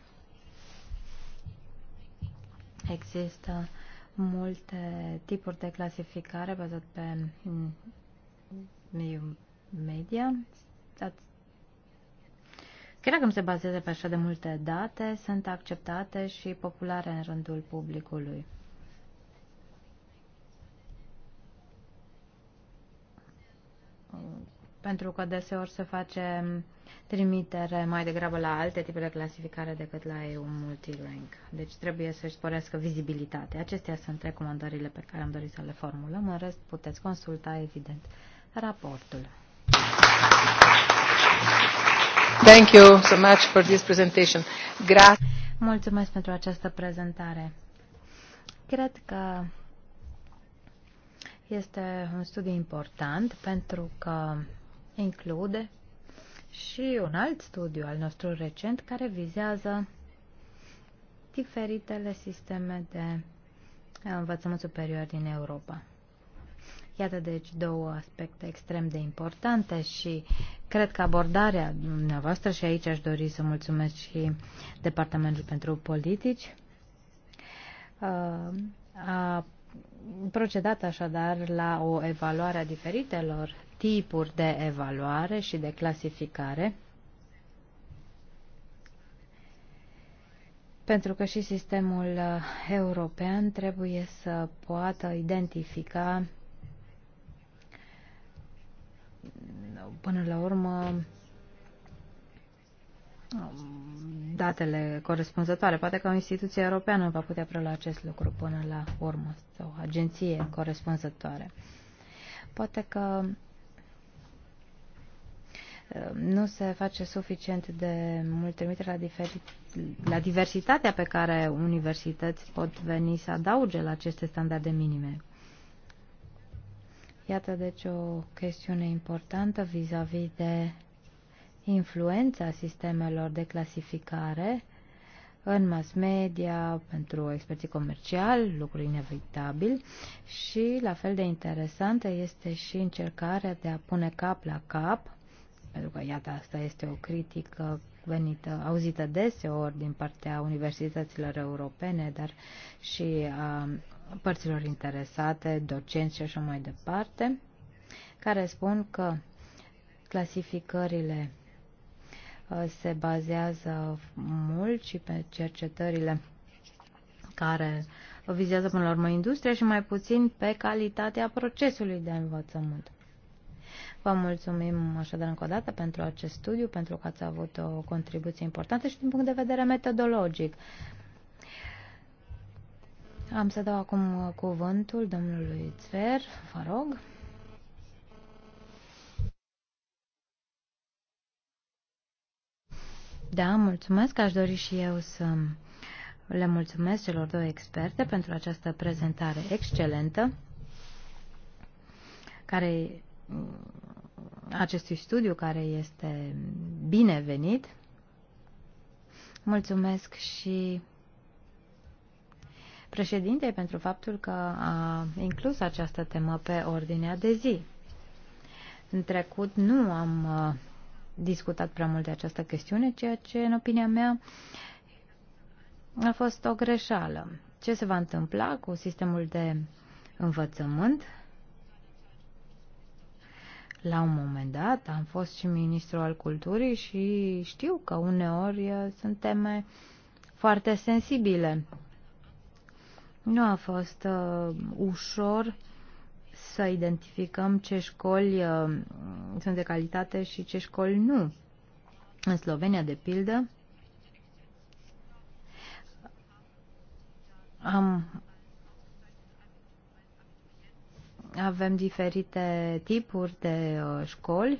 există multe tipuri de clasificare bazate pe mm, media. Ați Chiar dacă nu se bazează pe așa de multe date, sunt acceptate și populare în rândul publicului. Pentru că deseori se face trimitere mai degrabă la alte tipuri de clasificare decât la EU multirank. Deci trebuie să-și sporească vizibilitatea. Acestea sunt recomandările pe care am dorit să le formulăm. În rest, puteți consulta, evident, raportul. Mulțumesc pentru această prezentare. Cred că este un studiu important pentru că include și un alt studiu al nostru recent care vizează diferitele sisteme de învățământ superior din Europa. Iată deci două aspecte extrem de importante și Cred că abordarea dumneavoastră, și aici aș dori să mulțumesc și Departamentul pentru Politici, uh, a procedat așadar la o evaluare a diferitelor tipuri de evaluare și de clasificare, pentru că și sistemul uh, european trebuie să poată identifica până la urmă um, datele corespunzătoare. Poate că o instituție europeană va putea prelua acest lucru până la urmă sau o agenție corespunzătoare. Poate că um, nu se face suficient de mult trimitere la, la diversitatea pe care universități pot veni să adauge la aceste standarde minime. Iată deci o chestiune importantă vis-a-vis -vis de influența sistemelor de clasificare în mass media, pentru experții comerciali, lucruri inevitabil și la fel de interesantă este și încercarea de a pune cap la cap, pentru că iată asta este o critică venită, auzită deseori din partea universităților europene, dar și a părților interesate, docenți și așa mai departe, care spun că clasificările uh, se bazează mult și pe cercetările care vizează până la urmă industria și mai puțin pe calitatea procesului de învățământ. Vă mulțumim așadar încă o dată pentru acest studiu, pentru că ați avut o contribuție importantă și din punct de vedere metodologic. Am să dau acum uh, cuvântul domnului Zver, vă rog. Da, mulțumesc. Aș dori și eu să le mulțumesc celor două experte pentru această prezentare excelentă care uh, acestui studiu care este binevenit. Mulțumesc și președinte pentru faptul că a inclus această temă pe ordinea de zi. În trecut nu am uh, discutat prea mult de această chestiune, ceea ce, în opinia mea, a fost o greșeală. Ce se va întâmpla cu sistemul de învățământ? La un moment dat am fost și ministru al culturii și știu că uneori uh, sunt teme foarte sensibile nu a fost uh, ușor să identificăm ce școli uh, sunt de calitate și ce școli nu. În Slovenia, de pildă, am, avem diferite tipuri de uh, școli.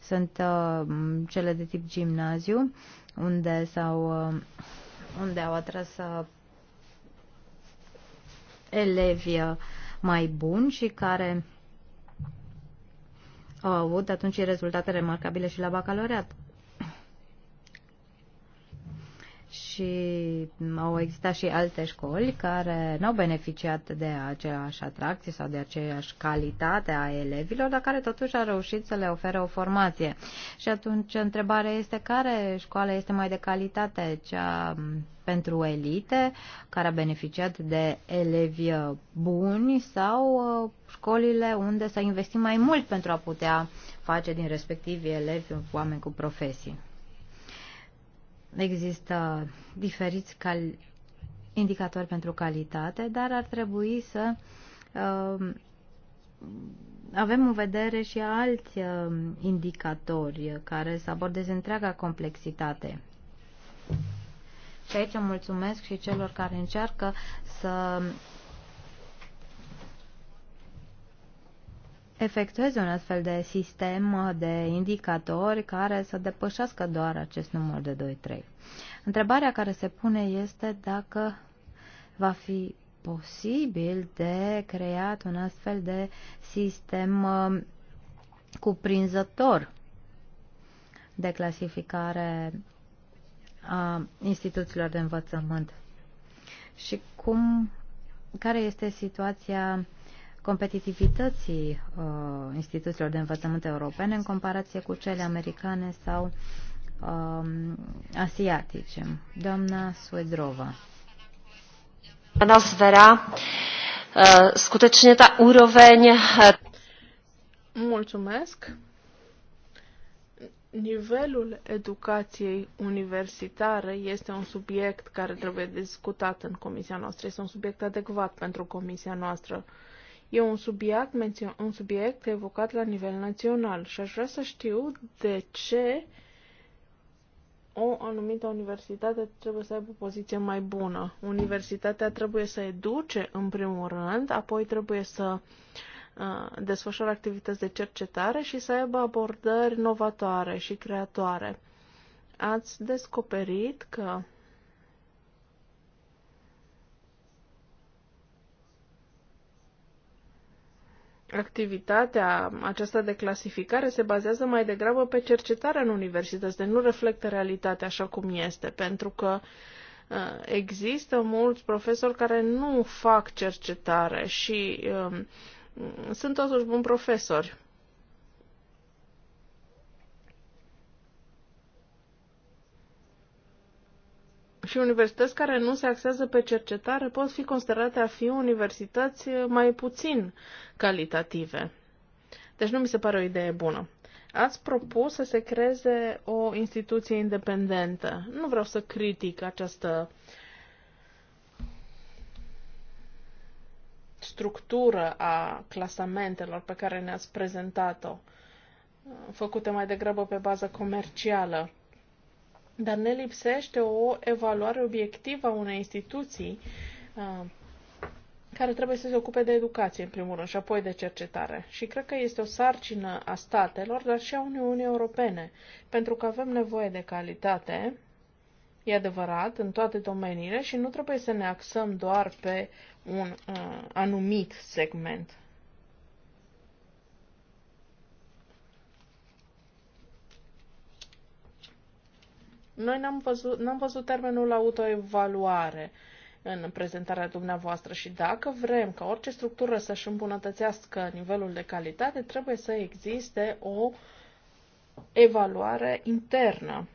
Sunt uh, cele de tip gimnaziu, unde s-au uh, unde au atras uh, elevi uh, mai buni și care au avut atunci rezultate remarcabile și la bacalaureat și au existat și alte școli care n-au beneficiat de aceeași atracție sau de aceeași calitate a elevilor, dar care totuși au reușit să le ofere o formație. Și atunci întrebarea este care școală este mai de calitate, cea pentru elite, care a beneficiat de elevi uh, buni sau uh, școlile unde să investim mai mult pentru a putea face din respectivii elevi oameni cu profesii. Există diferiți cal- indicatori pentru calitate, dar ar trebui să uh, avem în vedere și alți uh, indicatori care să abordeze întreaga complexitate. Și aici mulțumesc și celor care încearcă să efectueze un astfel de sistem uh, de indicatori care să depășească doar acest număr de 2-3. Întrebarea care se pune este dacă va fi posibil de creat un astfel de sistem uh, cuprinzător de clasificare a instituțiilor de învățământ și cum, care este situația competitivității uh, instituțiilor de învățământ europene în comparație cu cele americane sau uh, asiatice. Doamna Suedrova. Pana Zvera, uh, skutečně ta uh, Mulțumesc. Nivelul educației universitare este un subiect care trebuie discutat în comisia noastră. Este un subiect adecvat pentru comisia noastră. Uh, E un subiect, un subiect evocat la nivel național și aș vrea să știu de ce o anumită universitate trebuie să aibă o poziție mai bună. Universitatea trebuie să educe în primul rând, apoi trebuie să uh, desfășoare activități de cercetare și să aibă abordări novatoare și creatoare. Ați descoperit că activitatea aceasta de clasificare se bazează mai degrabă pe cercetarea în universități, de deci nu reflectă realitatea așa cum este, pentru că uh, există mulți profesori care nu fac cercetare și um, sunt totuși buni profesori. și universități care nu se axează pe cercetare pot fi considerate a fi universități mai puțin calitative. Deci nu mi se pare o idee bună. Ați propus să se creeze o instituție independentă. Nu vreau să critic această structură a clasamentelor pe care ne-ați prezentat-o, făcute mai degrabă pe bază comercială dar ne lipsește o evaluare obiectivă a unei instituții uh, care trebuie să se ocupe de educație, în primul rând, și apoi de cercetare. Și cred că este o sarcină a statelor, dar și a Uniunii Europene, pentru că avem nevoie de calitate, e adevărat, în toate domeniile și nu trebuie să ne axăm doar pe un uh, anumit segment. Noi n-am văzut, n-am văzut termenul autoevaluare în prezentarea dumneavoastră și dacă vrem ca orice structură să-și îmbunătățească nivelul de calitate, trebuie să existe o evaluare internă.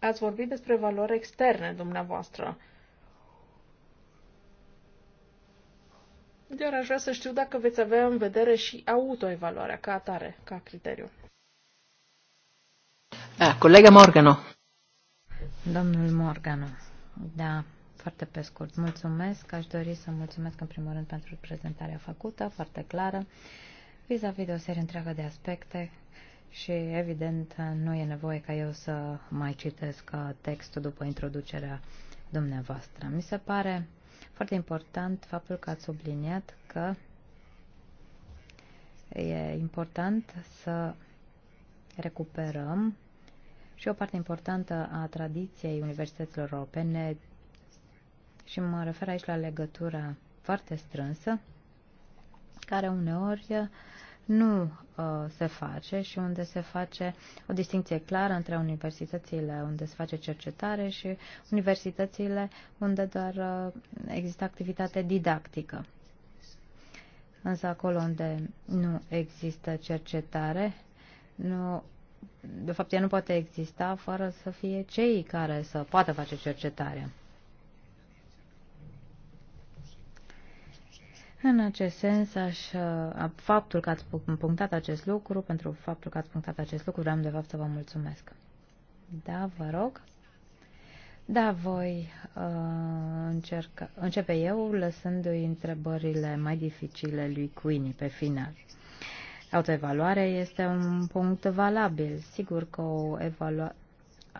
Ați vorbit despre valori externe dumneavoastră. Iar aș vrea să știu dacă veți avea în vedere și autoevaluarea ca atare, ca criteriu. Da, colega Morgano. Domnul Morganu, da, foarte pe scurt, mulțumesc. Aș dori să mulțumesc în primul rând pentru prezentarea făcută, foarte clară, vis-a-vis -vis de o serie întreagă de aspecte și, evident, nu e nevoie ca eu să mai citesc textul după introducerea dumneavoastră. Mi se pare foarte important faptul că ați subliniat că e important să recuperăm și o parte importantă a tradiției universităților europene și mă refer aici la legătura foarte strânsă care uneori uh, nu uh, se face și unde se face o distinție clară între universitățile unde se face cercetare și universitățile unde doar uh, există activitate didactică. Însă acolo unde nu există cercetare, nu de fapt, ea nu poate exista fără să fie cei care să poată face cercetarea. În acest sens, aș, faptul că ați punctat acest lucru, pentru faptul că ați punctat acest lucru, vreau de fapt să vă mulțumesc. Da, vă rog. Da, voi uh, încerca, începe eu lăsându-i întrebările mai dificile lui Queenie pe final. Autoevaluarea este un punct valabil. Sigur că o evalua-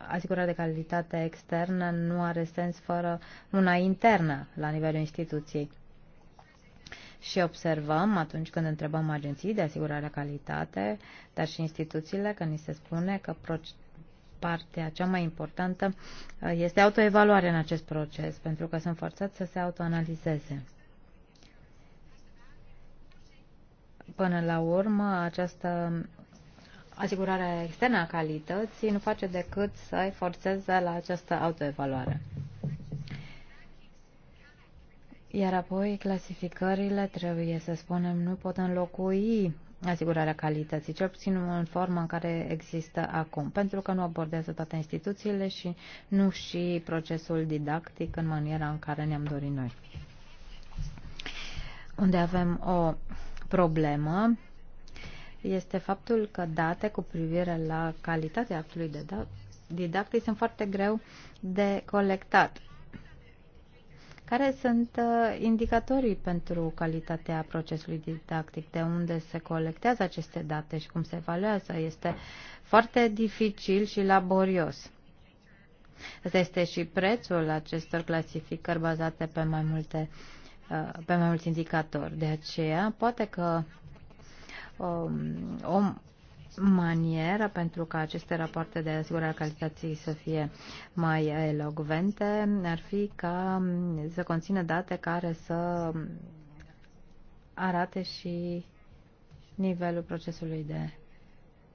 asigurarea de calitate externă nu are sens fără una internă la nivelul instituției. Și observăm atunci când întrebăm agenții de asigurare a calitate, dar și instituțiile, că ni se spune că partea cea mai importantă uh, este autoevaluarea în acest proces, pentru că sunt forțați să se autoanalizeze. Până la urmă, această asigurare externă a calității nu face decât să-i forțeze la această autoevaluare. Iar apoi, clasificările, trebuie să spunem, nu pot înlocui asigurarea calității, cel puțin în forma în care există acum, pentru că nu abordează toate instituțiile și nu și procesul didactic în maniera în care ne-am dorit noi. Unde avem o problemă este faptul că date cu privire la calitatea actului de da- didactic sunt foarte greu de colectat. Care sunt uh, indicatorii pentru calitatea procesului didactic? De unde se colectează aceste date și cum se evaluează? Este foarte dificil și laborios. Asta este și prețul acestor clasificări bazate pe mai multe Uh, pe mai mulți indicatori. De aceea, poate că um, o manieră pentru ca aceste rapoarte de asigurare a calității să fie mai elogvente ar fi ca să conțină date care să arate și nivelul procesului de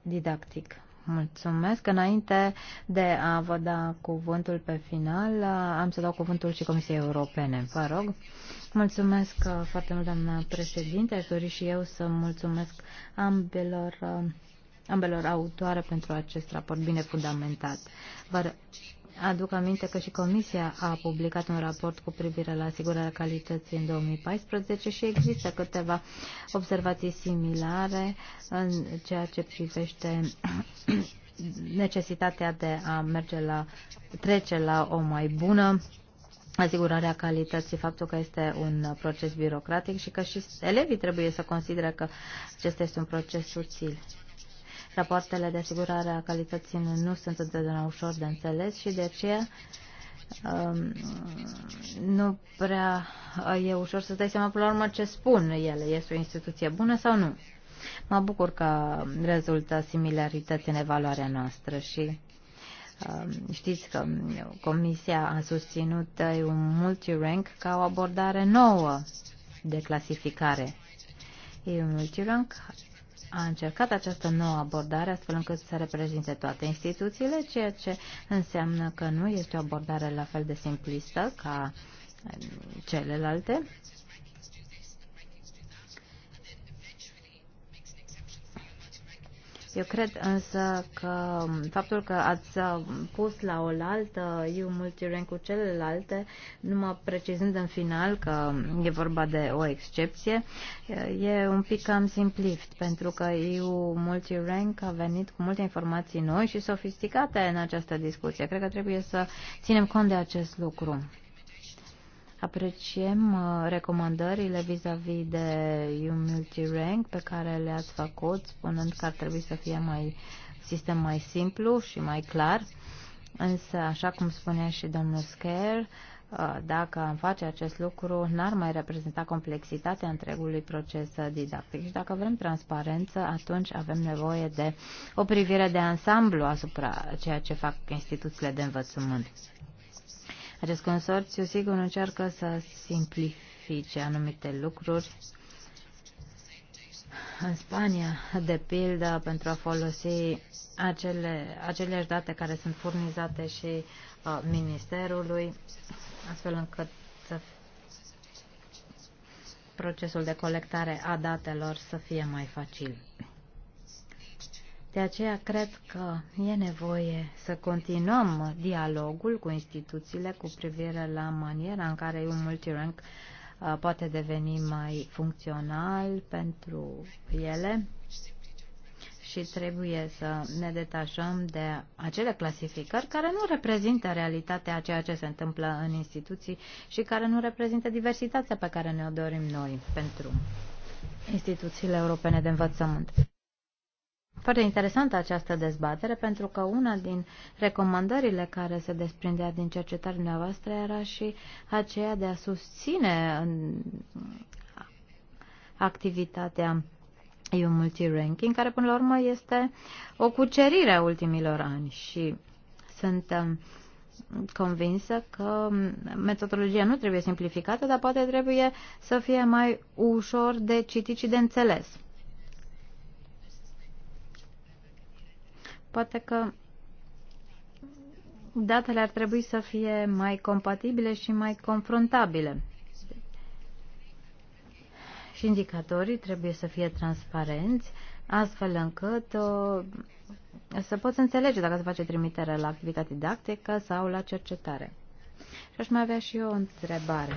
didactic. Mulțumesc. Înainte de a vă da cuvântul pe final, am să dau cuvântul și Comisiei Europene. Vă rog. Mulțumesc uh, foarte mult, doamna președinte. Aș dori și eu să mulțumesc ambelor, uh, ambelor autoare pentru acest raport bine fundamentat. Vă aduc aminte că și Comisia a publicat un raport cu privire la asigurarea calității în 2014 și există câteva observații similare în ceea ce privește necesitatea de a merge la, trece la o mai bună asigurarea calității, faptul că este un proces birocratic și că și elevii trebuie să consideră că acesta este un proces util. Rapoartele de asigurare a calității nu sunt întotdeauna ușor de înțeles și de aceea um, nu prea e ușor să dai seama până la urmă ce spun ele. Este o instituție bună sau nu? Mă bucur că rezultă similarități în evaluarea noastră și um, știți că Comisia a susținut un multi-rank ca o abordare nouă de clasificare. E un multi-rank a încercat această nouă abordare astfel încât să reprezinte toate instituțiile, ceea ce înseamnă că nu este o abordare la fel de simplistă ca celelalte, Eu cred însă că faptul că ați pus la oaltă eu multirank cu celelalte, numai precizând în final că e vorba de o excepție, e un pic cam simplift, pentru că eu multirank a venit cu multe informații noi și sofisticate în această discuție. Cred că trebuie să ținem cont de acest lucru. Apreciem uh, recomandările vis-a-vis -vis de multi Multirank pe care le-ați făcut, spunând că ar trebui să fie mai sistem mai simplu și mai clar. Însă, așa cum spunea și domnul Scare, uh, dacă am face acest lucru, n-ar mai reprezenta complexitatea întregului proces didactic. Și dacă vrem transparență, atunci avem nevoie de o privire de ansamblu asupra ceea ce fac instituțiile de învățământ. Acest consorțiu, sigur, încearcă să simplifice anumite lucruri. În Spania, de pildă, pentru a folosi acele, aceleași date care sunt furnizate și uh, Ministerului, astfel încât să procesul de colectare a datelor să fie mai facil. De aceea cred că e nevoie să continuăm dialogul cu instituțiile cu privire la maniera în care un multirank uh, poate deveni mai funcțional pentru ele și trebuie să ne detașăm de acele clasificări care nu reprezintă realitatea ceea ce se întâmplă în instituții și care nu reprezintă diversitatea pe care ne-o dorim noi pentru instituțiile europene de învățământ. Foarte interesantă această dezbatere, pentru că una din recomandările care se desprindea din cercetarea dumneavoastră era și aceea de a susține activitatea EU Multi-Ranking, care până la urmă este o cucerire a ultimilor ani și sunt um, convinsă că metodologia nu trebuie simplificată, dar poate trebuie să fie mai ușor de citit și de înțeles. Poate că datele ar trebui să fie mai compatibile și mai confruntabile. Și indicatorii trebuie să fie transparenți, astfel încât o, să poți înțelege dacă se face trimitere la activitate didactică sau la cercetare. Și aș mai avea și eu o întrebare.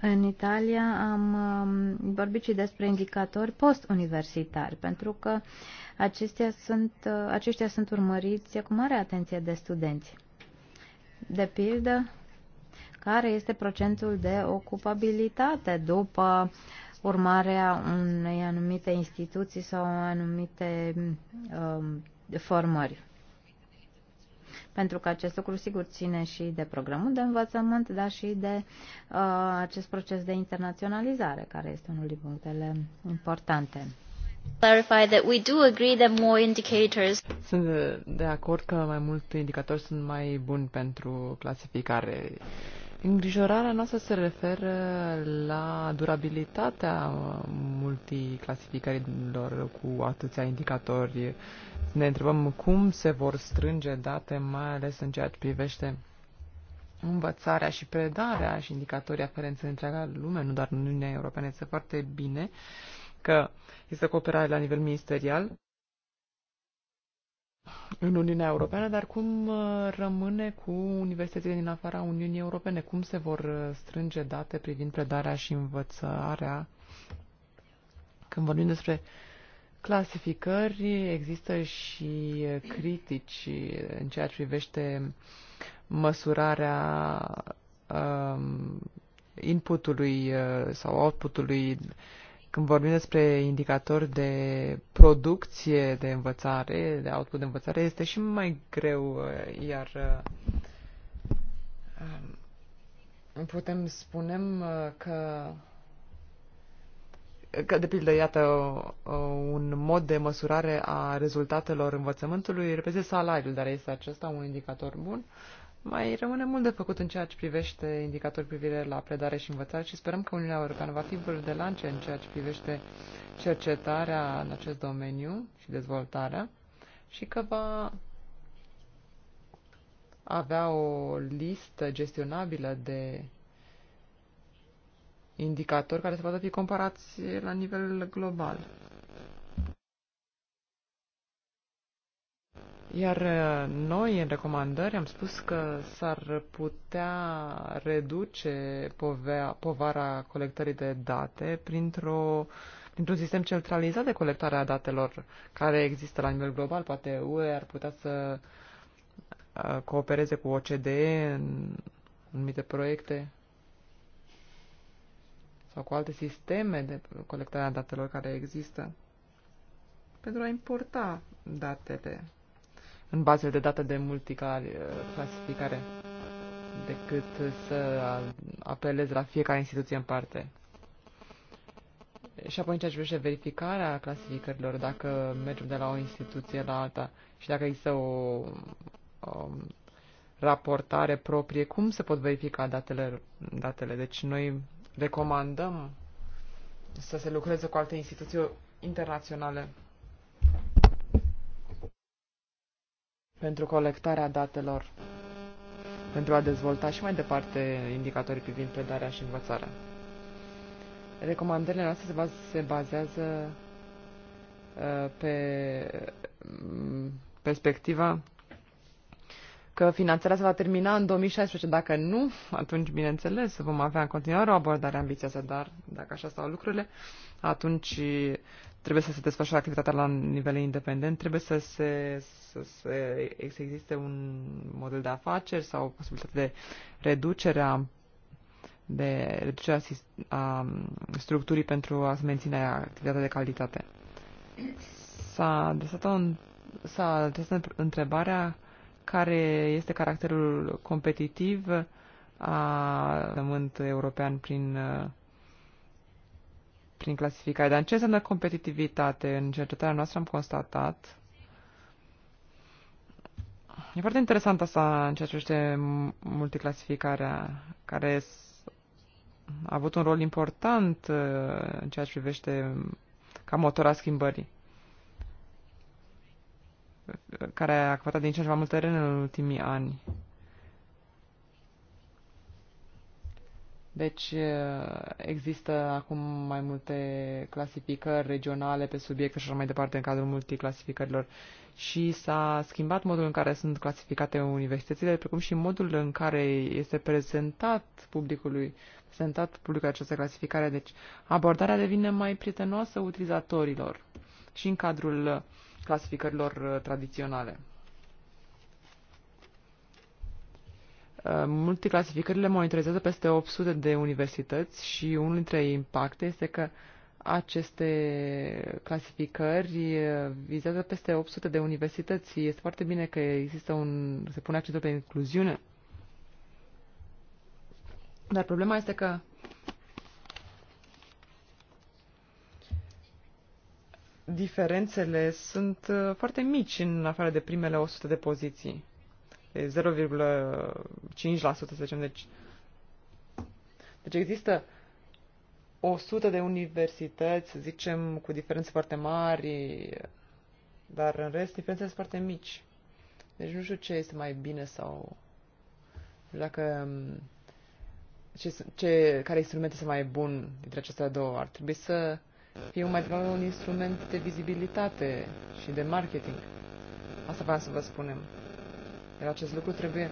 În Italia am um, vorbit și despre indicatori post-universitari, pentru că acestea sunt, uh, aceștia sunt urmăriți cu mare atenție de studenți. De pildă, care este procentul de ocupabilitate după urmarea unei anumite instituții sau anumite um, formări pentru că acest lucru sigur ține și de programul de învățământ, dar și de uh, acest proces de internaționalizare, care este unul din punctele importante. Clarify that we do agree that more indicators. Sunt de, de acord că mai mulți indicatori sunt mai buni pentru clasificare. Îngrijorarea noastră se referă la durabilitatea multiclasificărilor cu atâția indicatori ne întrebăm cum se vor strânge date, mai ales în ceea ce privește învățarea și predarea și indicatorii aferenți în întreaga lume, nu doar în Uniunea Europeană. Este foarte bine că este cooperare la nivel ministerial în Uniunea Europeană, dar cum uh, rămâne cu universitățile din afara Uniunii Europene? Cum se vor uh, strânge date privind predarea și învățarea? Când vorbim despre uh, clasificări, există și critici în ceea ce privește măsurarea um, inputului uh, sau outputului când vorbim despre indicatori de producție de învățare, de output de învățare, este și mai greu, uh, iar uh, um, putem spunem că că, de pildă, iată, un mod de măsurare a rezultatelor învățământului reprezintă salariul, dar este acesta un indicator bun. Mai rămâne mult de făcut în ceea ce privește indicatori privire la predare și învățare și sperăm că Uniunea Europeană va fi vârf de lance în ceea ce privește cercetarea în acest domeniu și dezvoltarea și că va avea o listă gestionabilă de indicatori care să poată fi comparați la nivel global. Iar uh, noi, în recomandări, am spus că s-ar putea reduce povea, povara colectării de date printr-o, printr-un sistem centralizat de colectare a datelor care există la nivel global. Poate UE ar putea să uh, coopereze cu OCDE în anumite proiecte sau cu alte sisteme de colectare a datelor care există pentru a importa datele în bazele de date de multiclasificare eh, decât să apelez la fiecare instituție în parte. Și apoi în ceea ce privește verificarea clasificărilor, dacă mergem de la o instituție la alta și dacă există o, o raportare proprie, cum se pot verifica datele, datele? Deci noi recomandăm să se lucreze cu alte instituții internaționale pentru colectarea datelor, pentru a dezvolta și mai departe indicatorii privind predarea și învățarea. Recomandările noastre se, bazează uh, pe mm, perspectiva că finanțarea se va termina în 2016. Dacă nu, atunci, bineînțeles, vom avea în continuare o abordare ambițioasă, dar dacă așa stau lucrurile, atunci trebuie să se desfășoare activitatea la nivel independent, trebuie să, se, să, se, să existe un model de afaceri sau o posibilitate de a de reducerea a structurii pentru a menține activitatea de calitate. S-a adresat, un, s-a adresat întrebarea care este caracterul competitiv a pământ european prin, uh, prin clasificare. Dar ce înseamnă competitivitate? În cercetarea noastră am constatat E foarte interesant asta în ceea ce este multiclasificarea, care a avut un rol important uh, în ceea ce privește um, ca motor a schimbării care a acvatat din ce ce mai mult teren în ultimii ani. Deci eh, există acum mai multe clasificări regionale pe subiecte și așa mai departe în cadrul multiclasificărilor și s-a schimbat modul în care sunt clasificate universitățile, precum și modul în care este prezentat publicului, prezentat publicului această clasificare. Deci abordarea devine mai prietenoasă utilizatorilor și în cadrul uh, clasificărilor uh, tradiționale. Uh, multiclasificările monitorizează peste 800 de universități și unul dintre impacte este că aceste clasificări uh, vizează peste 800 de universități. Este foarte bine că există un, se pune accentul pe incluziune. Dar problema este că diferențele sunt uh, foarte mici în afară de primele 100 de poziții. 0,5% să zicem. Deci, deci există 100 de universități, să zicem, cu diferențe foarte mari, dar în rest diferențele sunt foarte mici. Deci nu știu ce este mai bine sau dacă um, ce, ce, care instrumente este mai bun dintre acestea două. Ar trebui să fiu mai degrabă un instrument de vizibilitate și de marketing. Asta vreau să vă spunem. Iar acest lucru trebuie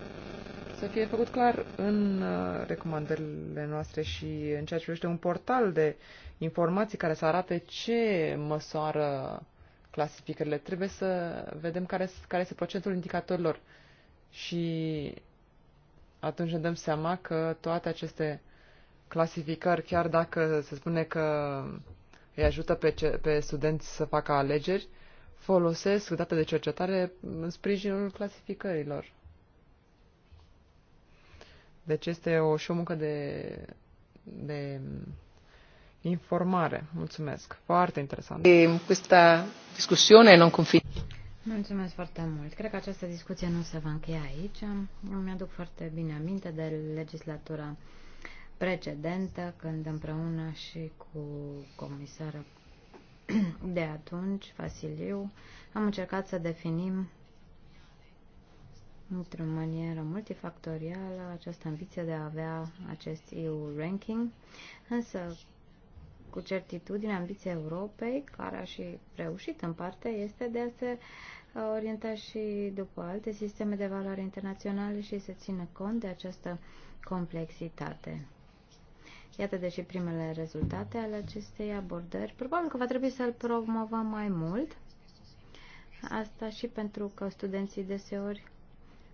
să fie făcut clar în uh, recomandările noastre și în ceea ce privește un portal de informații care să arate ce măsoară clasificările. Trebuie să vedem care, care este procentul indicatorilor și atunci ne dăm seama că toate aceste clasificări, chiar dacă se spune că îi ajută pe, ce, pe studenți să facă alegeri, folosesc date de cercetare în sprijinul clasificărilor. Deci este o, și o muncă de, de informare. Mulțumesc. Foarte interesant. Această discuție non confin. Mulțumesc foarte mult. Cred că această discuție nu se va încheia aici. Îmi aduc foarte bine aminte de legislatura precedentă, când împreună și cu comisară de atunci, Vasiliu, am încercat să definim într-o manieră multifactorială această ambiție de a avea acest EU ranking, însă cu certitudine ambiția Europei, care a și reușit în parte, este de a se uh, orienta și după alte sisteme de valoare internaționale și să țină cont de această complexitate. Iată deși primele rezultate ale acestei abordări. Probabil că va trebui să-l promovăm mai mult. Asta și pentru că studenții deseori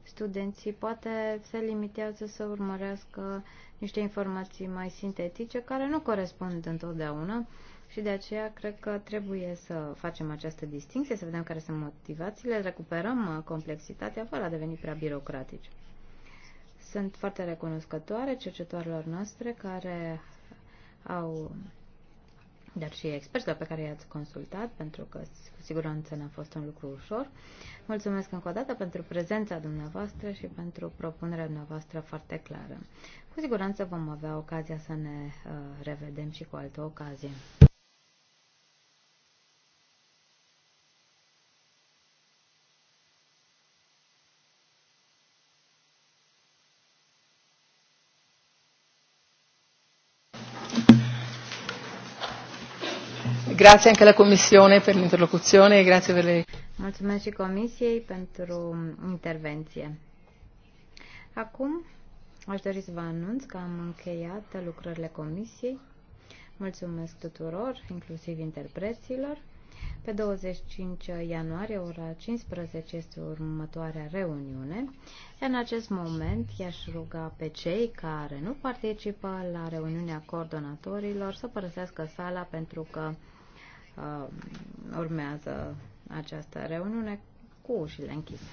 studenții poate se limitează să urmărească niște informații mai sintetice care nu corespund întotdeauna și de aceea cred că trebuie să facem această distinție, să vedem care sunt motivațiile, recuperăm complexitatea fără a deveni prea birocratici. Sunt foarte recunoscătoare cercetătorilor noastre care au, dar și experților pe care i-ați consultat, pentru că cu siguranță n-a fost un lucru ușor. Mulțumesc încă o dată pentru prezența dumneavoastră și pentru propunerea dumneavoastră foarte clară. Cu siguranță vom avea ocazia să ne uh, revedem și cu altă ocazie. Grazie anche alla Commissione per l'interlocuzione e grazie per le... Mulțumesc și Comisiei pentru intervenție. Acum aș dori să vă anunț că am încheiat lucrările Comisiei. Mulțumesc tuturor, inclusiv interpreților. Pe 25 ianuarie, ora 15, este următoarea reuniune. În acest moment, i-aș ruga pe cei care nu participă la reuniunea coordonatorilor să părăsească sala pentru că uh, urmează această reuniune cu ușile închise.